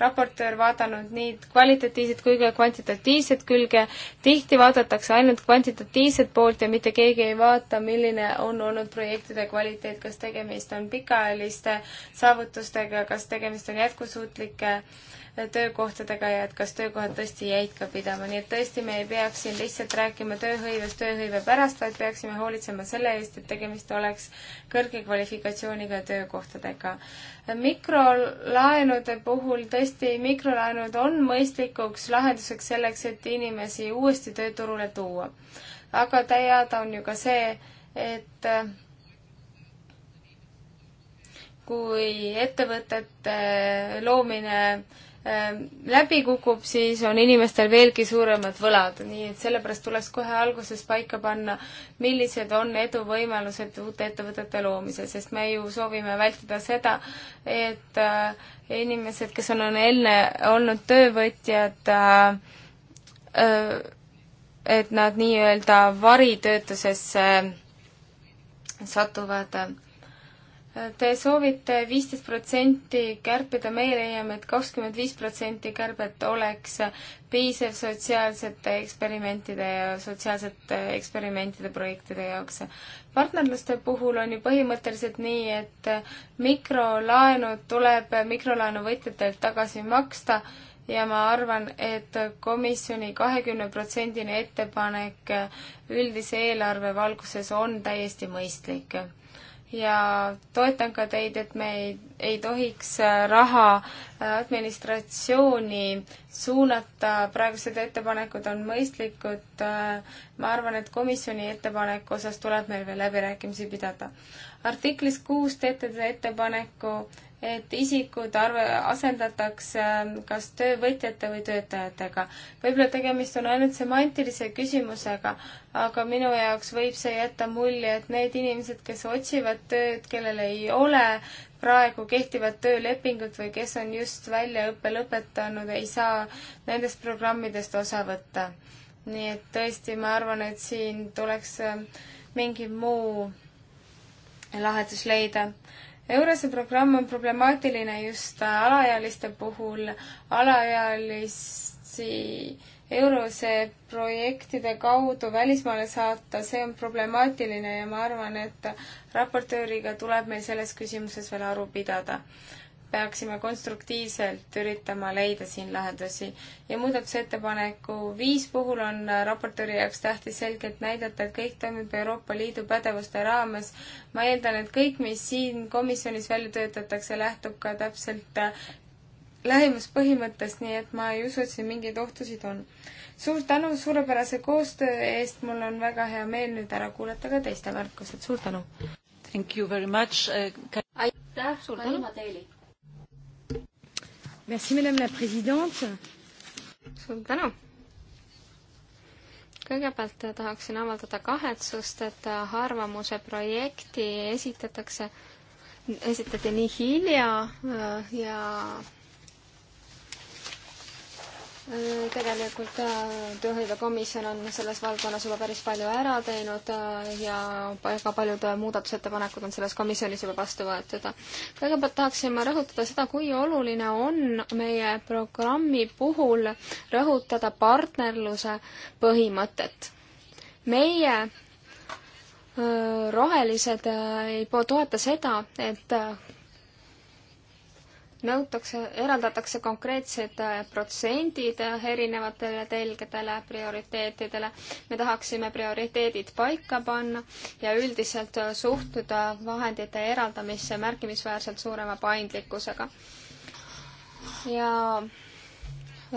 raportöör vaadanud nii kvalitatiivset kui ka kvantitatiivset külge. tihti vaadatakse ainult kvantitatiivset poolt ja mitte keegi ei vaata, milline on olnud projektide kvaliteet, kas tegemist on pikaajaliste saavutustega, kas tegemist on jätkusuutlike äh, töökohtadega ja et kas töökohad tõesti jäid ka pidama, nii et tõesti me ei peaks siin lihtsalt rääkima tööhõivest tööhõive pärast, vaid peaksime hoolitsema selle eest, et tegemist oleks kõrge kvalifikatsiooniga töökohtadega. mikrolaenude puhul tõesti, mikrolaenud on mõistlikuks lahenduseks selleks, et inimesi uuesti tööturule tuua. aga teada on ju ka see, et kui ettevõtete loomine Ehm, läbi kukub, siis on inimestel veelgi suuremad võlad, nii et sellepärast tuleks kohe alguses paika panna, millised on eduvõimalused uute ettevõtete loomisel, sest me ju soovime vältida seda, et äh, inimesed, kes on enne olnud töövõtjad, äh, äh, et nad nii-öelda varitöötusesse satuvad Te soovite viisteist protsenti kärpida, meie leiame, et kakskümmend viis protsenti kärbet oleks piisav sotsiaalsete eksperimentide ja sotsiaalsete eksperimentide projektide jaoks. partnerluste puhul on ju põhimõtteliselt nii, et mikrolaenud tuleb mikrolaenuvõtjatelt tagasi maksta ja ma arvan, et komisjoni kahekümne protsendine ettepanek üldise eelarve valguses on täiesti mõistlik ja toetan ka teid, et me ei, ei tohiks äh, raha äh, administratsiooni suunata, praegused ettepanekud on mõistlikud, äh, ma arvan, et komisjoni ettepaneku osas tuleb meil veel läbirääkimisi pidada. artiklis kuus teete te ettepaneku, et isikud arve, asendatakse ähm, kas töövõtjate või töötajatega. võib-olla tegemist on ainult semantilise küsimusega, aga minu jaoks võib see jätta mulje, et need inimesed, kes otsivad tööd, kellel ei ole praegu kehtivat töölepingut või kes on just väljaõppe lõpetanud, ei saa nendest programmidest osa võtta. nii et tõesti, ma arvan, et siin tuleks ähm, mingi muu lahendus leida Eurose programm on problemaatiline just alaealiste puhul, alaealisi Eurose projektide kaudu välismaale saata, see on problemaatiline ja ma arvan, et raportööriga tuleb meil selles küsimuses veel aru pidada peaksime konstruktiivselt üritama leida siin lahendusi. ja muudatusettepaneku viis puhul on raportööri jaoks tähtis selgelt näidata, et kõik toimib Euroopa Liidu pädevuste raames. ma eeldan, et kõik, mis siin komisjonis välja töötatakse, lähtub ka täpselt äh, lähimuspõhimõttest, nii et ma ei usu, et siin mingeid ohtusid on. suur tänu suurepärase koostöö eest, mul on väga hea meel nüüd ära kuulata ka teiste märkused, suur tänu! Thank you very much uh,! aitäh, suur tänu! Merci, madame la présidente. suur tänu. kõigepealt tahaksin avaldada kahetsust, et arvamuse projekti esitatakse, esitati nii hilja äh, ja Äh, tegelikult äh, tööhõive komisjon on selles valdkonnas juba päris palju ära teinud äh, ja väga paljud muudatusettepanekud on selles komisjonis juba vastu võetud. kõigepealt tahaksin ma rõhutada seda, kui oluline on meie programmi puhul rõhutada partnerluse põhimõtet. meie rohelised ei toeta seda, et nõutakse, eraldatakse konkreetsed äh, protsendid äh, erinevatele telgedele, prioriteetidele. me tahaksime prioriteedid paika panna ja üldiselt äh, suhtuda vahendite eraldamisse märkimisväärselt suurema paindlikkusega. ja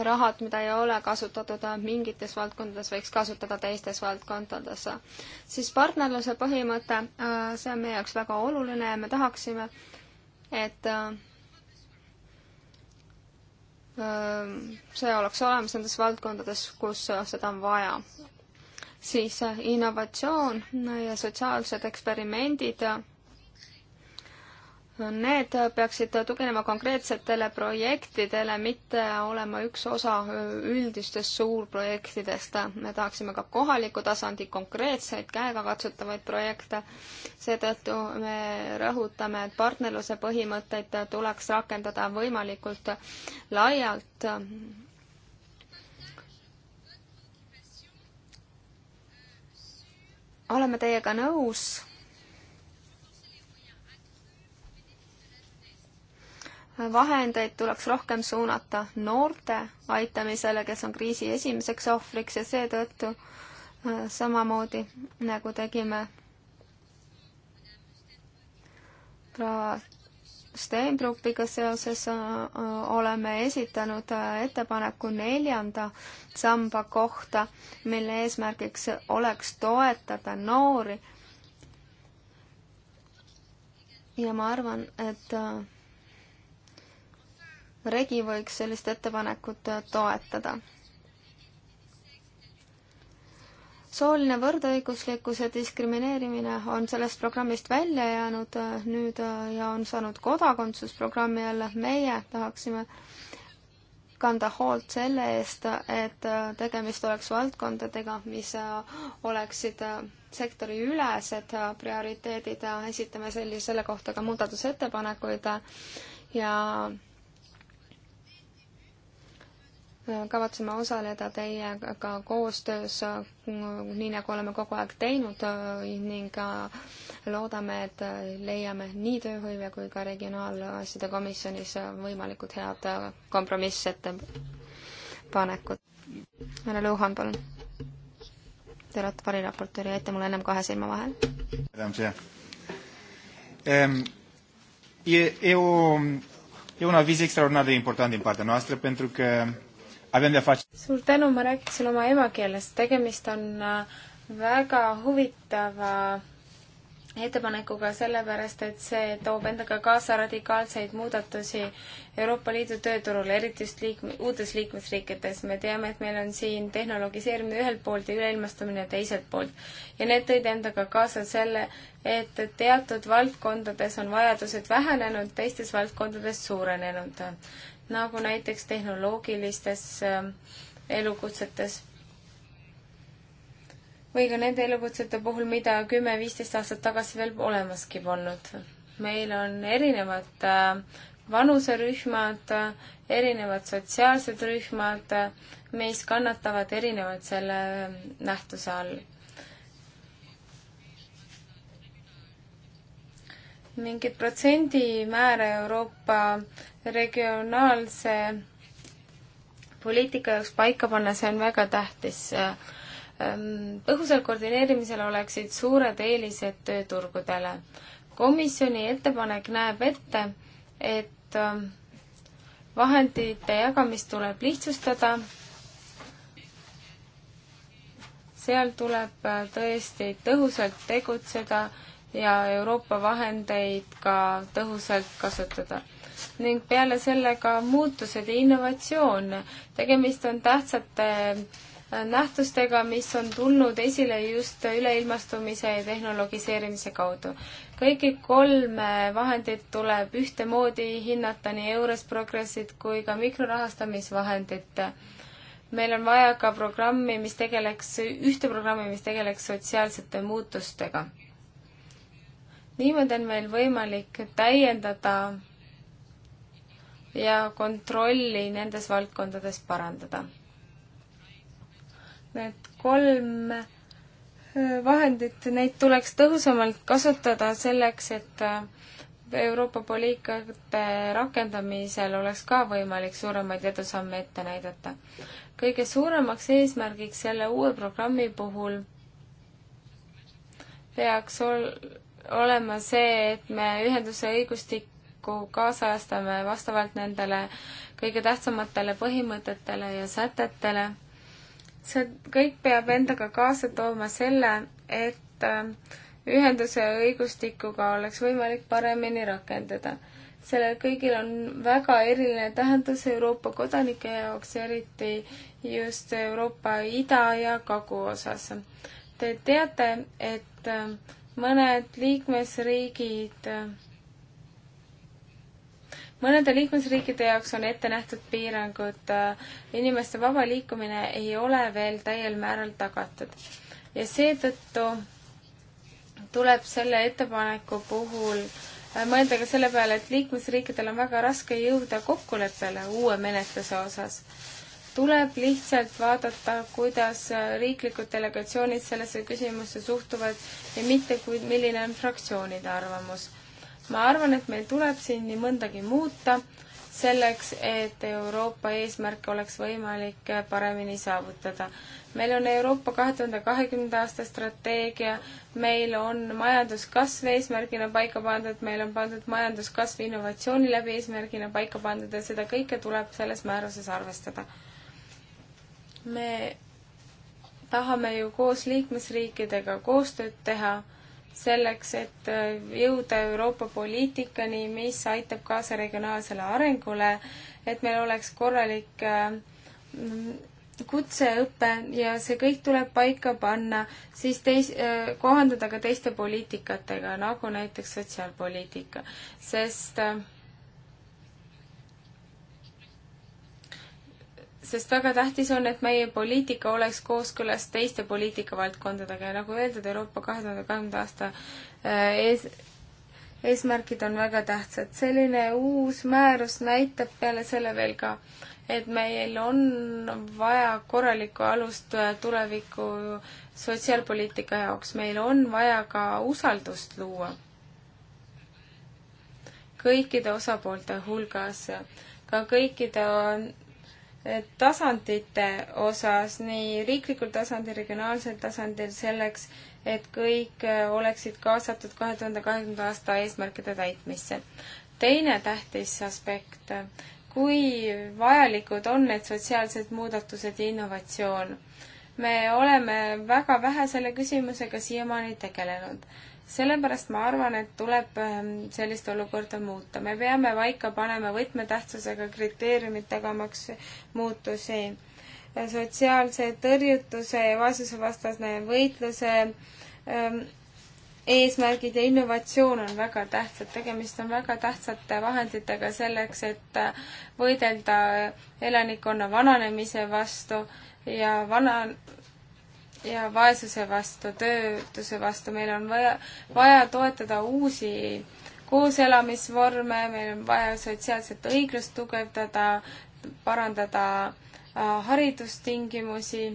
rahad, mida ei ole kasutatud mingites valdkondades, võiks kasutada teistes valdkondades. siis partnerluse põhimõte, see on meie jaoks väga oluline ja me tahaksime, et see oleks olemas nendes valdkondades, kus äh, seda on vaja. siis äh, innovatsioon ja sotsiaalsed eksperimendid äh, Need peaksid tuginema konkreetsetele projektidele, mitte olema üks osa üldistest suurprojektidest. me tahaksime ka kohaliku tasandi konkreetseid käegakatsutavaid projekte. seetõttu me rõhutame, et partnerluse põhimõtteid tuleks rakendada võimalikult laialt. oleme teiega nõus vahendeid tuleks rohkem suunata noorte aitamisele, kes on kriisi esimeseks ohvriks ja seetõttu äh, samamoodi nagu tegime proua Stenbruggiga seoses äh, äh, oleme esitanud ettepaneku neljanda samba kohta, mille eesmärgiks oleks toetada noori. ja ma arvan, et regi võiks sellist ettepanekut toetada. sooline võrdõiguslikkus ja diskrimineerimine on sellest programmist välja jäänud äh, nüüd äh, ja on saanud kodakondsusprogrammi alla. meie tahaksime kanda hoolt selle eest, et äh, tegemist oleks valdkondadega, mis oleksid sektoriülesed prioriteedid, esitame sellise, selle kohta ka muudatusettepanekuid ja kavatseme osaleda teiega koostöös, nii nagu oleme kogu aeg teinud ning loodame, et leiame nii tööhõive kui ka regionaalasjade komisjonis võimalikult head kompromissettepanekud. härra Luhan, palun. Te olete variraportööri, jäite mul ennem kahe silma vahel. E, e, o, e un aviz extraordinar de important din partea noastră pentru că suur tänu, ma rääkisin oma emakeeles, tegemist on äh, väga huvitava ettepanekuga sellepärast, et see toob endaga kaasa radikaalseid muudatusi Euroopa Liidu tööturul, eriti just liikme, uutes liikmesriikides. me teame, et meil on siin tehnoloogiseerimine ühelt poolt ja üleilmastumine teiselt poolt. ja need tõid endaga kaasa selle, et teatud valdkondades on vajadused vähenenud, teistes valdkondades suurenenud nagu näiteks tehnoloogilistes ähm, elukutsetes või ka nende elukutsete puhul, mida kümme-viisteist aastat tagasi veel olemaski polnud. meil on erinevad äh, vanuserühmad, äh, erinevad sotsiaalsed rühmad, äh, meis kannatavad erinevad selle nähtuse all mingit protsendimäära Euroopa regionaalse poliitika jaoks paika panna, see on väga tähtis. Ehm, Põhusel koordineerimisel oleksid suured eelised tööturgudele. komisjoni ettepanek näeb ette, et ehm, vahendite jagamist tuleb lihtsustada, seal tuleb ehm, tõesti tõhusalt tegutseda ja Euroopa vahendeid ka tõhusalt kasutada. ning peale selle ka muutused ja innovatsioon. tegemist on tähtsate äh, nähtustega, mis on tulnud esile just üleilmastumise ja tehnoloogiseerimise kaudu. kõiki kolme vahendit tuleb ühtemoodi hinnata, nii EURES progressid kui ka mikrorahastamisvahendit. meil on vaja ka programmi, mis tegeleks, ühte programmi, mis tegeleks sotsiaalsete muutustega niimoodi on meil võimalik täiendada ja kontrolli nendes valdkondades parandada. Need kolm äh, vahendit, neid tuleks tõhusamalt kasutada selleks, et äh, Euroopa poliitikate rakendamisel oleks ka võimalik suuremaid edusamme ette näidata. kõige suuremaks eesmärgiks selle uue programmi puhul peaks ol-, olema see, et me ühenduse õigustikku kaasajastame vastavalt nendele kõige tähtsamatele põhimõtetele ja sätetele. see kõik peab endaga kaasa tooma selle, et äh, ühenduse õigustikuga oleks võimalik paremini rakendada. sellel kõigil on väga eriline tähendus Euroopa kodanike jaoks, eriti just Euroopa ida ja kagu osas. Te teate, et äh, mõned liikmesriigid, mõnede liikmesriikide jaoks on ette nähtud piirangud, inimeste vaba liikumine ei ole veel täiel määral tagatud ja seetõttu tuleb selle ettepaneku puhul mõelda ka selle peale, et liikmesriikidel on väga raske jõuda kokkuleppele uue menetluse osas tuleb lihtsalt vaadata, kuidas riiklikud delegatsioonid sellesse küsimusse suhtuvad ja mitte, kui, milline on fraktsioonide arvamus. ma arvan, et meil tuleb siin nii mõndagi muuta, selleks, et Euroopa eesmärke oleks võimalik paremini saavutada. meil on Euroopa kahe tuhande kahekümnenda aasta strateegia, meil on majanduskasv eesmärgina paika pandud, meil on pandud majanduskasv innovatsiooni läbi eesmärgina paika pandud ja seda kõike tuleb selles määruses arvestada me tahame ju koos liikmesriikidega koostööd teha selleks, et äh, jõuda Euroopa poliitikani, mis aitab kaasa regionaalsele arengule, et meil oleks korralik äh, kutseõpe ja see kõik tuleb paika panna, siis teis-, äh, kohandada ka teiste poliitikatega, nagu näiteks sotsiaalpoliitika, sest äh, sest väga tähtis on, et meie poliitika oleks kooskõlas teiste poliitikavaldkondadega ja nagu öeldud, Euroopa kahe tuhande kahekümnenda aasta äh, ees, eesmärgid on väga tähtsad. selline uus määrus näitab peale selle veel ka, et meil on vaja korralikku alust äh, tuleviku sotsiaalpoliitika jaoks, meil on vaja ka usaldust luua kõikide osapoolte hulgas, ka kõikide tasandite osas, nii riiklikul tasandil, regionaalsel tasandil, selleks, et kõik äh, oleksid kaasatud kahe tuhande kahekümnenda aasta eesmärkide täitmisse. teine tähtis aspekt, kui vajalikud on need sotsiaalsed muudatused ja innovatsioon? me oleme väga vähe selle küsimusega siiamaani tegelenud sellepärast ma arvan, et tuleb ähm, sellist olukorda muuta. me peame paika panema võtmetähtsusega kriteeriumid tagamaks muutusi. sotsiaalse tõrjutuse ja vaesusevastase võitluse ähm, eesmärgid ja innovatsioon on väga tähtsad, tegemist on väga tähtsate vahenditega selleks, et äh, võidelda äh, elanikkonna vananemise vastu ja vana, ja vaesuse vastu, töötuse vastu, meil on vaja, vaja toetada uusi kooselamisvorme, meil on vaja sotsiaalset õiglust tugevdada, parandada äh, haridustingimusi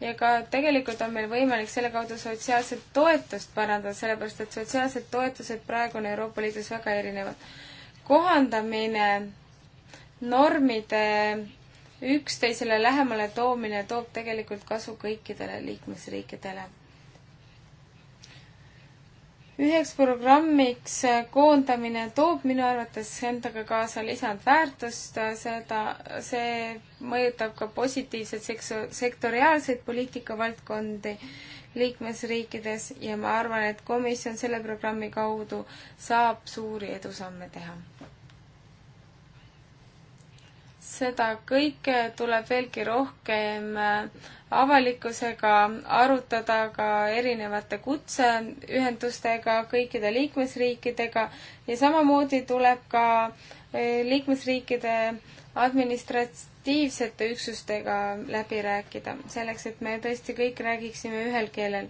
ja ka tegelikult on meil võimalik selle kaudu sotsiaalset toetust parandada, sellepärast et sotsiaalsed toetused praegu on Euroopa Liidus väga erinevad. kohandamine normide üksteisele lähemale toomine toob tegelikult kasu kõikidele liikmesriikidele. üheks programmiks koondamine toob minu arvates endaga kaasa lisandväärtust, seda, see mõjutab ka positiivselt seksu-, sektoriaalseid poliitikavaldkondi liikmesriikides ja ma arvan, et komisjon selle programmi kaudu saab suuri edusamme teha seda kõike tuleb veelgi rohkem äh, avalikkusega arutada ka erinevate kutseühendustega, kõikide liikmesriikidega ja samamoodi tuleb ka äh, liikmesriikide administratiivsete üksustega läbi rääkida, selleks et me tõesti kõik räägiksime ühel keelel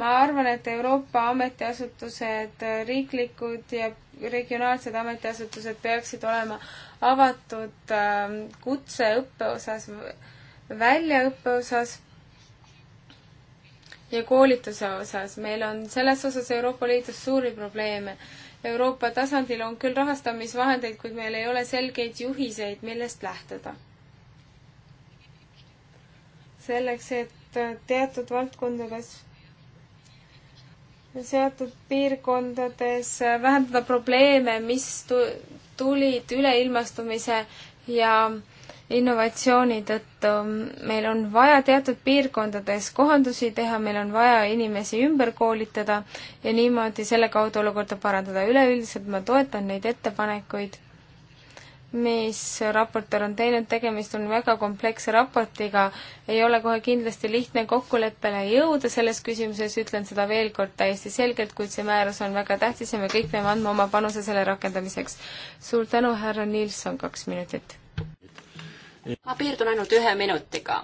ma arvan, et Euroopa ametiasutused, riiklikud ja regionaalsed ametiasutused peaksid olema avatud ähm, kutseõppe osas, väljaõppe osas ja koolituse osas. meil on selles osas Euroopa Liidus suuri probleeme. Euroopa tasandil on küll rahastamisvahendeid, kuid meil ei ole selgeid juhiseid, millest lähtuda. selleks, et äh, teatud valdkondades, seatud piirkondades äh, vähendada probleeme, mis tu-, tulid üleilmastumise ja innovatsiooni tõttu meil on vaja teatud piirkondades kohandusi teha, meil on vaja inimesi ümber koolitada ja niimoodi selle kaudu olukorda parandada. üleüldiselt ma toetan neid ettepanekuid mis raportöör on teinud, tegemist on väga kompleksse raportiga, ei ole kohe kindlasti lihtne kokkuleppele jõuda selles küsimuses, ütlen seda veel kord täiesti selgelt, kuid see määrus on väga tähtis ja me kõik peame andma oma panuse selle rakendamiseks. suur tänu, härra Nilsson, kaks minutit. ma piirdun ainult ühe minutiga.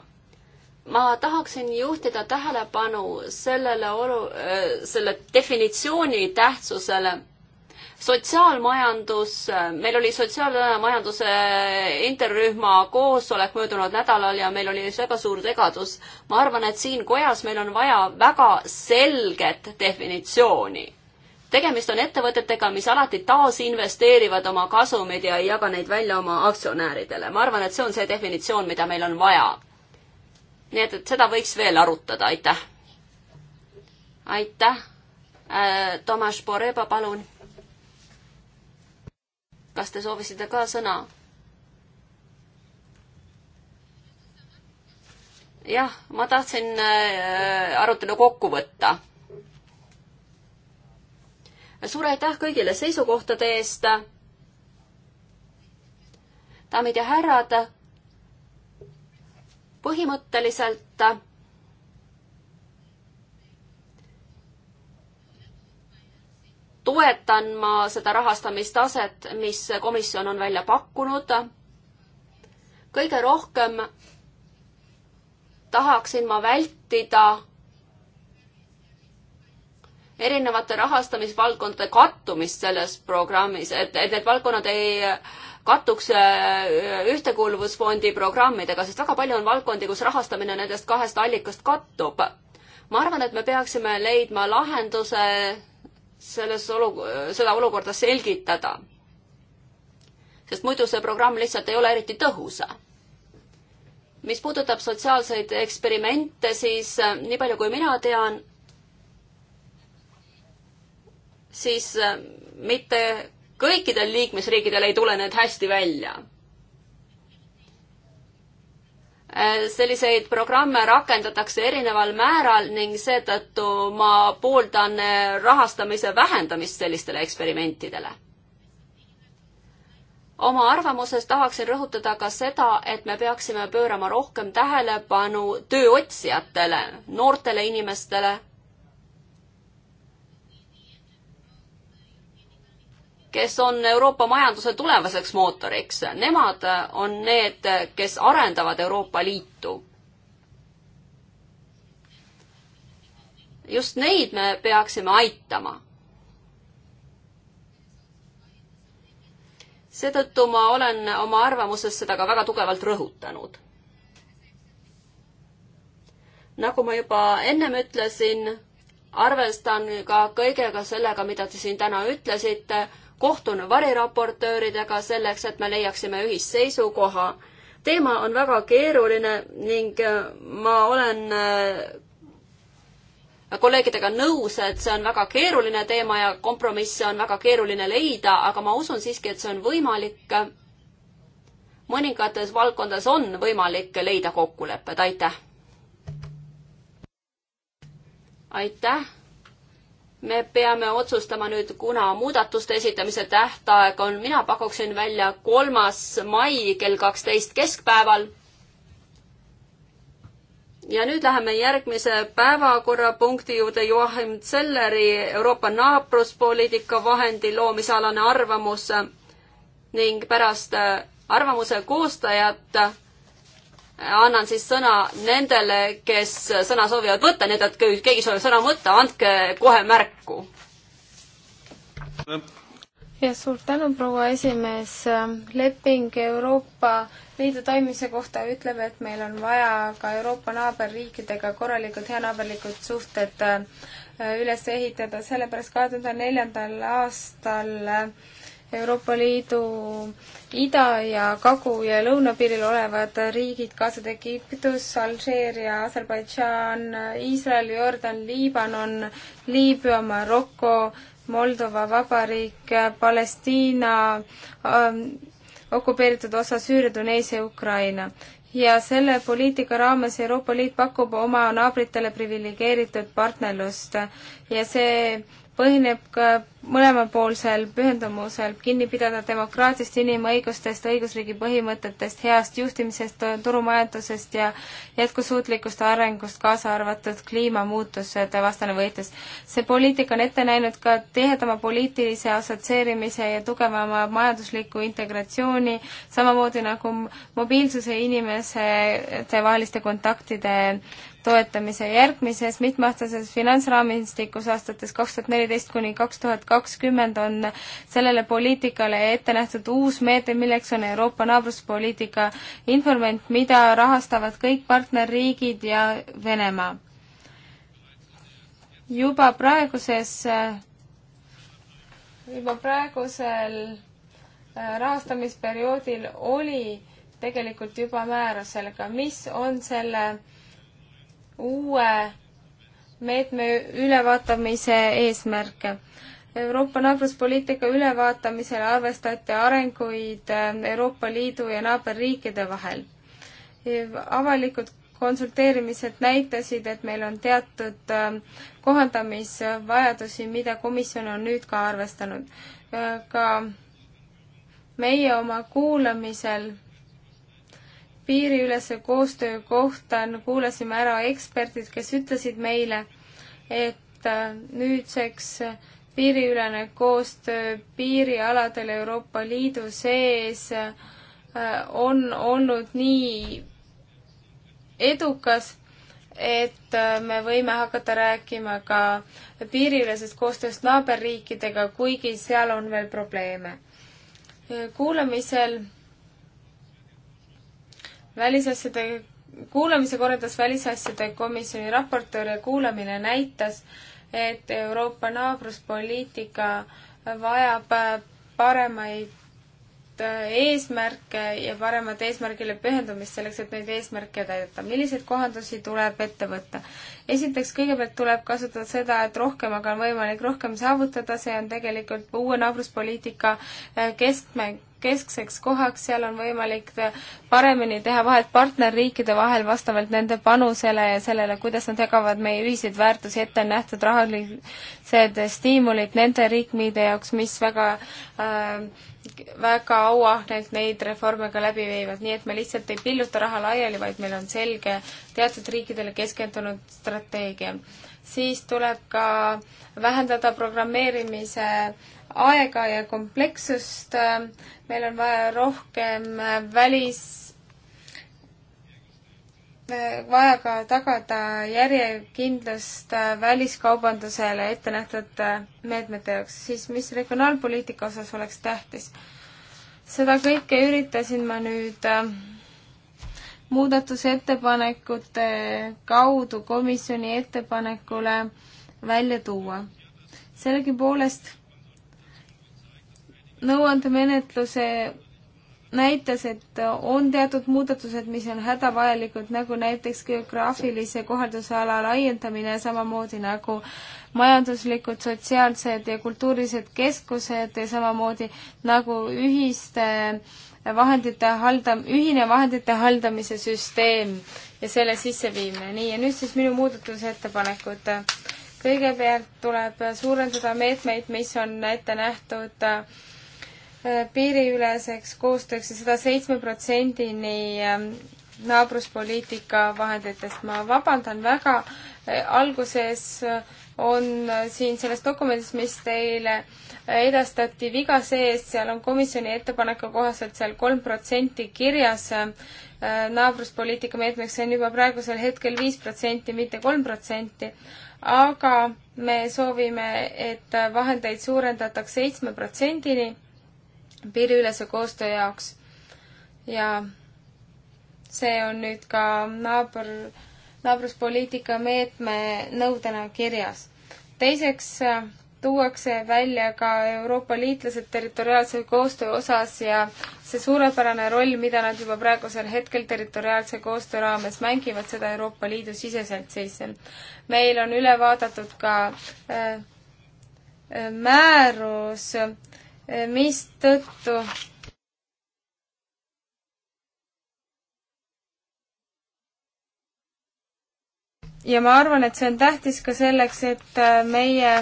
ma tahaksin juhtida tähelepanu sellele olu-, äh, selle definitsiooni tähtsusele sotsiaalmajandus, meil oli sotsiaalmajanduse interrühma koosolek möödunud nädalal ja meil oli väga suur segadus. ma arvan, et siin kojas meil on vaja väga selget definitsiooni. tegemist on ettevõtetega, mis alati taasinvesteerivad oma kasumid ja ei jaga neid välja oma aktsionäridele. ma arvan, et see on see definitsioon, mida meil on vaja. nii et, et seda võiks veel arutada, aitäh. aitäh. Äh, Tomas Poreba, palun kas te soovisite ka sõna? jah, ma tahtsin äh, arutelu kokku võtta. suur aitäh kõigile seisukohtade eest. daamid ja härrad, põhimõtteliselt toetan ma seda rahastamistaset, mis komisjon on välja pakkunud. kõige rohkem tahaksin ma vältida erinevate rahastamisvaldkondade kattumist selles programmis, et, et need valdkonnad ei kattuks äh, Ühtekuuluvusfondi programmidega, sest väga palju on valdkondi, kus rahastamine nendest kahest allikast kattub. ma arvan, et me peaksime leidma lahenduse selles olu-, seda olukorda selgitada. sest muidu see programm lihtsalt ei ole eriti tõhus. mis puudutab sotsiaalseid eksperimente, siis äh, nii palju kui mina tean, siis äh, mitte kõikidel liikmesriikidel ei tule need hästi välja Äh, selliseid programme rakendatakse erineval määral ning seetõttu ma pooldan äh, rahastamise vähendamist sellistele eksperimentidele. oma arvamuses tahaksin rõhutada ka seda, et me peaksime pöörama rohkem tähelepanu tööotsijatele, noortele inimestele kes on Euroopa majanduse tulevaseks mootoriks. Nemad on need, kes arendavad Euroopa Liitu. just neid me peaksime aitama. seetõttu ma olen oma arvamuses seda ka väga tugevalt rõhutanud. nagu ma juba ennem ütlesin, arvestan ka kõigega sellega, mida te siin täna ütlesite kohtun variraportööridega selleks, et me leiaksime ühisseisukoha. teema on väga keeruline ning äh, ma olen äh, kolleegidega nõus, et see on väga keeruline teema ja kompromisse on väga keeruline leida, aga ma usun siiski, et see on võimalik. mõningates valdkondades on võimalik leida kokkulepped, aitäh! aitäh! me peame otsustama nüüd, kuna muudatuste esitamise tähtaeg on, mina pakuksin välja kolmas mai kell kaksteist keskpäeval. ja nüüd läheme järgmise päevakorrapunkti juurde, Joachim Zelleri Euroopa naabruspoliitika vahendi loomisealane arvamus ning pärast arvamuse koostajat annan siis sõna nendele, kes sõna soovivad võtta, nii et kui keegi soovib sõna võtta, andke kohe märku. ja suur tänu, proua esimees. leping Euroopa Liidu toimimise kohta ütleb, et meil on vaja ka Euroopa naaberriikidega korralikud heanaaberlikud suhted äh, üles ehitada, sellepärast kahe tuhande neljandal aastal äh, Euroopa Liidu ida- ja kagu- ja lõunapiiril olevad riigid, kaasa Egiptus, Alžeeria, Aserbaidžaan, Iisrael, Jordan, Liibanon, Liibüa, Maroko, Moldova Vabariik, Palestiina ähm,, okupeeritud osa Süüria, Tuneesia ja Ukraina ja selle poliitika raames Euroopa Liit pakub oma naabritele priviligeeritud partnerlust ja see põhineb ka mõlemapoolsel pühendumusel kinni pidada demokraatiast, inimõigustest, õigusriigi põhimõtetest, heast juhtimisest, turumajandusest ja jätkusuutlikust arengust, kaasa arvatud kliimamuutuste vastane võitlus. see poliitika on ette näinud ka tihedama poliitilise assotsieerimise ja tugevama majandusliku integratsiooni, samamoodi nagu mobiilsuse inimeste vaheliste kontaktide äh, toetamise järgmises mitmeaastases finantsraamistikus aastates kaks tuhat neliteist kuni kaks tuhat kakskümmend on sellele poliitikale ette nähtud uus meede, milleks on Euroopa naabruspoliitika instrument, mida rahastavad kõik partnerriigid ja Venemaa. juba praeguses, juba praegusel äh, rahastamisperioodil oli tegelikult juba määrus sellega, mis on selle äh, uue meetme ülevaatamise eesmärke. Euroopa naabruspoliitika ülevaatamisel arvestati arenguid eh, Euroopa Liidu ja naaberriikide vahel. avalikud konsulteerimised näitasid, et meil on teatud eh, kohandamisvajadusi, mida komisjon on nüüd ka arvestanud. Eh, ka meie oma kuulamisel piiriülese koostöö kohta kuulasime ära eksperdid, kes ütlesid meile, et äh, nüüdseks äh, piiriülene koostöö piirialadel Euroopa Liidu sees äh, on olnud nii edukas, et me võime hakata rääkima ka piiriülesest koostööst naaberriikidega, kuigi seal on veel probleeme. kuulamisel välisasjade, kuulamise korraldas Välisasjade Komisjoni raportöör ja kuulamine näitas, et Euroopa naabruspoliitika vajab äh, paremaid äh, eesmärke ja paremat eesmärgile pühendumist selleks, et neid eesmärke täideta. milliseid kohandusi tuleb ette võtta? esiteks, kõigepealt tuleb kasutada seda, et rohkemaga on võimalik rohkem saavutada, see on tegelikult uue naabruspoliitika äh, keskme, keskseks kohaks, seal on võimalik äh, paremini teha vahet partnerriikide vahel vastavalt nende panusele ja sellele, kuidas nad jagavad meie ühiseid väärtusi, ette on nähtud rahalised stiimulid nende riikide jaoks, mis väga äh, väga auahnelt neid reforme ka läbi viivad, nii et me lihtsalt ei pilluta raha laiali, vaid meil on selge teatud riikidele keskendunud strateegia. siis tuleb ka vähendada programmeerimise aega ja komplekssust, meil on vaja rohkem välis, vaja ka tagada järjekindlust väliskaubandusele ette nähtud meetmete jaoks, siis mis regionaalpoliitika osas oleks tähtis. seda kõike üritasin ma nüüd äh, muudatusettepanekute kaudu komisjoni ettepanekule välja tuua. sellegipoolest nõuandemenetluse näitas, et on teatud muudatused, mis on hädavajalikud, nagu näiteks geograafilise kohaldusala laiendamine, samamoodi nagu majanduslikud, sotsiaalsed ja kultuurilised keskused ja samamoodi nagu ühiste äh, vahendite haldam-, ühine vahendite haldamise süsteem ja selle sisseviimine. nii, ja nüüd siis minu muudatusettepanekud. kõigepealt tuleb suurendada meetmeid, mis on ette nähtud äh, piiriüleseks koostööks ja seda seitsme protsendini äh, naabruspoliitika vahenditest. ma vabandan väga, äh, alguses äh, on siin selles dokumendis, mis teile edastati viga sees, seal on komisjoni ettepaneku kohaselt seal kolm protsenti kirjas äh, naabruspoliitika meetmeks, see on juba praegusel hetkel viis protsenti, mitte kolm protsenti, aga me soovime, et vahendeid suurendataks seitsme protsendini piiriülese koostöö jaoks. ja see on nüüd ka naaber naabruspoliitika meetme nõudena kirjas. teiseks äh, tuuakse välja ka Euroopa liitlased territoriaalse koostöö osas ja see suurepärane roll, mida nad juba praegusel hetkel territoriaalse koostöö raames mängivad, seda Euroopa Liidu siseselt siis. meil on üle vaadatud ka äh, äh määrus, äh, mistõttu ja ma arvan, et see on tähtis ka selleks, et äh, meie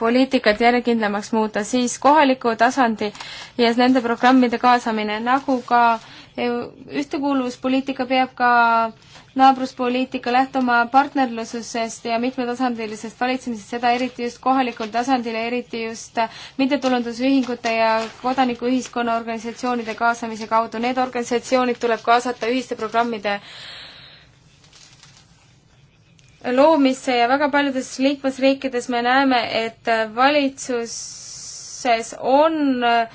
poliitikat järjekindlamaks muuta, siis kohaliku tasandi ja nende programmide kaasamine, nagu ka äh, ühtekuuluvuspoliitika peab ka naabruspoliitika lähtuma partnerlususest ja mitmetasandilisest valitsemisest, seda eriti just kohalikul tasandil ja eriti just äh, mittetulundusühingute ja kodanikuühiskonna organisatsioonide kaasamise kaudu. Need organisatsioonid tuleb kaasata ühiste programmide äh, loomisse ja väga paljudes liikmesriikides me näeme, et valitsuses on äh,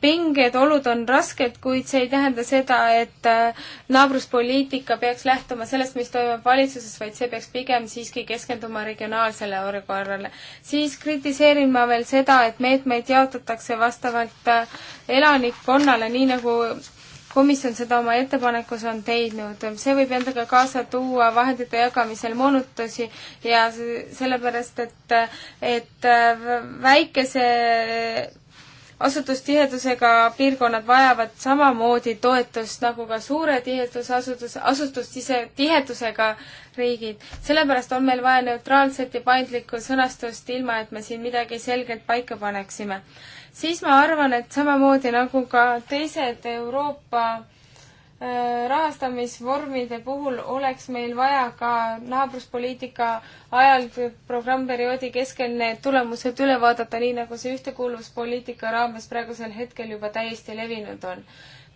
pinged, olud on rasked, kuid see ei tähenda seda, et äh, naabruspoliitika peaks lähtuma sellest, mis toimub valitsuses, vaid see peaks pigem siiski keskenduma regionaalsele olukorrale. siis kritiseerin ma veel seda, et meetmeid jaotatakse vastavalt äh, elanikkonnale, nii nagu komisjon seda oma ettepanekus on teinud. see võib endaga kaasa tuua vahendite jagamisel moonutusi ja sellepärast, et, et äh, väikese asutustihedusega piirkonnad vajavad samamoodi toetust nagu ka suure tihedusasutus, asutustihedusega riigid. sellepärast on meil vaja neutraalset ja paindlikku sõnastust, ilma et me siin midagi selgelt paika paneksime siis ma arvan, et samamoodi nagu ka teised Euroopa äh, rahastamisvormide puhul oleks meil vaja ka naabruspoliitika ajal programmperioodi keskel need tulemused üle vaadata, nii nagu see ühtekuuluvuspoliitika raames praegusel hetkel juba täiesti levinud on.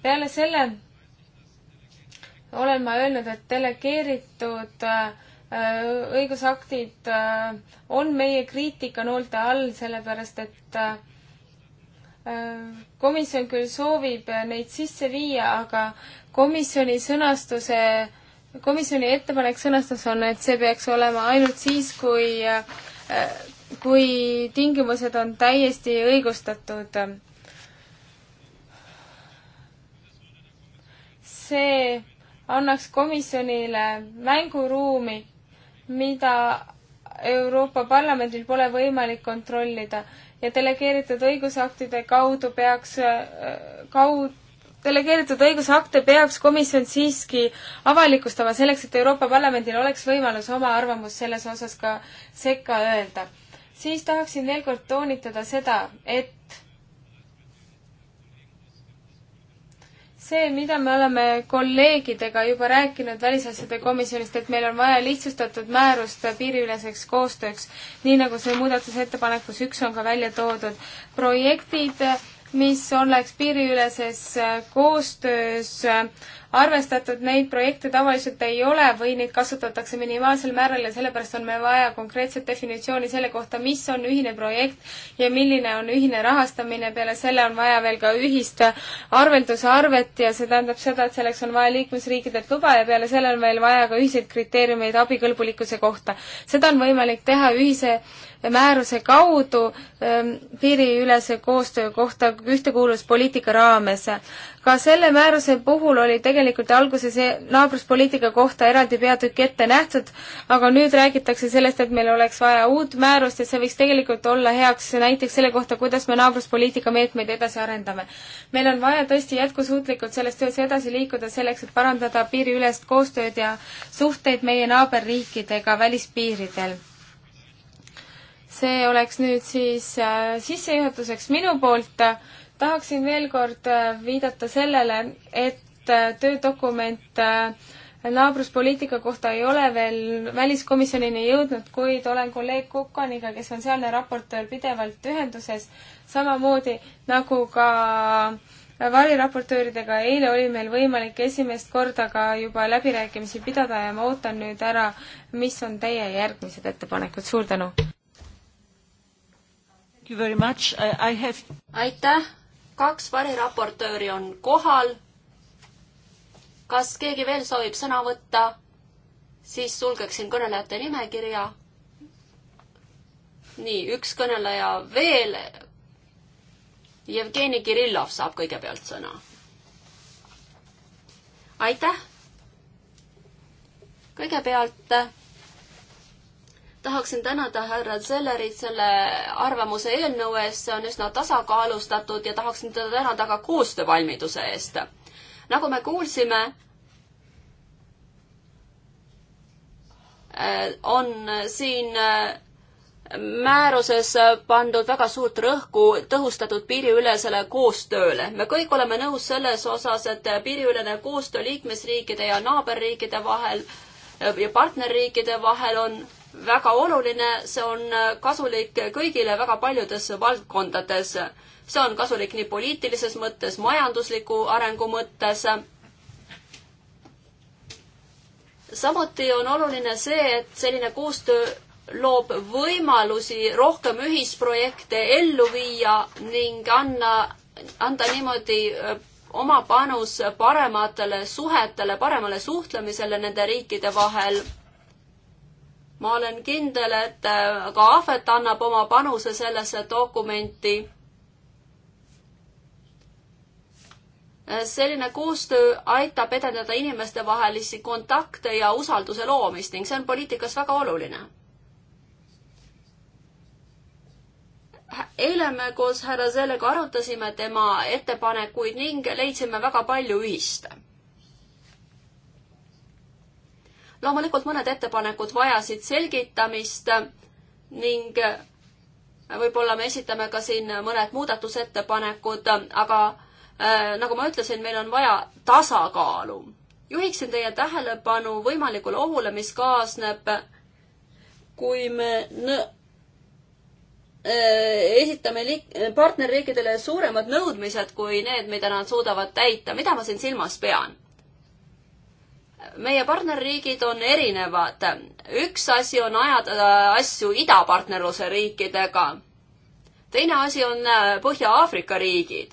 peale selle olen ma öelnud, et delegeeritud äh, õigusaktid äh, on meie kriitikanoolte all, sellepärast et komisjon küll soovib neid sisse viia, aga komisjoni sõnastuse, komisjoni ettepanek sõnastus on, et see peaks olema ainult siis, kui, kui tingimused on täiesti õigustatud. see annaks komisjonile mänguruumi, mida Euroopa Parlamendil pole võimalik kontrollida ja delegeeritud õigusaktide kaudu peaks, kaud-, delegeeritud õigusakte peaks komisjon siiski avalikustama selleks, et Euroopa Parlamendil oleks võimalus oma arvamus selles osas ka sekka öelda. siis tahaksin veel kord toonitada seda, et see, mida me oleme kolleegidega juba rääkinud välisasjade komisjonist, et meil on vaja lihtsustatud määrust piiriüleseks koostööks, nii nagu see muudatusettepanekus üks on ka välja toodud. projektid, mis oleks piiriüleses koostöös äh, arvestatud, neid projekte tavaliselt ei ole või neid kasutatakse minimaalsel määral ja sellepärast on meil vaja konkreetset definitsiooni selle kohta, mis on ühine projekt ja milline on ühine rahastamine, peale selle on vaja veel ka ühist arveldusarvet ja see tähendab seda, et selleks on vaja liikmesriikidelt luba ja peale selle on veel vaja ka ühiseid kriteeriumeid abikõlbulikkuse kohta. seda on võimalik teha ühise määruse kaudu ehm, piiriülese koostöö kohta ühtekuuluvuspoliitika raames ka selle määruse puhul oli tegelikult alguses e-, naabruspoliitika kohta eraldi peatükk ette nähtud, aga nüüd räägitakse sellest, et meil oleks vaja uut määrust ja see võiks tegelikult olla heaks näiteks selle kohta, kuidas me naabruspoliitika meetmeid edasi arendame. meil on vaja tõesti jätkusuutlikult selles töös edasi liikuda, selleks et parandada piiriülest koostööd ja suhteid meie naaberriikidega välispiiridel see oleks nüüd siis äh, sissejuhatuseks minu poolt äh, tahaksin veel kord äh, viidata sellele, et äh, töödokument äh, naabruspoliitika kohta ei ole veel väliskomisjonini jõudnud, kuid olen kolleeg Kukaniga, kes on sealne raportöör, pidevalt ühenduses, samamoodi nagu ka variraportööridega, eile oli meil võimalik esimest korda ka juba läbirääkimisi pidada ja ma ootan nüüd ära, mis on teie järgmised ettepanekud, suur tänu! Have... aitäh, kaks variraportööri on kohal. kas keegi veel soovib sõna võtta? siis sulgeksin kõnelejate nimekirja. nii, üks kõneleja veel. Jevgeni Kirillov saab kõigepealt sõna. aitäh. kõigepealt tahaksin tänada härra Zellerit selle arvamuse eelnõu eest, see on üsna tasakaalustatud ja tahaksin teda tänada ka koostöövalmiduse eest. nagu me kuulsime, äh, on siin äh, määruses pandud väga suurt rõhku tõhustatud piiriülesele koostööle. me kõik oleme nõus selles osas, et piiriülene koostöö liikmesriikide ja naaberriikide vahel ja partnerriikide vahel on väga oluline, see on kasulik kõigile väga paljudes valdkondades. see on kasulik nii poliitilises mõttes, majandusliku arengu mõttes. samuti on oluline see, et selline koostöö loob võimalusi rohkem ühisprojekte ellu viia ning anna, anda niimoodi oma panus parematele suhetele, paremale suhtlemisele nende riikide vahel ma olen kindel, et äh, ka Ahvet annab oma panuse sellesse dokumenti äh, selline koostöö aitab edendada inimestevahelisi kontakte ja usalduse loomist ning see on poliitikas väga oluline. eile me koos härra Sellega arutasime tema ettepanekuid ning leidsime väga palju ühist. loomulikult mõned ettepanekud vajasid selgitamist ning võib-olla me esitame ka siin mõned muudatusettepanekud, aga äh, nagu ma ütlesin, meil on vaja tasakaalu. juhiksin teie tähelepanu võimalikule ohule, mis kaasneb, kui me äh, esitame liik-, partnerriikidele suuremad nõudmised kui need, mida nad suudavad täita. mida ma siin silmas pean? meie partnerriigid on erinevad. üks asi on ajada äh, asju idapartnerluse riikidega. teine asi on äh, Põhja-Aafrika riigid.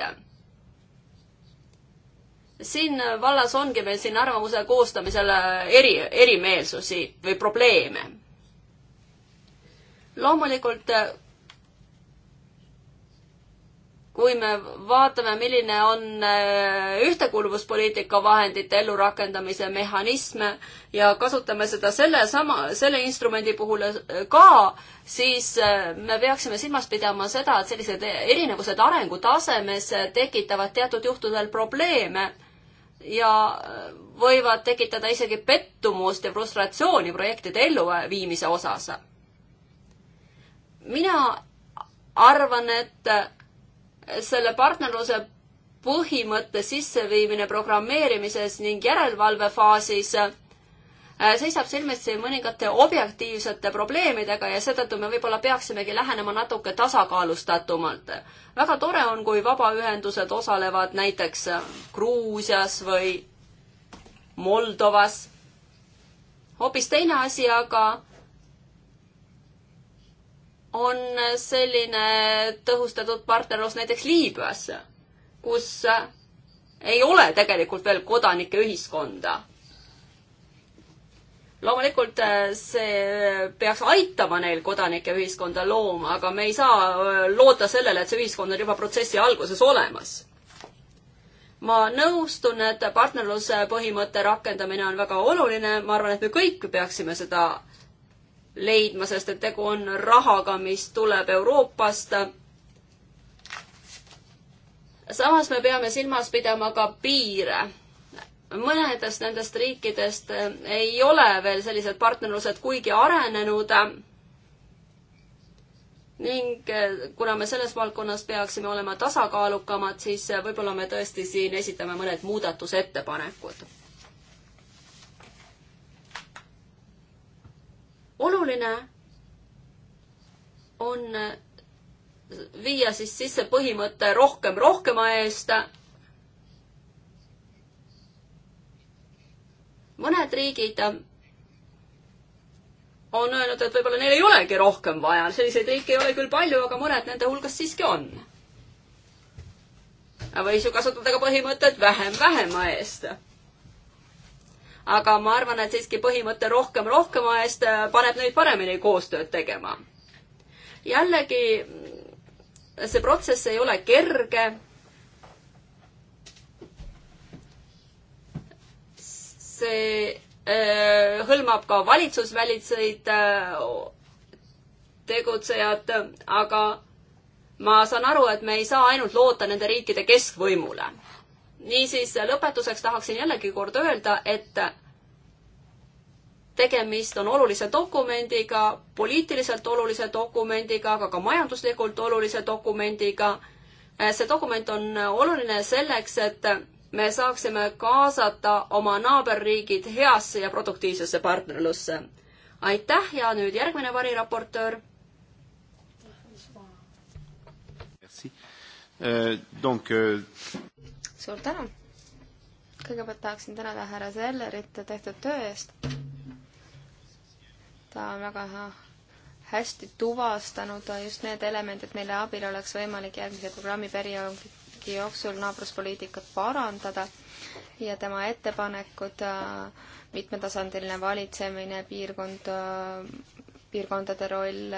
siin vallas ongi meil siin arvamuse koostamisel äh, eri, erimeelsusi või probleeme. loomulikult kui me vaatame, milline on äh, ühtekuuluvuspoliitika vahendite ellurakendamise mehhanism ja kasutame seda selle sama, selle instrumendi puhul äh, ka, siis äh, me peaksime silmas pidama seda, et sellised erinevused arengutasemes tekitavad teatud juhtudel probleeme ja võivad tekitada isegi pettumust ja frustratsiooni projektide elluviimise osas. mina arvan, et selle partnerluse põhimõtte sisseviimine programmeerimises ning järelevalvefaasis äh, seisab silmitsi mõningate objektiivsete probleemidega ja seetõttu me võib-olla peaksimegi lähenema natuke tasakaalustatumalt. väga tore on, kui vabaühendused osalevad näiteks äh, Gruusias või Moldovas. hoopis teine asi aga on selline tõhustatud partnerlus näiteks Liibüas, kus ei ole tegelikult veel kodanike ühiskonda. loomulikult äh, see peaks aitama neil kodanike ühiskonda looma, aga me ei saa äh, loota sellele, et see ühiskond on juba protsessi alguses olemas ma nõustun, et partnerluse põhimõtte rakendamine on väga oluline, ma arvan, et me kõik peaksime seda leidma, sest et tegu on rahaga, mis tuleb Euroopast. samas me peame silmas pidama ka piire. mõnedest nendest riikidest ei ole veel sellised partnerlused kuigi arenenud ning kuna me selles valdkonnas peaksime olema tasakaalukamad, siis võib-olla me tõesti siin esitame mõned muudatusettepanekud. oluline on viia siis sisse põhimõte rohkem rohkema eest. mõned riigid on öelnud, et võib-olla neil ei olegi rohkem vaja, selliseid riike ei ole küll palju, aga mõned nende hulgas siiski on. võis ju kasutada ka põhimõtet vähem vähema eest aga ma arvan, et siiski põhimõte rohkem rohkema eest äh, paneb neid paremini koostööd tegema. jällegi, see protsess ei ole kerge. see äh, hõlmab ka valitsusväliseid äh, tegutsejad, aga ma saan aru, et me ei saa ainult loota nende riikide keskvõimule niisiis lõpetuseks tahaksin jällegi kord öelda, et tegemist on olulise dokumendiga, poliitiliselt olulise dokumendiga, aga ka majanduslikult olulise dokumendiga. see dokument on oluline selleks, et me saaksime kaasata oma naaberriigid heasse ja produktiivsesse partnerlusse. aitäh ja nüüd järgmine variraportöör. Euh, donc, euh suur tänu! kõigepealt tahaksin tänada härra Sellerit tehtud töö eest. ta on väga hästi tuvastanud just need elemendid, mille abil oleks võimalik järgmise programmiperioodi jooksul naabruspoliitikat parandada ja tema ettepanekud, mitmetasandiline valitsemine, piirkond, piirkondade roll,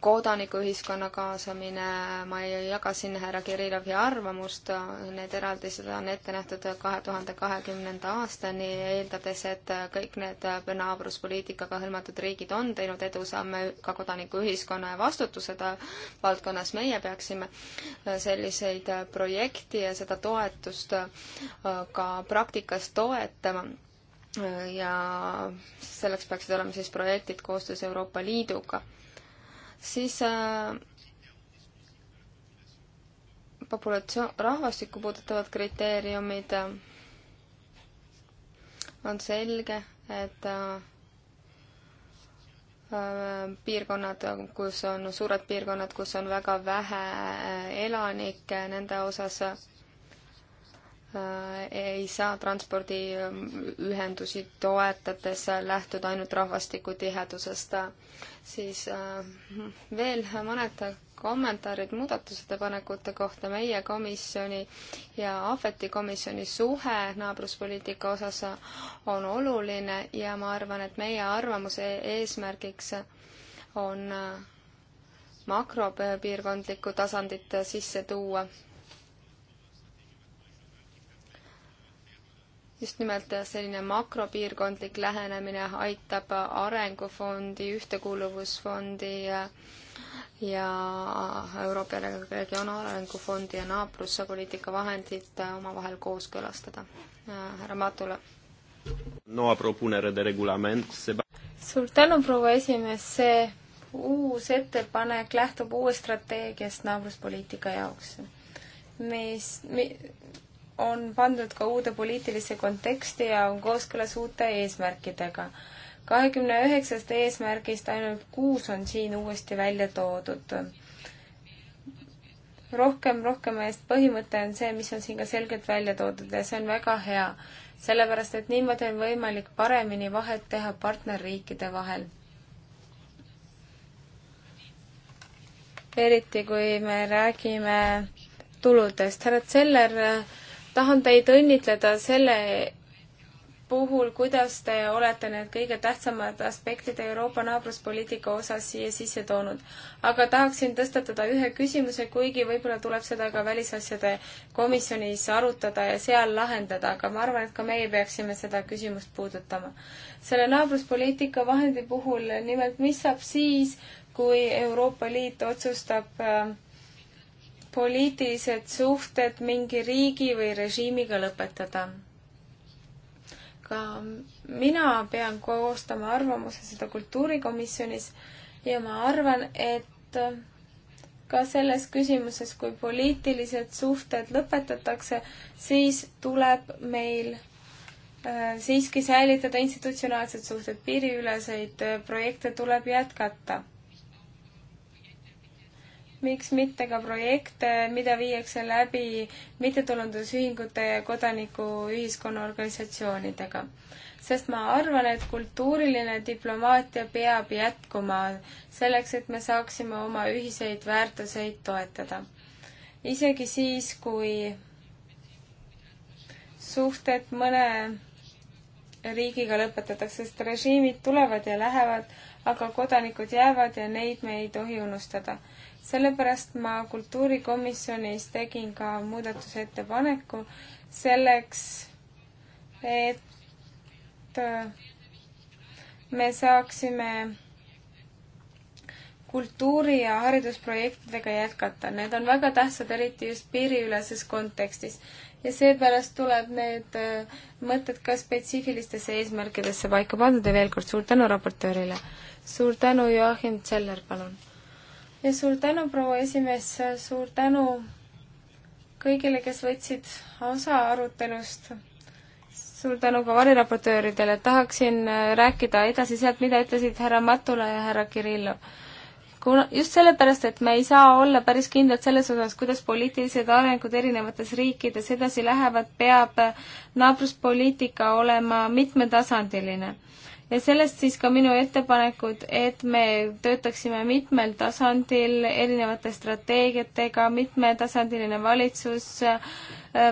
kodanikuühiskonna kaasamine, ma ei jaga siin härra Kirillovi arvamust, need eraldised on ette nähtud kahe tuhande kahekümnenda aastani, eeldades, et kõik need naabruspoliitikaga hõlmatud riigid on teinud edusamme ka kodanikuühiskonna ja vastutuse valdkonnas, meie peaksime selliseid projekti ja seda toetust ka praktikas toetama ja selleks peaksid olema siis projektid koostöös Euroopa Liiduga siis äh, populatsioon, rahvastikku puudutavad kriteeriumid äh, on selge, et äh, äh, piirkonnad, kus on suured piirkonnad, kus on väga vähe äh, elanikke, nende osas Äh, ei saa transpordiühendusi toetades lähtuda ainult rahvastiku tihedusest. siis äh, veel mõned kommentaarid muudatusettepanekute kohta meie komisjoni ja Ahveti komisjoni suhe naabruspoliitika osas on oluline ja ma arvan, et meie arvamuse eesmärgiks on makropiirkondlikku tasandit sisse tuua just nimelt äh, selline makropiirkondlik lähenemine aitab Arengufondi, Ühtekuuluvusfondi ja, ja Euroopa Regionaalarengu Fondi ja naabruspoliitika vahendid äh, omavahel kooskõlastada. Äh, härra Matula. Noa propunere de regulament se-. suur tänu, proua esimees, see uus ettepanek lähtub uuest strateegiast naabruspoliitika jaoks mis mi,, on pandud ka uude poliitilisse konteksti ja on kooskõlas uute eesmärkidega. kahekümne üheksast eesmärgist ainult kuus on siin uuesti välja toodud. rohkem rohkema eest põhimõte on see, mis on siin ka selgelt välja toodud ja see on väga hea, sellepärast et niimoodi on võimalik paremini vahet teha partnerriikide vahel eriti kui me räägime tuludest. härra Zeller tahan teid õnnitleda selle puhul, kuidas te olete need kõige tähtsamad aspektid Euroopa naabruspoliitika osas siia sisse toonud. aga tahaksin tõstatada ühe küsimuse, kuigi võib-olla tuleb seda ka välisasjade komisjonis arutada ja seal lahendada, aga ma arvan, et ka meie peaksime seda küsimust puudutama. selle naabruspoliitika vahendi puhul nimelt, mis saab siis, kui Euroopa Liit otsustab äh, poliitilised suhted mingi riigi või režiimiga lõpetada. ka mina pean koostama arvamuse seda kultuurikomisjonis ja ma arvan, et ka selles küsimuses, kui poliitilised suhted lõpetatakse, siis tuleb meil äh, siiski säilitada institutsionaalsed suhted, piiriüleseid äh, projekte tuleb jätkata miks mitte ka projekte, mida viiakse läbi mittetulundusühingute ja kodanikuühiskonna organisatsioonidega. sest ma arvan, et kultuuriline diplomaatia peab jätkuma selleks, et me saaksime oma ühiseid väärtuseid toetada. isegi siis, kui suhted mõne riigiga lõpetatakse, sest režiimid tulevad ja lähevad, aga kodanikud jäävad ja neid me ei tohi unustada sellepärast ma kultuurikomisjonis tegin ka muudatusettepaneku selleks, et äh, me saaksime kultuuri- ja haridusprojektidega jätkata. Need on väga tähtsad, eriti just piiriüleses kontekstis. ja seepärast tuleb need äh, mõtted ka spetsiifilistesse eesmärkidesse paika pandud ja veel kord suur tänu raportöörile. suur tänu, Joachim Zeller, palun ja suur tänu, proua esimees, suur tänu kõigile, kes võtsid osa arutelust. suur tänu ka variraportööridele, tahaksin äh, rääkida edasi sealt, mida ütlesid härra Matula ja härra Kirillov kuna, just sellepärast, et me ei saa olla päris kindlad selles osas, kuidas poliitilised arengud erinevates riikides edasi lähevad, peab äh, naabruspoliitika olema mitmetasandiline ja sellest siis ka minu ettepanekud, et me töötaksime mitmel tasandil erinevate strateegiatega, mitmetasandiline valitsus, äh,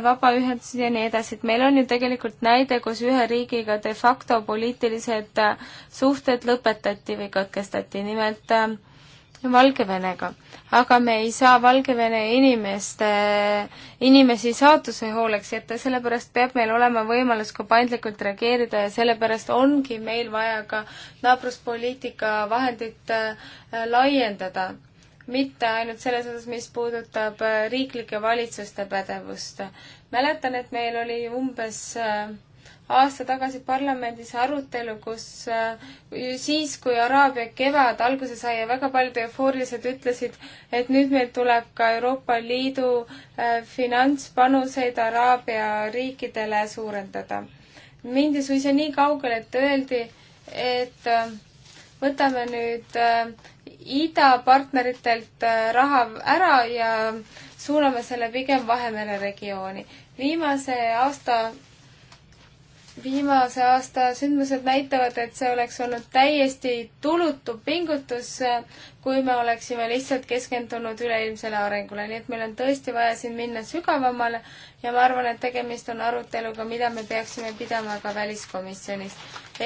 vabaühendused ja nii edasi, et meil on ju tegelikult näide, kus ühe riigiga de facto poliitilised äh, suhted lõpetati või katkestati, nimelt äh, Valgevenega aga me ei saa Valgevene inimeste, inimesi saatuse hooleks jätta, sellepärast peab meil olema võimalus ka paindlikult reageerida ja sellepärast ongi meil vaja ka naabruspoliitika vahendit äh, laiendada. mitte ainult selles osas, mis puudutab äh, riiklike valitsuste pädevust. mäletan, et meil oli umbes äh, aasta tagasi parlamendis arutelu, kus äh, siis, kui Araabia kevad alguse sai ja väga paljud eufoorilised ütlesid, et nüüd meil tuleb ka Euroopa Liidu äh, finantspanuseid Araabia riikidele suurendada. mindi suisa nii kaugele, et öeldi, et äh, võtame nüüd idapartneritelt raha ära ja suuname selle pigem Vahemere regiooni. viimase aasta viimase aasta sündmused näitavad, et see oleks olnud täiesti tulutu pingutus, kui me oleksime lihtsalt keskendunud üleilmsele arengule, nii et meil on tõesti vaja siin minna sügavamale ja ma arvan, et tegemist on aruteluga, mida me peaksime pidama ka väliskomisjonis.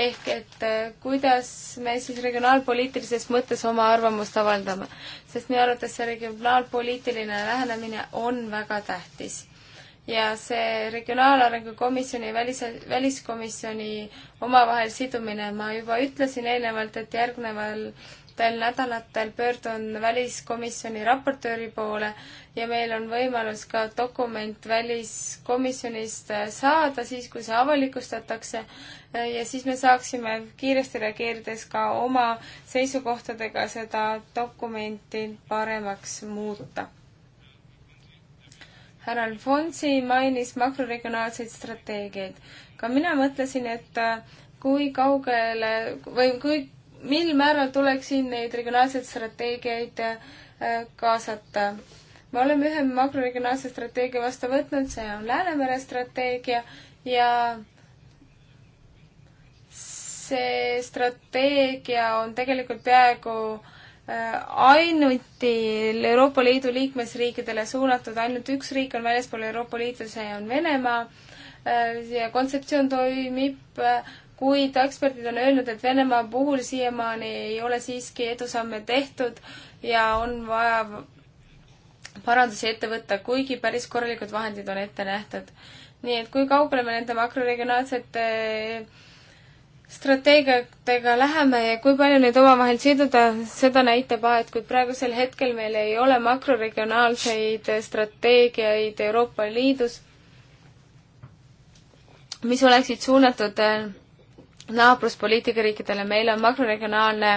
ehk et äh, kuidas me siis regionaalpoliitilises mõttes oma arvamust avaldame, sest minu arvates see regionaalpoliitiline lähenemine on väga tähtis ja see Regionaalarengu Komisjoni ja välis, väliskomisjoni omavahel sidumine, ma juba ütlesin eelnevalt, et järgneval järgnevatel nädalatel pöördun väliskomisjoni raportööri poole ja meil on võimalus ka dokument väliskomisjonist saada siis, kui see avalikustatakse. ja siis me saaksime kiiresti reageerides ka oma seisukohtadega seda dokumenti paremaks muuta härra Alfonsi mainis makroregionaalseid strateegiaid. ka mina mõtlesin, et äh, kui kaugele või kui, mil määral tuleks siin neid regionaalseid strateegiaid äh, kaasata. me oleme ühe makroregionaalse strateegia vastu võtnud, see on Läänemere strateegia ja see strateegia on tegelikult peaaegu ainuti Euroopa Liidu liikmesriikidele suunatud, ainult üks riik on väljaspool Euroopa Liitu, see on Venemaa. Äh, ja kontseptsioon toimib, äh, kuid eksperdid on öelnud, et Venemaa puhul siiamaani ei ole siiski edusamme tehtud ja on vaja parandusi ette võtta, kuigi päris korralikud vahendid on ette nähtud. nii et kui kaugele me nende makroregionaalsete äh, strateegiatega läheme ja kui palju neid omavahel siduda, seda näitab aeg, kuid praegusel hetkel meil ei ole makroregionaalseid strateegiaid Euroopa Liidus, mis oleksid suunatud äh, naabruspoliitika riikidele, meil on makroregionaalne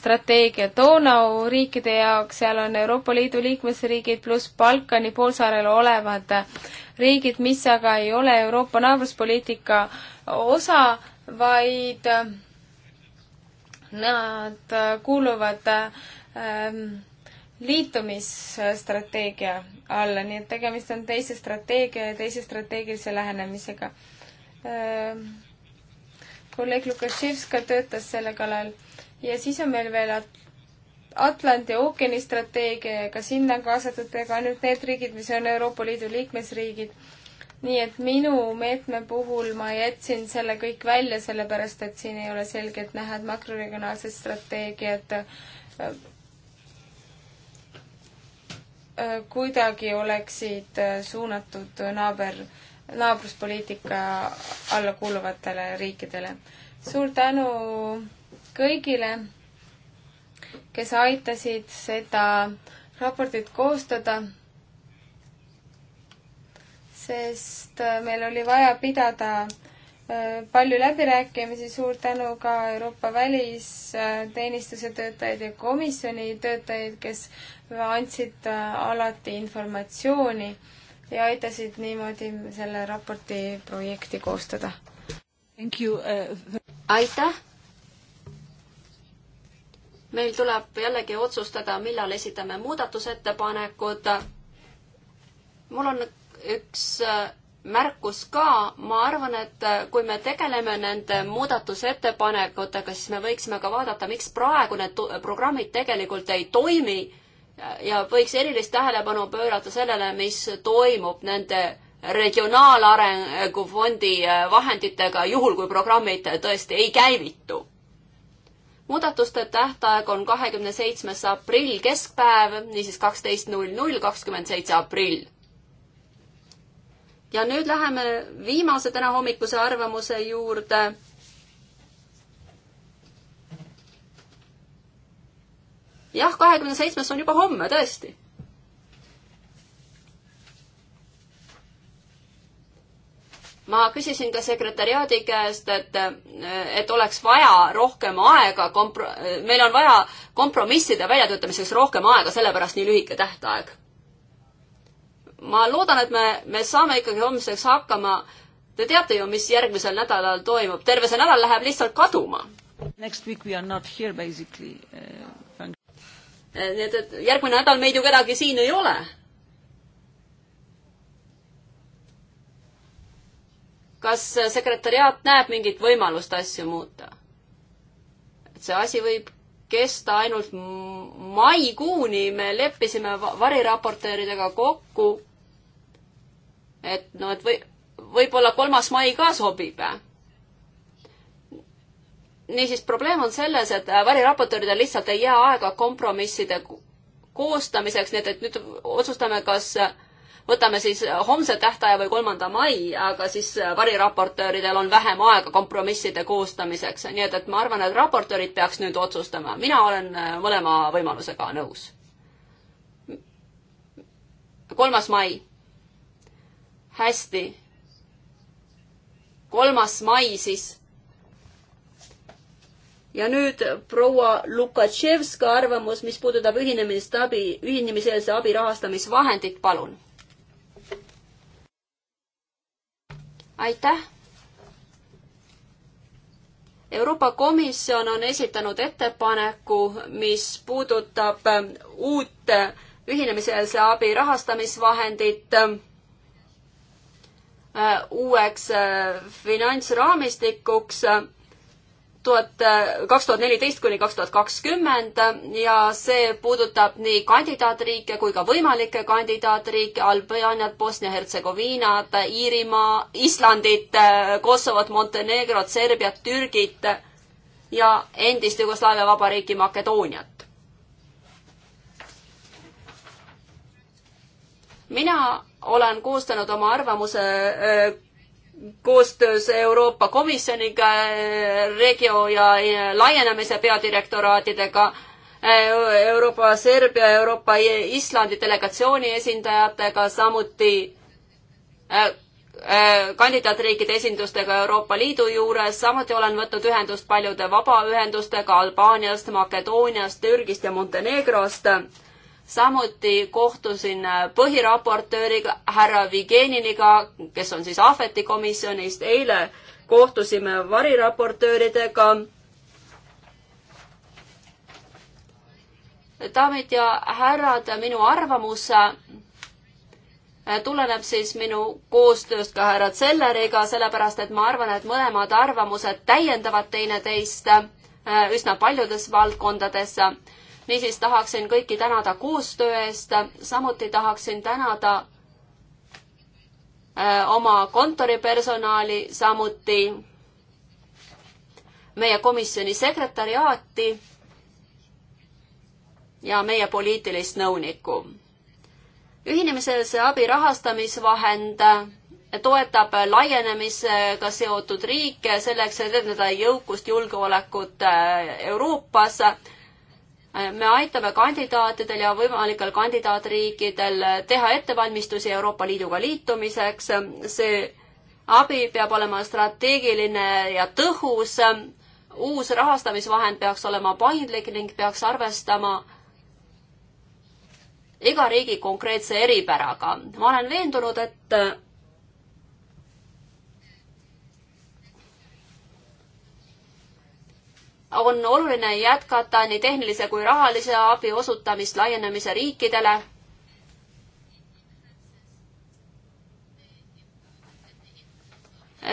strateegia Donau riikide jaoks, seal on Euroopa Liidu liikmesriigid pluss Balkani poolsaarel olevad riigid, mis aga ei ole Euroopa naabruspoliitika osa vaid nad kuuluvad ähm, liitumisstrateegia alla, nii et tegemist on teise strateegia ja teise strateegilise lähenemisega. Ähm, kolleeg Lukaševska töötas selle kallal ja siis on meil veel Atlandi ookeani strateegia ja ka sinna on kaasatud peaaegu ainult need riigid, mis on Euroopa Liidu liikmesriigid nii et minu meetme puhul ma jätsin selle kõik välja, sellepärast et siin ei ole selgelt näha, et makroregionaalsed strateegiad äh, äh, kuidagi oleksid äh, suunatud naaber, naabruspoliitika alla kuuluvatele riikidele. suur tänu kõigile, kes aitasid seda raportit koostada sest äh, meil oli vaja pidada äh, palju läbirääkimisi, suur tänu ka Euroopa välisteenistuse töötajaid ja komisjoni töötajaid, kes andsid äh, alati informatsiooni ja aitasid niimoodi selle raporti projekti koostada. aitäh! meil tuleb jällegi otsustada, millal esitame muudatusettepanekud. mul on üks äh, märkus ka, ma arvan, et äh, kui me tegeleme nende muudatusettepanekutega, siis me võiksime ka vaadata, miks praegu need programmid tegelikult ei toimi ja võiks erilist tähelepanu pöörata sellele, mis toimub nende regionaalarengu fondi äh, vahenditega, juhul kui programmid tõesti ei käivitu muudatuste tähtaeg on kahekümne seitsmes aprill keskpäev, niisiis kaksteist null null kakskümmend seitse aprill ja nüüd läheme viimase tänahommikuse arvamuse juurde. jah, kahekümne seitsmes on juba homme, tõesti. ma küsisin ka sekretäriaadi käest, et, et oleks vaja rohkem aega kompro-, meil on vaja kompromisside väljatöötamiseks rohkem aega, sellepärast nii lühike tähtaeg ma loodan, et me, me saame ikkagi homseks hakkama. Te teate ju, mis järgmisel nädalal toimub, terve see nädal läheb lihtsalt kaduma. Next week we are not here basically uh,. Eh, nii et, et järgmine nädal meid ju kedagi siin ei ole kas eh, sekretäriaat näeb mingit võimalust asju muuta? et see asi võib kesta ainult maikuuni, me leppisime variraportööridega kokku, et noh, et või, võib-olla kolmas mai ka sobib. niisiis, probleem on selles, et variraportööridel lihtsalt ei jää aega kompromisside koostamiseks, nii et, et nüüd otsustame, kas võtame siis homse tähtaja või kolmanda mai, aga siis variraportööridel on vähem aega kompromisside koostamiseks, nii et, et ma arvan, et raportöörid peaks nüüd otsustama, mina olen mõlema võimalusega nõus. kolmas mai hästi. kolmas mai siis. ja nüüd proua Lukatševska arvamus, mis puudutab ühinemist abi, ühinemiseelse abi rahastamisvahendit, palun. aitäh Euroopa Komisjon on esitanud ettepaneku, mis puudutab uut ühinemiseelse abi rahastamisvahendit Äh, uueks äh, finantsraamistikuks äh, tuhat, kaks tuhat neliteist kuni kaks tuhat kakskümmend ja see puudutab nii kandidaatriike kui ka võimalikke kandidaatriike, Albaaniat, Bosnia-Hertsegoviinat, Iirimaa, Islandit, Kosovot, Montenegrot, Serbiat, Türgit ja endist Jugoslaavia vabariiki Makedooniat. mina olen koostanud oma arvamuse äh, koostöös Euroopa Komisjoniga, äh, Regio ja laienemise peadirektoraatidega, äh, Euroopa Serbia, Euroopa Islandi delegatsiooni esindajatega, samuti kandidaatriikide esindustega Euroopa Liidu juures, samuti olen võtnud ühendust paljude vabaühendustega Albaaniast, Makedooniast, Türgist ja Montenegrost samuti kohtusin äh, põhiraportööriga, härra Vigeniniga, kes on siis Ahveti komisjonist, eile kohtusime variraportööridega. daamid ja härrad, minu arvamus äh, tuleneb siis minu koostööst ka härra Zelleriga, sellepärast et ma arvan, et mõlemad arvamused täiendavad teineteist äh, üsna paljudes valdkondades niisiis tahaksin kõiki tänada koostöö eest, samuti tahaksin tänada äh, oma kontoripersonali, samuti meie komisjoni sekretariaati ja meie poliitilist nõunikku. ühinemises abi rahastamisvahend toetab laienemisega seotud riike selleks, et edendada jõukust, julgeolekut äh, Euroopas me aitame kandidaatidel ja võimalikel kandidaatriikidel teha ettevalmistusi Euroopa Liiduga liitumiseks. see abi peab olema strateegiline ja tõhus. uus rahastamisvahend peaks olema paindlik ning peaks arvestama iga riigi konkreetse eripäraga. ma olen veendunud, et on oluline jätkata nii tehnilise kui rahalise abi osutamist laienemise riikidele.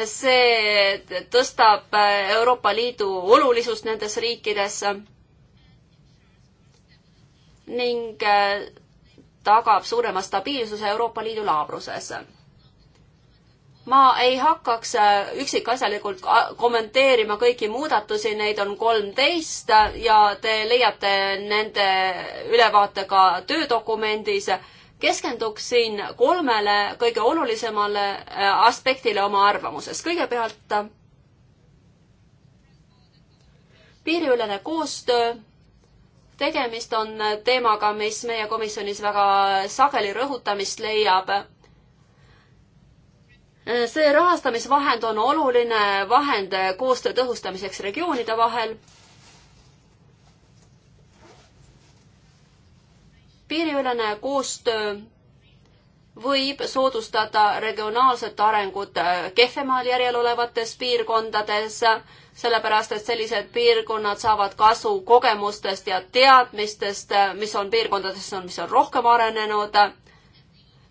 see tõstab Euroopa Liidu olulisust nendes riikides ning tagab suurema stabiilsuse Euroopa Liidu laabruses ma ei hakkaks äh, üksikasjalikult äh, kommenteerima kõiki muudatusi, neid on kolmteist äh, ja te leiate nende ülevaate ka töödokumendis. keskenduksin kolmele kõige olulisemale aspektile oma arvamuses. kõigepealt piiriülene koostöö tegemist on teemaga, mis meie komisjonis väga sageli rõhutamist leiab Äh, see rahastamisvahend on oluline vahend koostöö tõhustamiseks regioonide vahel. piiriülene koostöö võib soodustada regionaalset arengut äh, kehvemal järjel olevates piirkondades, sellepärast et sellised piirkonnad saavad kasu kogemustest ja teadmistest, mis on piirkondades, mis on rohkem arenenud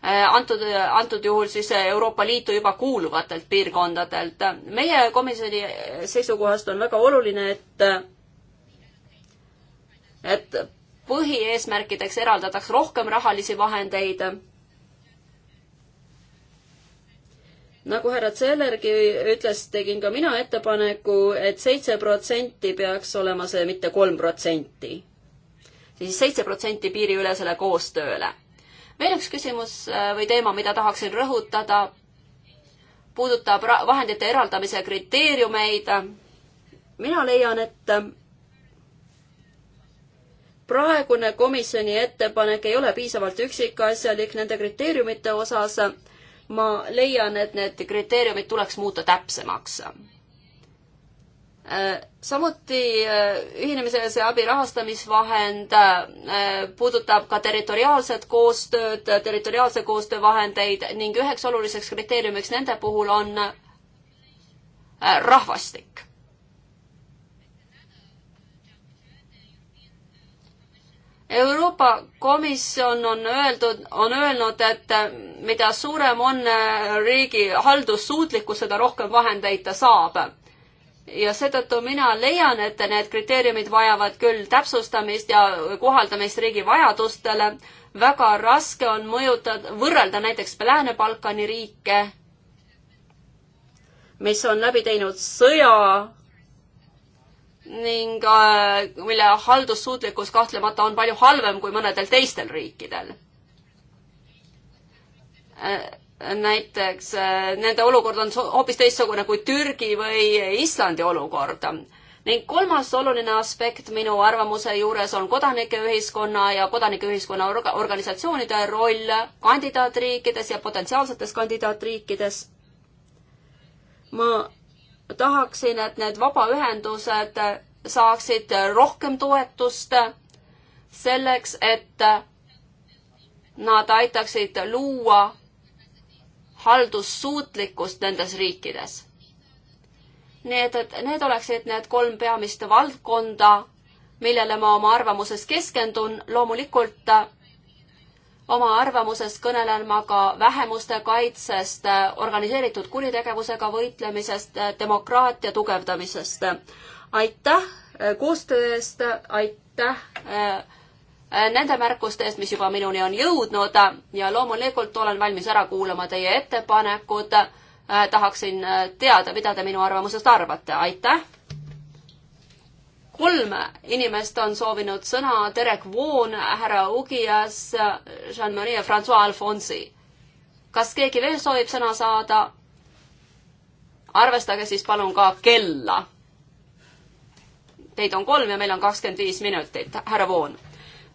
Äh, antud, äh, antud juhul siis äh, Euroopa Liitu juba kuuluvatelt piirkondadelt. meie komisjoni seisukohast on väga oluline, et et põhieesmärkideks eraldataks rohkem rahalisi vahendeid. nagu härra Zellergi ütles, tegin ka mina ettepaneku et, et seitse protsenti peaks olema see, mitte kolm protsenti. siis seitse protsenti piiriülesele koostööle veel üks küsimus äh, või teema, mida tahaksin rõhutada, puudutab vahendite eraldamise kriteeriumeid. mina leian, et äh, praegune komisjoni ettepanek ei ole piisavalt üksikasjalik nende kriteeriumite osas. ma leian, et need kriteeriumid tuleks muuta täpsemaks samuti äh, ühinemiseelse abi rahastamisvahend äh, puudutab ka territoriaalset koostööd, territoriaalse koostöö vahendeid ning üheks oluliseks kriteeriumiks nende puhul on äh, rahvastik. Euroopa Komisjon on öeldud, on öelnud, et mida suurem on riigi haldussuutlikkus, seda rohkem vahendeid ta saab ja seetõttu mina leian, et need kriteeriumid vajavad küll täpsustamist ja kohaldamist riigi vajadustele. väga raske on mõjutada, võrrelda näiteks Lääne-Balkani riike, mis on läbi teinud sõja ning äh, mille haldussuutlikkus kahtlemata on palju halvem kui mõnedel teistel riikidel äh, näiteks äh, nende olukord on hoopis teistsugune kui Türgi või Islandi olukord. ning kolmas oluline aspekt minu arvamuse juures on kodanikeühiskonna ja kodanikeühiskonna orga-, organisatsioonide roll kandidaatriikides ja potentsiaalsetes kandidaatriikides. ma tahaksin, et need vabaühendused saaksid rohkem toetust selleks, et nad aitaksid luua haldussuutlikkust nendes riikides. nii et, et need oleksid need kolm peamist valdkonda, millele ma oma arvamuses keskendun. loomulikult äh, oma arvamuses kõnelen ma ka vähemuste kaitsest, äh, organiseeritud kuritegevusega võitlemisest, äh, demokraatia tugevdamisest. aitäh koostöö eest, aitäh Äh, nende märkuste eest, mis juba minuni on jõudnud äh, ja loomulikult olen valmis ära kuulama teie ettepanekud. Äh, tahaksin teada, mida te minu arvamusest arvate, aitäh! kolm inimest on soovinud sõna, Derek Woon, härra Ugias, Jean-Marie ja Francois Alfonsi. kas keegi veel soovib sõna saada? arvestage siis palun ka kella. Teid on kolm ja meil on kakskümmend viis minutit, härra Voon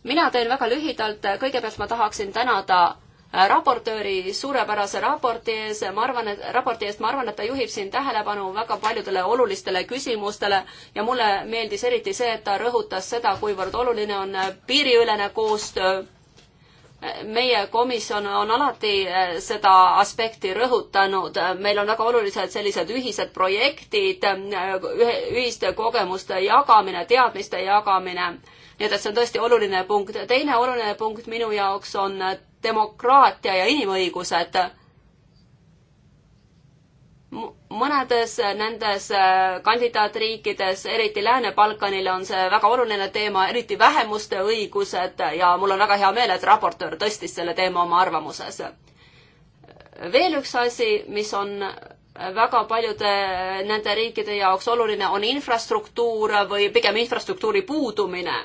mina teen väga lühidalt, kõigepealt ma tahaksin tänada äh, raportööri suurepärase raporti ees, ma arvan, et raporti eest, ma arvan, et ta juhib siin tähelepanu väga paljudele olulistele küsimustele ja mulle meeldis eriti see, et ta rõhutas seda, kuivõrd oluline on äh, piiriülene koostöö. meie komisjon on alati äh, seda aspekti rõhutanud, meil on väga olulised sellised ühised projektid, ühiste kogemuste jagamine, teadmiste jagamine nii et, et see on tõesti oluline punkt. teine oluline punkt minu jaoks on äh, demokraatia ja inimõigused mõnedes äh, nendes äh, kandidaatriikides, eriti Lääne-Balkanil, on see väga oluline teema, eriti vähemuste õigused ja mul on väga hea meel, et raportöör tõstis selle teema oma arvamuses. veel üks asi, mis on väga paljude nende riikide jaoks oluline, on infrastruktuur või pigem infrastruktuuri puudumine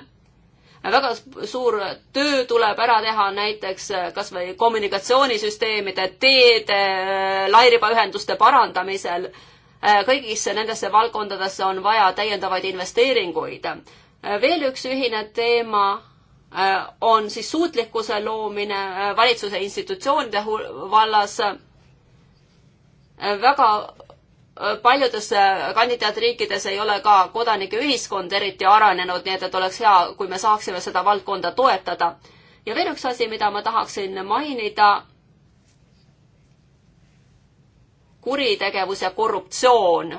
väga suur töö tuleb ära teha näiteks äh, kas või kommunikatsioonisüsteemide, teede, äh, lairibaühenduste parandamisel. Äh, kõigisse nendesse valdkondadesse on vaja täiendavaid investeeringuid. veel üks ühine teema on siis suutlikkuse loomine valitsuse institutsioonide vallas väga paljudes äh, kandidaatriikides ei ole ka kodanikeühiskond eriti arenenud, nii et, et oleks hea, kui me saaksime seda valdkonda toetada. ja veel üks asi, mida ma tahaksin mainida. kuritegevus ja korruptsioon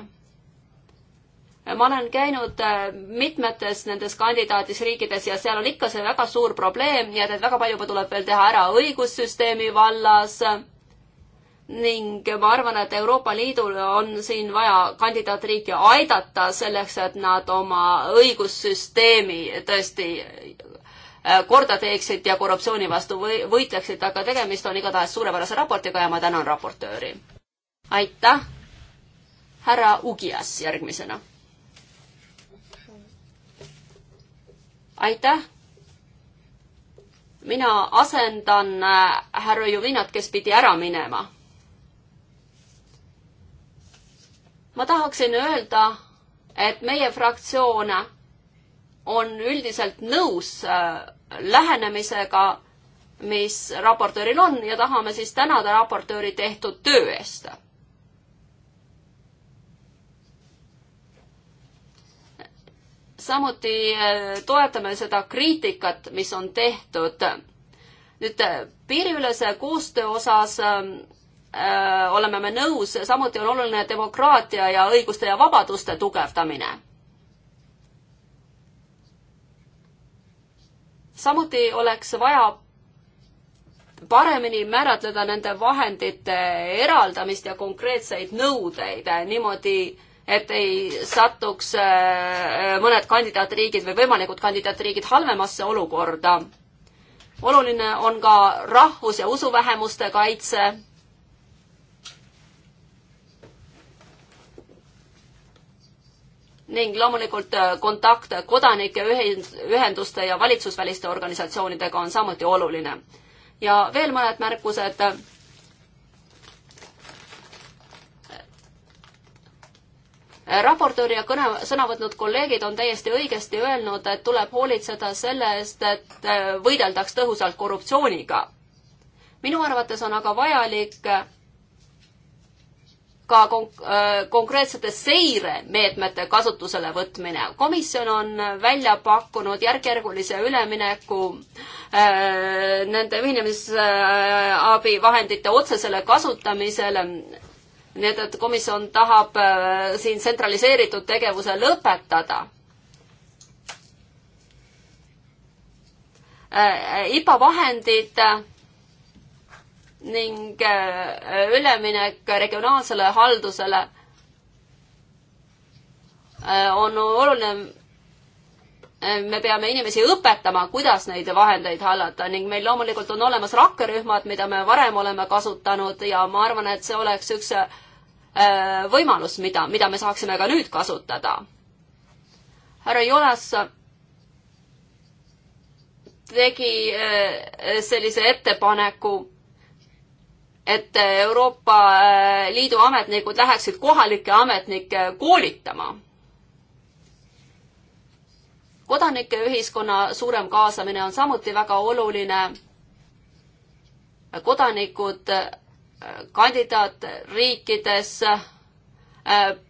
ma olen käinud äh, mitmetes nendes kandidaadisriikides ja seal on ikka see väga suur probleem, nii et, et väga palju tuleb veel teha ära õigussüsteemi vallas ning ma arvan, et Euroopa Liidul on siin vaja kandidaatriiki aidata selleks, et nad oma õigussüsteemi tõesti äh, korda teeksid ja korruptsiooni vastu või, võitleksid, aga tegemist on igatahes suurepärase raportiga ja ma tänan raportööri. aitäh, härra Ugias järgmisena. aitäh mina asendan äh, härra Jovinat, kes pidi ära minema. ma tahaksin öelda, et meie fraktsioon on üldiselt nõus äh, lähenemisega, mis raportööril on ja tahame siis tänada raportööri tehtud töö eest samuti äh, toetame seda kriitikat, mis on tehtud. nüüd äh, piiriülese koostöö osas ähm, Äh, oleme me nõus, samuti on oluline demokraatia ja õiguste ja vabaduste tugevdamine. samuti oleks vaja paremini määratleda nende vahendite eraldamist ja konkreetseid nõudeid niimoodi, et ei satuks äh, äh, mõned kandidaatriigid või võimalikud kandidaatriigid halvemasse olukorda. oluline on ka rahvus- ja usuvähemuste kaitse ning loomulikult äh, kontakt kodanike ühenduste ja valitsusväliste organisatsioonidega on samuti oluline. ja veel mõned märkused. raportööri ja kõne, sõna võtnud kolleegid on täiesti õigesti öelnud, et tuleb hoolitseda selle eest, et äh, võideldaks tõhusalt korruptsiooniga. minu arvates on aga vajalik ka konk-, äh, konkreetsete seiremeetmete kasutusele võtmine. komisjon on välja pakkunud järk-järgulise ülemineku äh, nende ühinemisabivahendite otsesele kasutamisele nii et, et komisjon tahab äh, siin tsentraliseeritud tegevuse lõpetada. IPA vahendid ning äh, üleminek regionaalsele haldusele äh, on oluline. Äh, me peame inimesi õpetama, kuidas neid vahendeid hallata ning meil loomulikult on olemas rakkerühmad, mida me varem oleme kasutanud ja ma arvan, et see oleks üks võimalus, mida, mida me saaksime ka nüüd kasutada. härra Jolas tegi sellise ettepaneku et Euroopa äh, Liidu ametnikud läheksid kohalikke ametnikke koolitama. kodanike ühiskonna suurem kaasamine on samuti väga oluline. kodanikud äh, kandidaatriikides äh,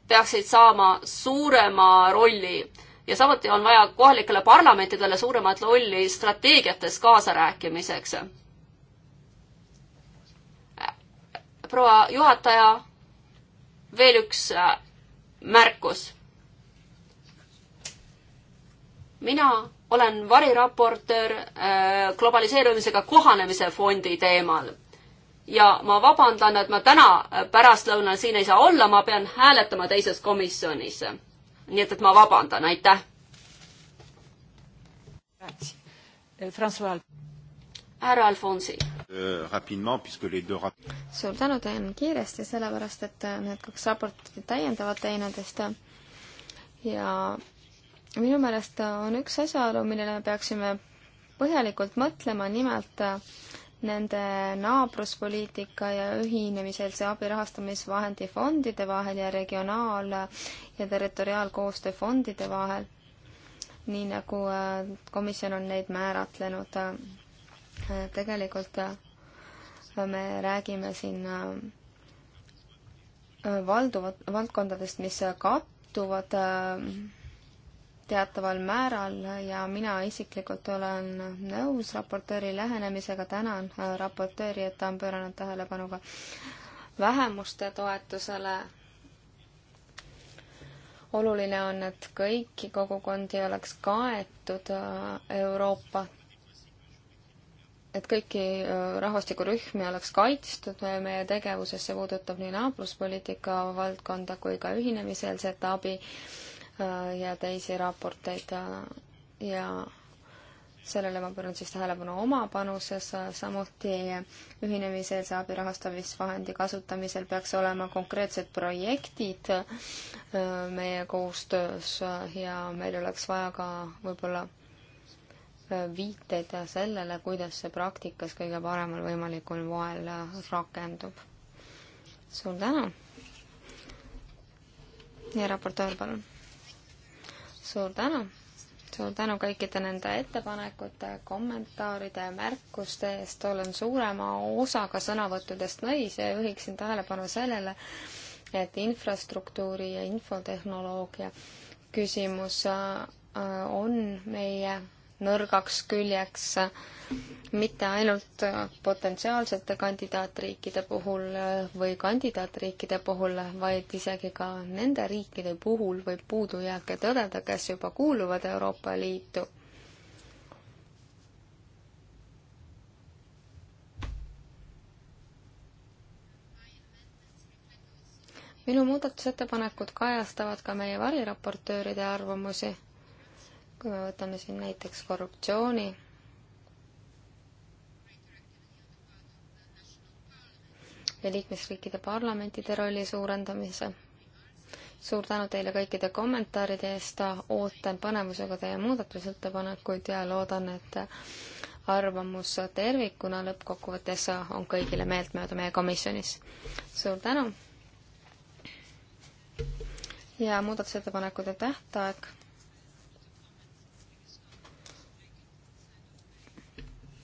peaksid saama suurema rolli ja samuti on vaja kohalikele parlamentidele suuremat rolli strateegiates kaasarääkimiseks proua juhataja, veel üks äh, märkus. mina olen variraportöör äh, globaliseerumisega kohanemise fondi teemal ja ma vabandan, et ma täna äh, pärastlõunal siin ei saa olla, ma pean hääletama teises komisjonis. nii et, et ma vabandan, aitäh. Eh, härra Alfonsi Euh, suur tänu, teen kiiresti, sellepärast et äh, need kaks raportit täiendavad teineteist ja minu meelest on üks asjaolu, millele me peaksime põhjalikult mõtlema, nimelt äh, nende naabruspoliitika ja ühinemiseelse abi rahastamisvahendi fondide vahel ja regionaal- ja territoriaalkoostöö fondide vahel, nii nagu äh, komisjon on neid määratlenud tegelikult äh, me räägime siin äh, valduvat, valdkondadest, mis kattuvad äh, teataval määral ja mina isiklikult olen nõus raportööri lähenemisega, tänan raportööri, et ta on pööranud tähelepanu ka vähemuste toetusele. oluline on, et kõiki kogukondi oleks kaetud Euroopa et kõiki äh, rahvastikurühmi oleks kaitstud meie tegevuses, see puudutab nii naabruspoliitika valdkonda kui ka ühinemiseelset abi äh, ja teisi raporteid äh, ja sellele ma pööran siis tähelepanu oma panuses, samuti ühinemiseelse abi rahastamisvahendi kasutamisel peaks olema konkreetsed projektid meie koostöös ja meil oleks vaja ka võib-olla viiteid sellele, kuidas see praktikas kõige paremal võimalikul moel rakendub. suur tänu! ja raportöör, palun! suur tänu! suur tänu kõikide nende ettepanekute, kommentaaride ja märkuste eest, olen suurema osaga sõnavõttudest nõis ja juhiksin tähelepanu sellele, et infrastruktuuri ja infotehnoloogia küsimus äh, on meie nõrgaks küljeks mitte ainult potentsiaalsete kandidaatriikide puhul või kandidaatriikide puhul, vaid isegi ka nende riikide puhul võib puudujääke tõdeda, kes juba kuuluvad Euroopa Liitu. minu muudatusettepanekud kajastavad ka meie variraportööride arvamusi kui me võtame siin näiteks korruptsiooni, ja liikmesriikide parlamentide rolli suurendamise. suur tänu teile kõikide kommentaaride eest, ootan põnevusega teie muudatusettepanekuid ja loodan, et arvamus tervikuna lõppkokkuvõttes on kõigile meeltmööda meie komisjonis. suur tänu! ja muudatusettepanekute tähtaeg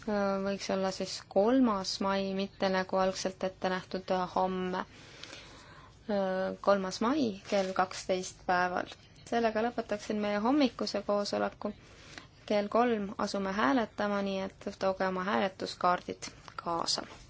võiks olla siis kolmas mai, mitte nagu algselt ette nähtud äh, homme. Äh, kolmas mai kell kaksteist päeval. sellega lõpetaksin meie hommikuse koosoleku. kell kolm asume hääletama, nii et tooge oma hääletuskaardid kaasa